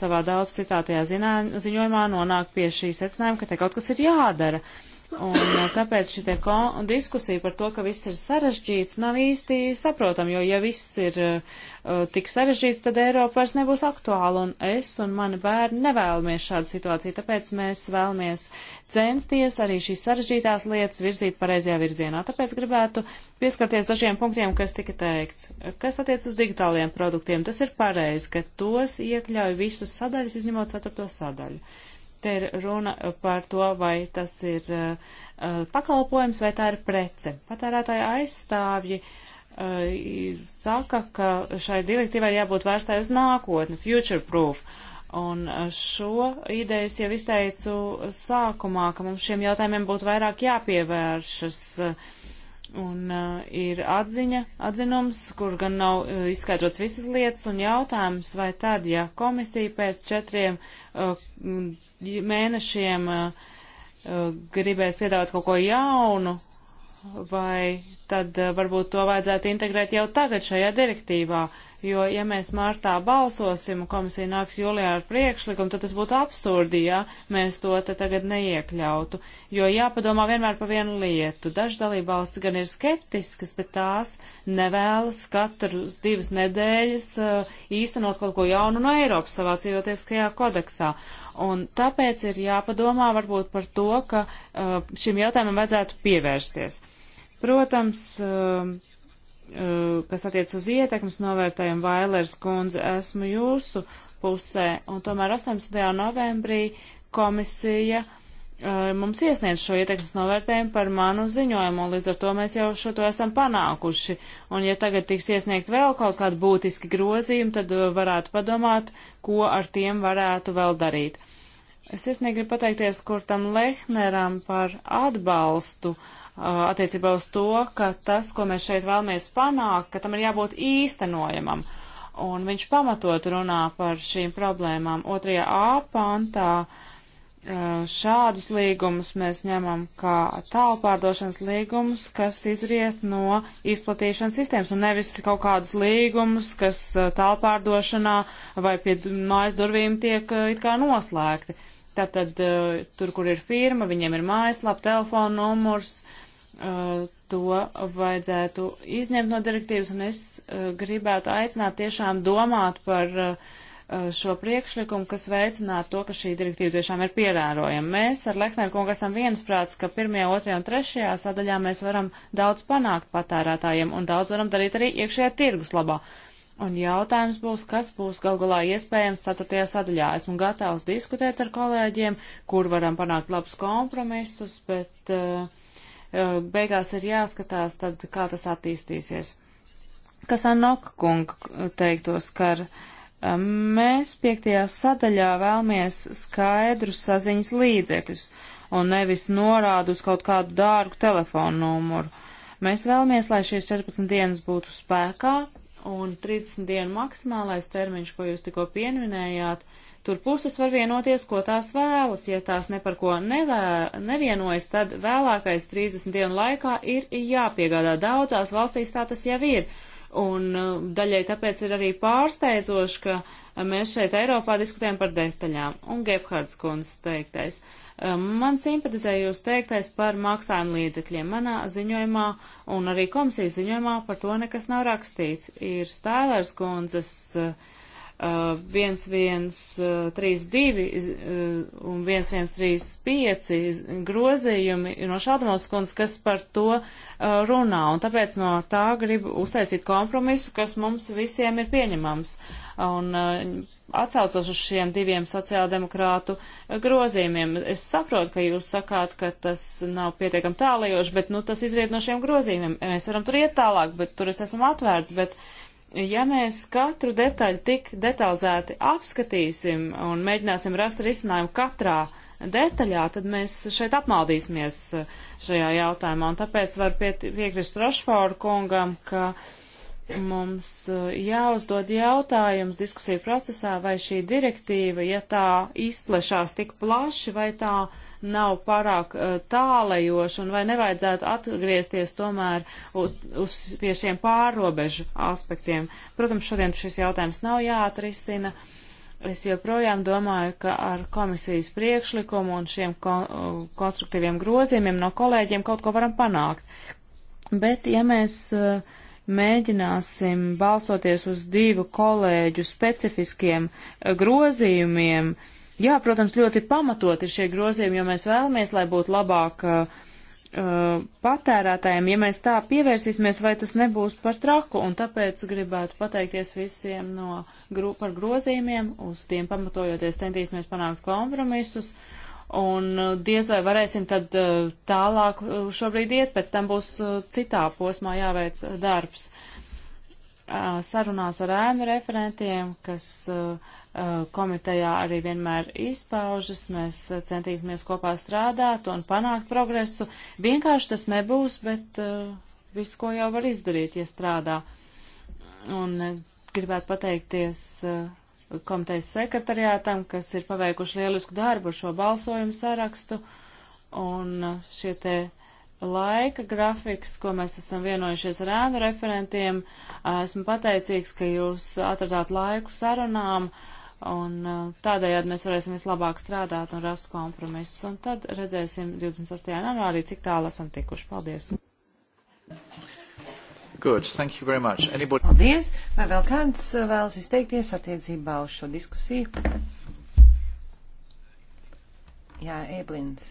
savā daudz citātajā zinā, ziņojumā nonāk pie šī secinājuma, ka te kaut kas ir jādara. Un tāpēc šī diskusija par to, ka viss ir sarežģīts, nav īsti saprotam, jo ja viss ir uh, Uh, tik sarežģīts, tad Eiropa vairs nebūs aktuāla, un es un mani bērni nevēlamies šādu situāciju, tāpēc mēs vēlamies censties arī šīs sarežģītās lietas virzīt pareizajā virzienā. Tāpēc gribētu pieskarties dažiem punktiem, kas tika teikts. Kas attiec uz digitāliem produktiem, tas ir pareizi, ka tos iekļauj visas sadaļas, izņemot ceturto sadaļu te ir runa par to, vai tas ir uh, uh pakalpojums vai tā ir prece. Patērētāja aizstāvji Uh, saka, ka šai direktīvai jābūt vērstai uz nākotni, future proof. Un uh, šo ideju es jau izteicu sākumā, ka mums šiem jautājumiem būtu vairāk jāpievēršas. Un uh, ir atziņa, atzinums, kur gan nav uh, izskaidrots visas lietas un jautājums, vai tad, ja komisija pēc četriem uh, mēnešiem uh, uh gribēs piedāvāt kaut ko jaunu, vai tad eh, varbūt to vajadzētu integrēt jau tagad šajā direktīvā, jo ja mēs martā balsosim un komisija nāks jūlijā ar priekšlikumu, tad tas būtu absurdi, ja mēs to te tagad neiekļautu, jo jāpadomā vienmēr par vienu lietu. Dažas dalībvalstis gan ir skeptiskas, bet tās nevēlas katru divas nedēļas eh, īstenot kaut ko jaunu no Eiropas savā civiltieskajā kodeksā. Un tāpēc ir jāpadomā varbūt par to, ka eh, šim jautājumam vajadzētu pievērsties. Protams, um, uh, kas attiec uz ietekmes novērtējumu, Vailers kundze, esmu jūsu pusē, un tomēr 18. novembrī komisija uh, mums iesniedz šo ietekmes novērtējumu par manu ziņojumu, un līdz ar to mēs jau šo to esam panākuši. Un ja tagad tiks iesniegt vēl kaut kādi būtiski grozījumi, tad uh, varētu padomāt, ko ar tiem varētu vēl darīt. Es iesniegu pateikties Kurtam Lehneram par atbalstu uh, attiecībā uz to, ka tas, ko mēs šeit vēlamies panākt, ka tam ir jābūt īstenojamam. Un viņš pamatot runā par šīm problēmām. Otrajā A pantā šādus līgumus mēs ņemam kā tālpārdošanas līgumus, kas izriet no izplatīšanas sistēmas un nevis kaut kādus līgumus, kas tālpārdošanā vai pie mājas durvīm tiek it kā noslēgti. Tātad tur, kur ir firma, viņiem ir mājaslapa, telefona numurs, uh, Uh, to vajadzētu izņemt no direktīvas, un es uh, gribētu aicināt tiešām domāt par uh, šo priekšlikumu, kas veicinātu to, ka šī direktīva tiešām ir piemērojama. Mēs ar Lehneru kungu esam viensprāts, ka pirmajā, otrajā un trešajā sadaļā mēs varam daudz panākt patērētājiem un daudz varam darīt arī iekšējā tirgus labā. Un jautājums būs, kas būs gal galā iespējams ceturtajā sadaļā. Esmu gatavs diskutēt ar kolēģiem, kur varam panākt labus kompromisus, bet uh, beigās ir jāskatās, tad, kā tas attīstīsies. Kas Anok kunga teiktos, ka mēs piektajā sadaļā vēlamies skaidrus saziņas līdzekļus un nevis norādu uz kaut kādu dārgu telefonu numuru. Mēs vēlamies, lai šīs 14 dienas būtu spēkā un 30 dienu maksimālais termiņš, ko jūs tikko pieminējāt, uh, Tur puses var vienoties, ko tās vēlas. Ja tās ne par ko nevē, nevienojas, tad vēlākais 30 dienu laikā ir jāpiegādā. Daudzās valstīs tā tas jau ir. Un uh, daļai tāpēc ir arī pārsteidzoši, ka uh, mēs šeit Eiropā diskutējam par detaļām. Un Gebhards kundze teiktais. Uh, man simpatizē jūs teiktais par maksājumu līdzekļiem. Manā ziņojumā un arī komisijas ziņojumā par to nekas nav rakstīts. Ir Stēlers kundzes uh, 1132 uh, uh, uh, un 1135 grozījumi no Šaldamovas kundzes, kas par to runā. Un tāpēc no tā gribu uztaisīt kompromisu, kas mums visiem ir pieņemams. Un atsaucos uz šiem diviem sociāldemokrātu grozījumiem. Es saprotu, ka jūs sakāt, ka tas nav pietiekam tālajoši, bet nu, tas izriet no šiem grozījumiem. Mēs varam tur iet tālāk, bet tur es esmu atvērts. Bet, uh, ja mēs katru detaļu tik detalizēti apskatīsim un mēģināsim rast risinājumu katrā detaļā, tad mēs šeit apmaldīsimies šajā jautājumā. Un tāpēc var piekrist Rošforu kungam, ka mums uh, jāuzdod jautājums diskusiju procesā, vai šī direktīva, ja tā izplešās tik plaši, vai tā nav pārāk eh, tālajoši un vai nevajadzētu atgriezties tomēr uz, pie šiem pārrobežu aspektiem. Protams, šodien šis jautājums nav jāatrisina. Es joprojām domāju, ka ar komisijas priekšlikumu un šiem kon konstruktīviem grozījumiem no kolēģiem kaut ko varam panākt. Bet, ja mēs uh, mēģināsim, balstoties uz divu kolēģu specifiskiem eh, grozījumiem, uh, Jā, protams, ļoti pamatot ir šie grozījumi, jo mēs vēlamies, lai būtu labāk uh, uh, patērētājiem. Ja mēs tā pievērsīsimies, vai tas nebūs par traku, un tāpēc gribētu pateikties visiem no gru par grozījumiem, uz tiem pamatojoties centīsimies panākt kompromisus. Un uh, diez vai varēsim tad uh, tālāk šobrīd iet, pēc tam būs citā posmā jāveic darbs. Uh, sarunās ar ēnu referentiem, kas komitejā arī vienmēr izpaužas. Mēs centīsimies kopā strādāt un panākt progresu. Vienkārši tas nebūs, bet visu, ko jau var izdarīt, ja strādā. Un gribētu pateikties komitejas sekretariātam, kas ir paveikuši lielisku darbu ar šo balsojumu sarakstu. Un šie te uh, laika grafiks, ko mēs esam vienojušies ar ēnu referentiem. Esmu pateicīgs, ka jūs atradāt laiku sarunām, un tādējādi mēs varēsim vislabāk strādāt un rast kompromisus. Un tad redzēsim 28. janvārī, cik tālu esam tikuši. Paldies! Good, thank you very much. Anybody... Paldies! Vai vēl kāds vēlas izteikties attiecībā uz šo diskusiju? Jā, Ēblins.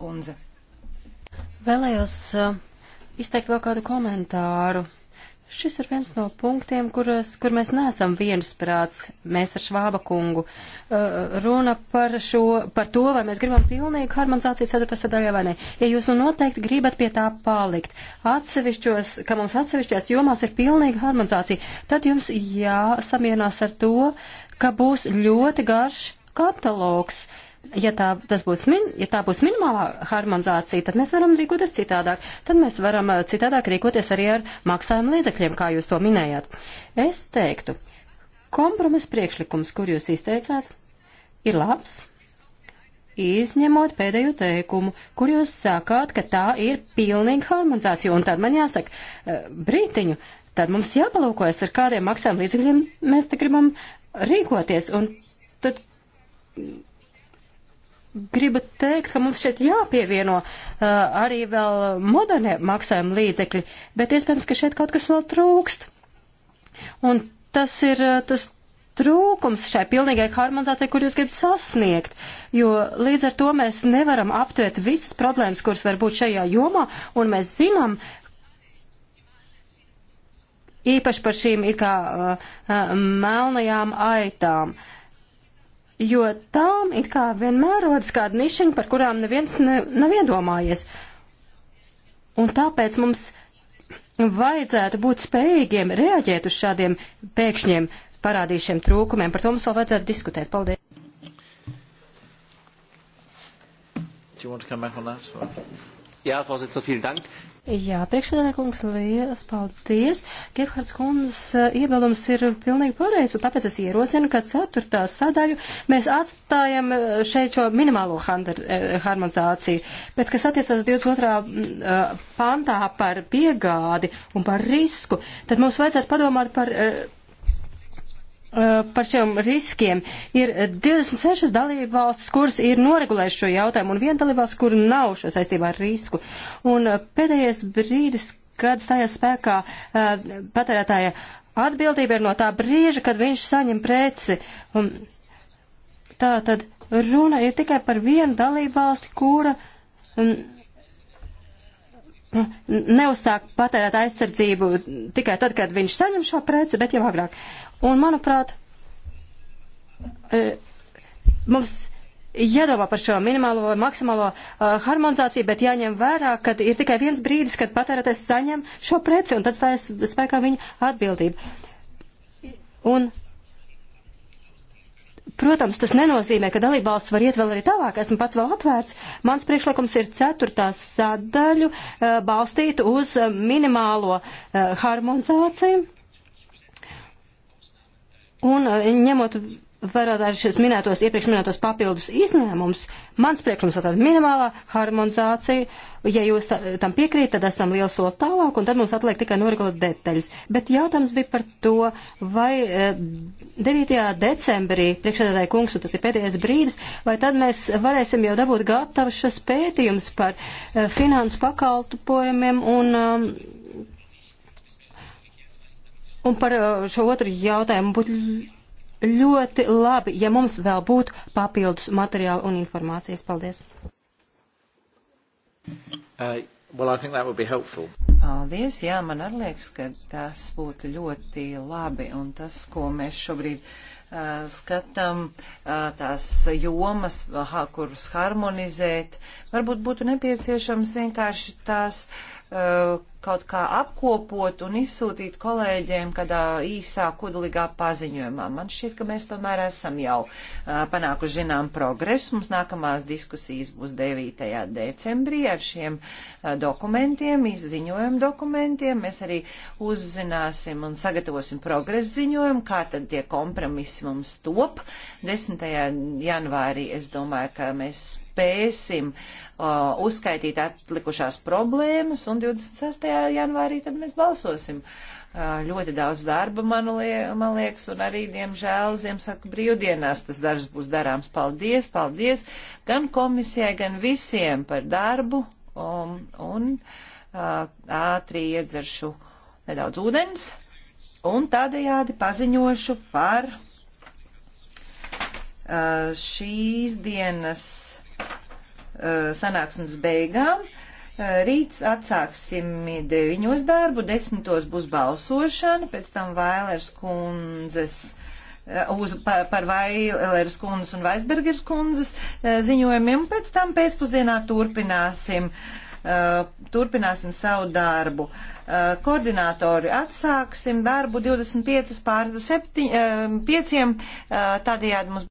Unze. Vēlējos eh, izteikt vēl kādu komentāru. Šis ir viens no punktiem, kuras, eh, kur mēs neesam viensprāts, mēs ar Švāba kungu. Uh, runa par, šo, par to, vai mēs gribam pilnīgu harmonizāciju 4. sadaļā vai nē. Ja jūs nu noteikti gribat pie tā palikt, atsevišķos, ka mums atsevišķās jomās ir pilnīga harmonizācija, tad jums jāsamienās ar to, ka būs ļoti garš katalogs. Uh, ja tā, tas būs, min, ja tā būs minimālā harmonizācija, tad mēs varam rīkoties citādāk. Tad mēs varam uh, citādāk rīkoties arī ar maksājumu līdzekļiem, kā jūs to minējāt. Es teiktu, kompromis priekšlikums, kur jūs izteicāt, ir labs, izņemot pēdējo teikumu, kur jūs sakāt, ka tā ir pilnīga harmonizācija. Un tad man jāsaka, uh, brītiņu, tad mums jāpalūkojas, ar kādiem maksājuma līdzekļiem mēs te gribam rīkoties. Un tad gribu teikt, ka mums šeit jāpievieno uh, arī vēl modernie maksājuma līdzekļi, bet iespējams, ka šeit kaut kas vēl trūkst. Un tas ir uh, tas trūkums šai pilnīgai harmonizācijai, kur jūs gribat sasniegt, jo līdz ar to mēs nevaram aptvert visas problēmas, kuras var būt šajā jomā, un mēs zinām, īpaši par šīm it kā uh, uh, melnajām aitām. Uh, jo tām it kā vienmēr rodas kāda nišiņa, par kurām neviens ne, nav iedomājies. Un tāpēc mums vajadzētu būt spējīgiem reaģēt uz šādiem pēkšņiem parādīšiem trūkumiem. Par to mums vēl vajadzētu diskutēt. Paldies! Do you want to come back on that? Or? Jā, Vorsitzende, vielen Dank. Jā, priekšsēdētāj kungs, liels paldies. Gerhards kundzes eh, iebildums ir pilnīgi pareizs, un tāpēc es ierosinu, ka ceturtā sadaļu mēs atstājam eh, šeit šo minimālo eh, harmonizāciju, bet kas attiecas 22. pantā par piegādi un par risku, tad mums vajadzētu padomāt par Eh, par šiem riskiem. Ir 26 dalība valsts, kuras ir noregulējuši šo jautājumu, un viena dalība valsts, kur nav šo saistībā ar risku. Un eh, pēdējais brīdis, kad stājās spēkā eh, patērētāja atbildība, ir no tā brīža, kad viņš saņem preci. Un tā tad runa ir tikai par vienu dalību valsti, kura. Un, mm, mm, neuzsāk patērēt aizsardzību tikai tad, kad viņš saņem šo preci, bet jau agrāk. Un, manuprāt, e, mums jādomā par šo minimālo vai maksimālo uh, harmonizāciju, bet jāņem vērā, ka ir tikai viens brīdis, kad patērētājs saņem šo preci, un tad stājas spēkā viņa atbildība. Un, protams, tas nenozīmē, ka dalībvalsts var iet vēl arī tālāk, esmu pats vēl atvērts. Mans priekšlikums ir ceturtās sadaļu uh, balstīt uz uh, minimālo uh, harmonizāciju. Un eh, ņemot vērā arī šis minētos, iepriekš minētos papildus izņēmums, mans priekšums ir tāda minimālā harmonizācija. Ja jūs tam piekrīt, tad esam liels soli tālāk, un tad mums atliek tikai noregulēt detaļas. Bet jautājums bija par to, vai 9. Eh, decembrī priekšsēdētāji kungs, un tas ir pēdējais brīdis, vai tad mēs varēsim jau dabūt gatavus šos pētījums par eh, finansu pakalpojumiem un um, Un par uh, šo otru jautājumu būtu ļoti labi, ja mums vēl būtu papildus materiāli un informācijas. Paldies! Uh, well, Paldies, jā, man arī liekas, ka tas būtu ļoti labi, un tas, ko mēs šobrīd uh, skatām, uh, tās jomas, uh, kuras harmonizēt, varbūt būtu nepieciešams vienkārši tās uh, kaut kā apkopot un izsūtīt kolēģiem kādā īsā kodolīgā paziņojumā. Man šķiet, ka mēs tomēr esam jau uh, panākuši zinām progresu. Mums nākamās diskusijas būs 9. decembrī ar šiem uh, dokumentiem, izziņojumu dokumentiem. Mēs arī uzzināsim un sagatavosim progresu ziņojumu, kā tad tie kompromisi mums top. 10. janvārī es domāju, ka mēs spēsim uh, uzskaitīt atlikušās problēmas, un 26. janvārī tad mēs balsosim. Uh, ļoti daudz darba, man, liek, man liekas, un arī, diemžēl, Ziemassvētku brīvdienās tas darbs būs darāms. Paldies, paldies gan komisijai, gan visiem par darbu, um, un uh, ātri iedzeršu nedaudz ūdens, un tādējādi paziņošu par uh, šīs dienas Eh, sanāksmes beigām. Eh, Rīts atsāksim deviņos darbu, desmitos būs balsošana, pēc tam Vailers kundzes eh, uz, par, par Vailers kundzes un Vaisbergers kundzes ziņojumiem, pēc tam pēcpusdienā turpināsim. Turpināsim savu darbu. Koordinātori atsāksim darbu 25 pār 7, 5, tādējādi mums.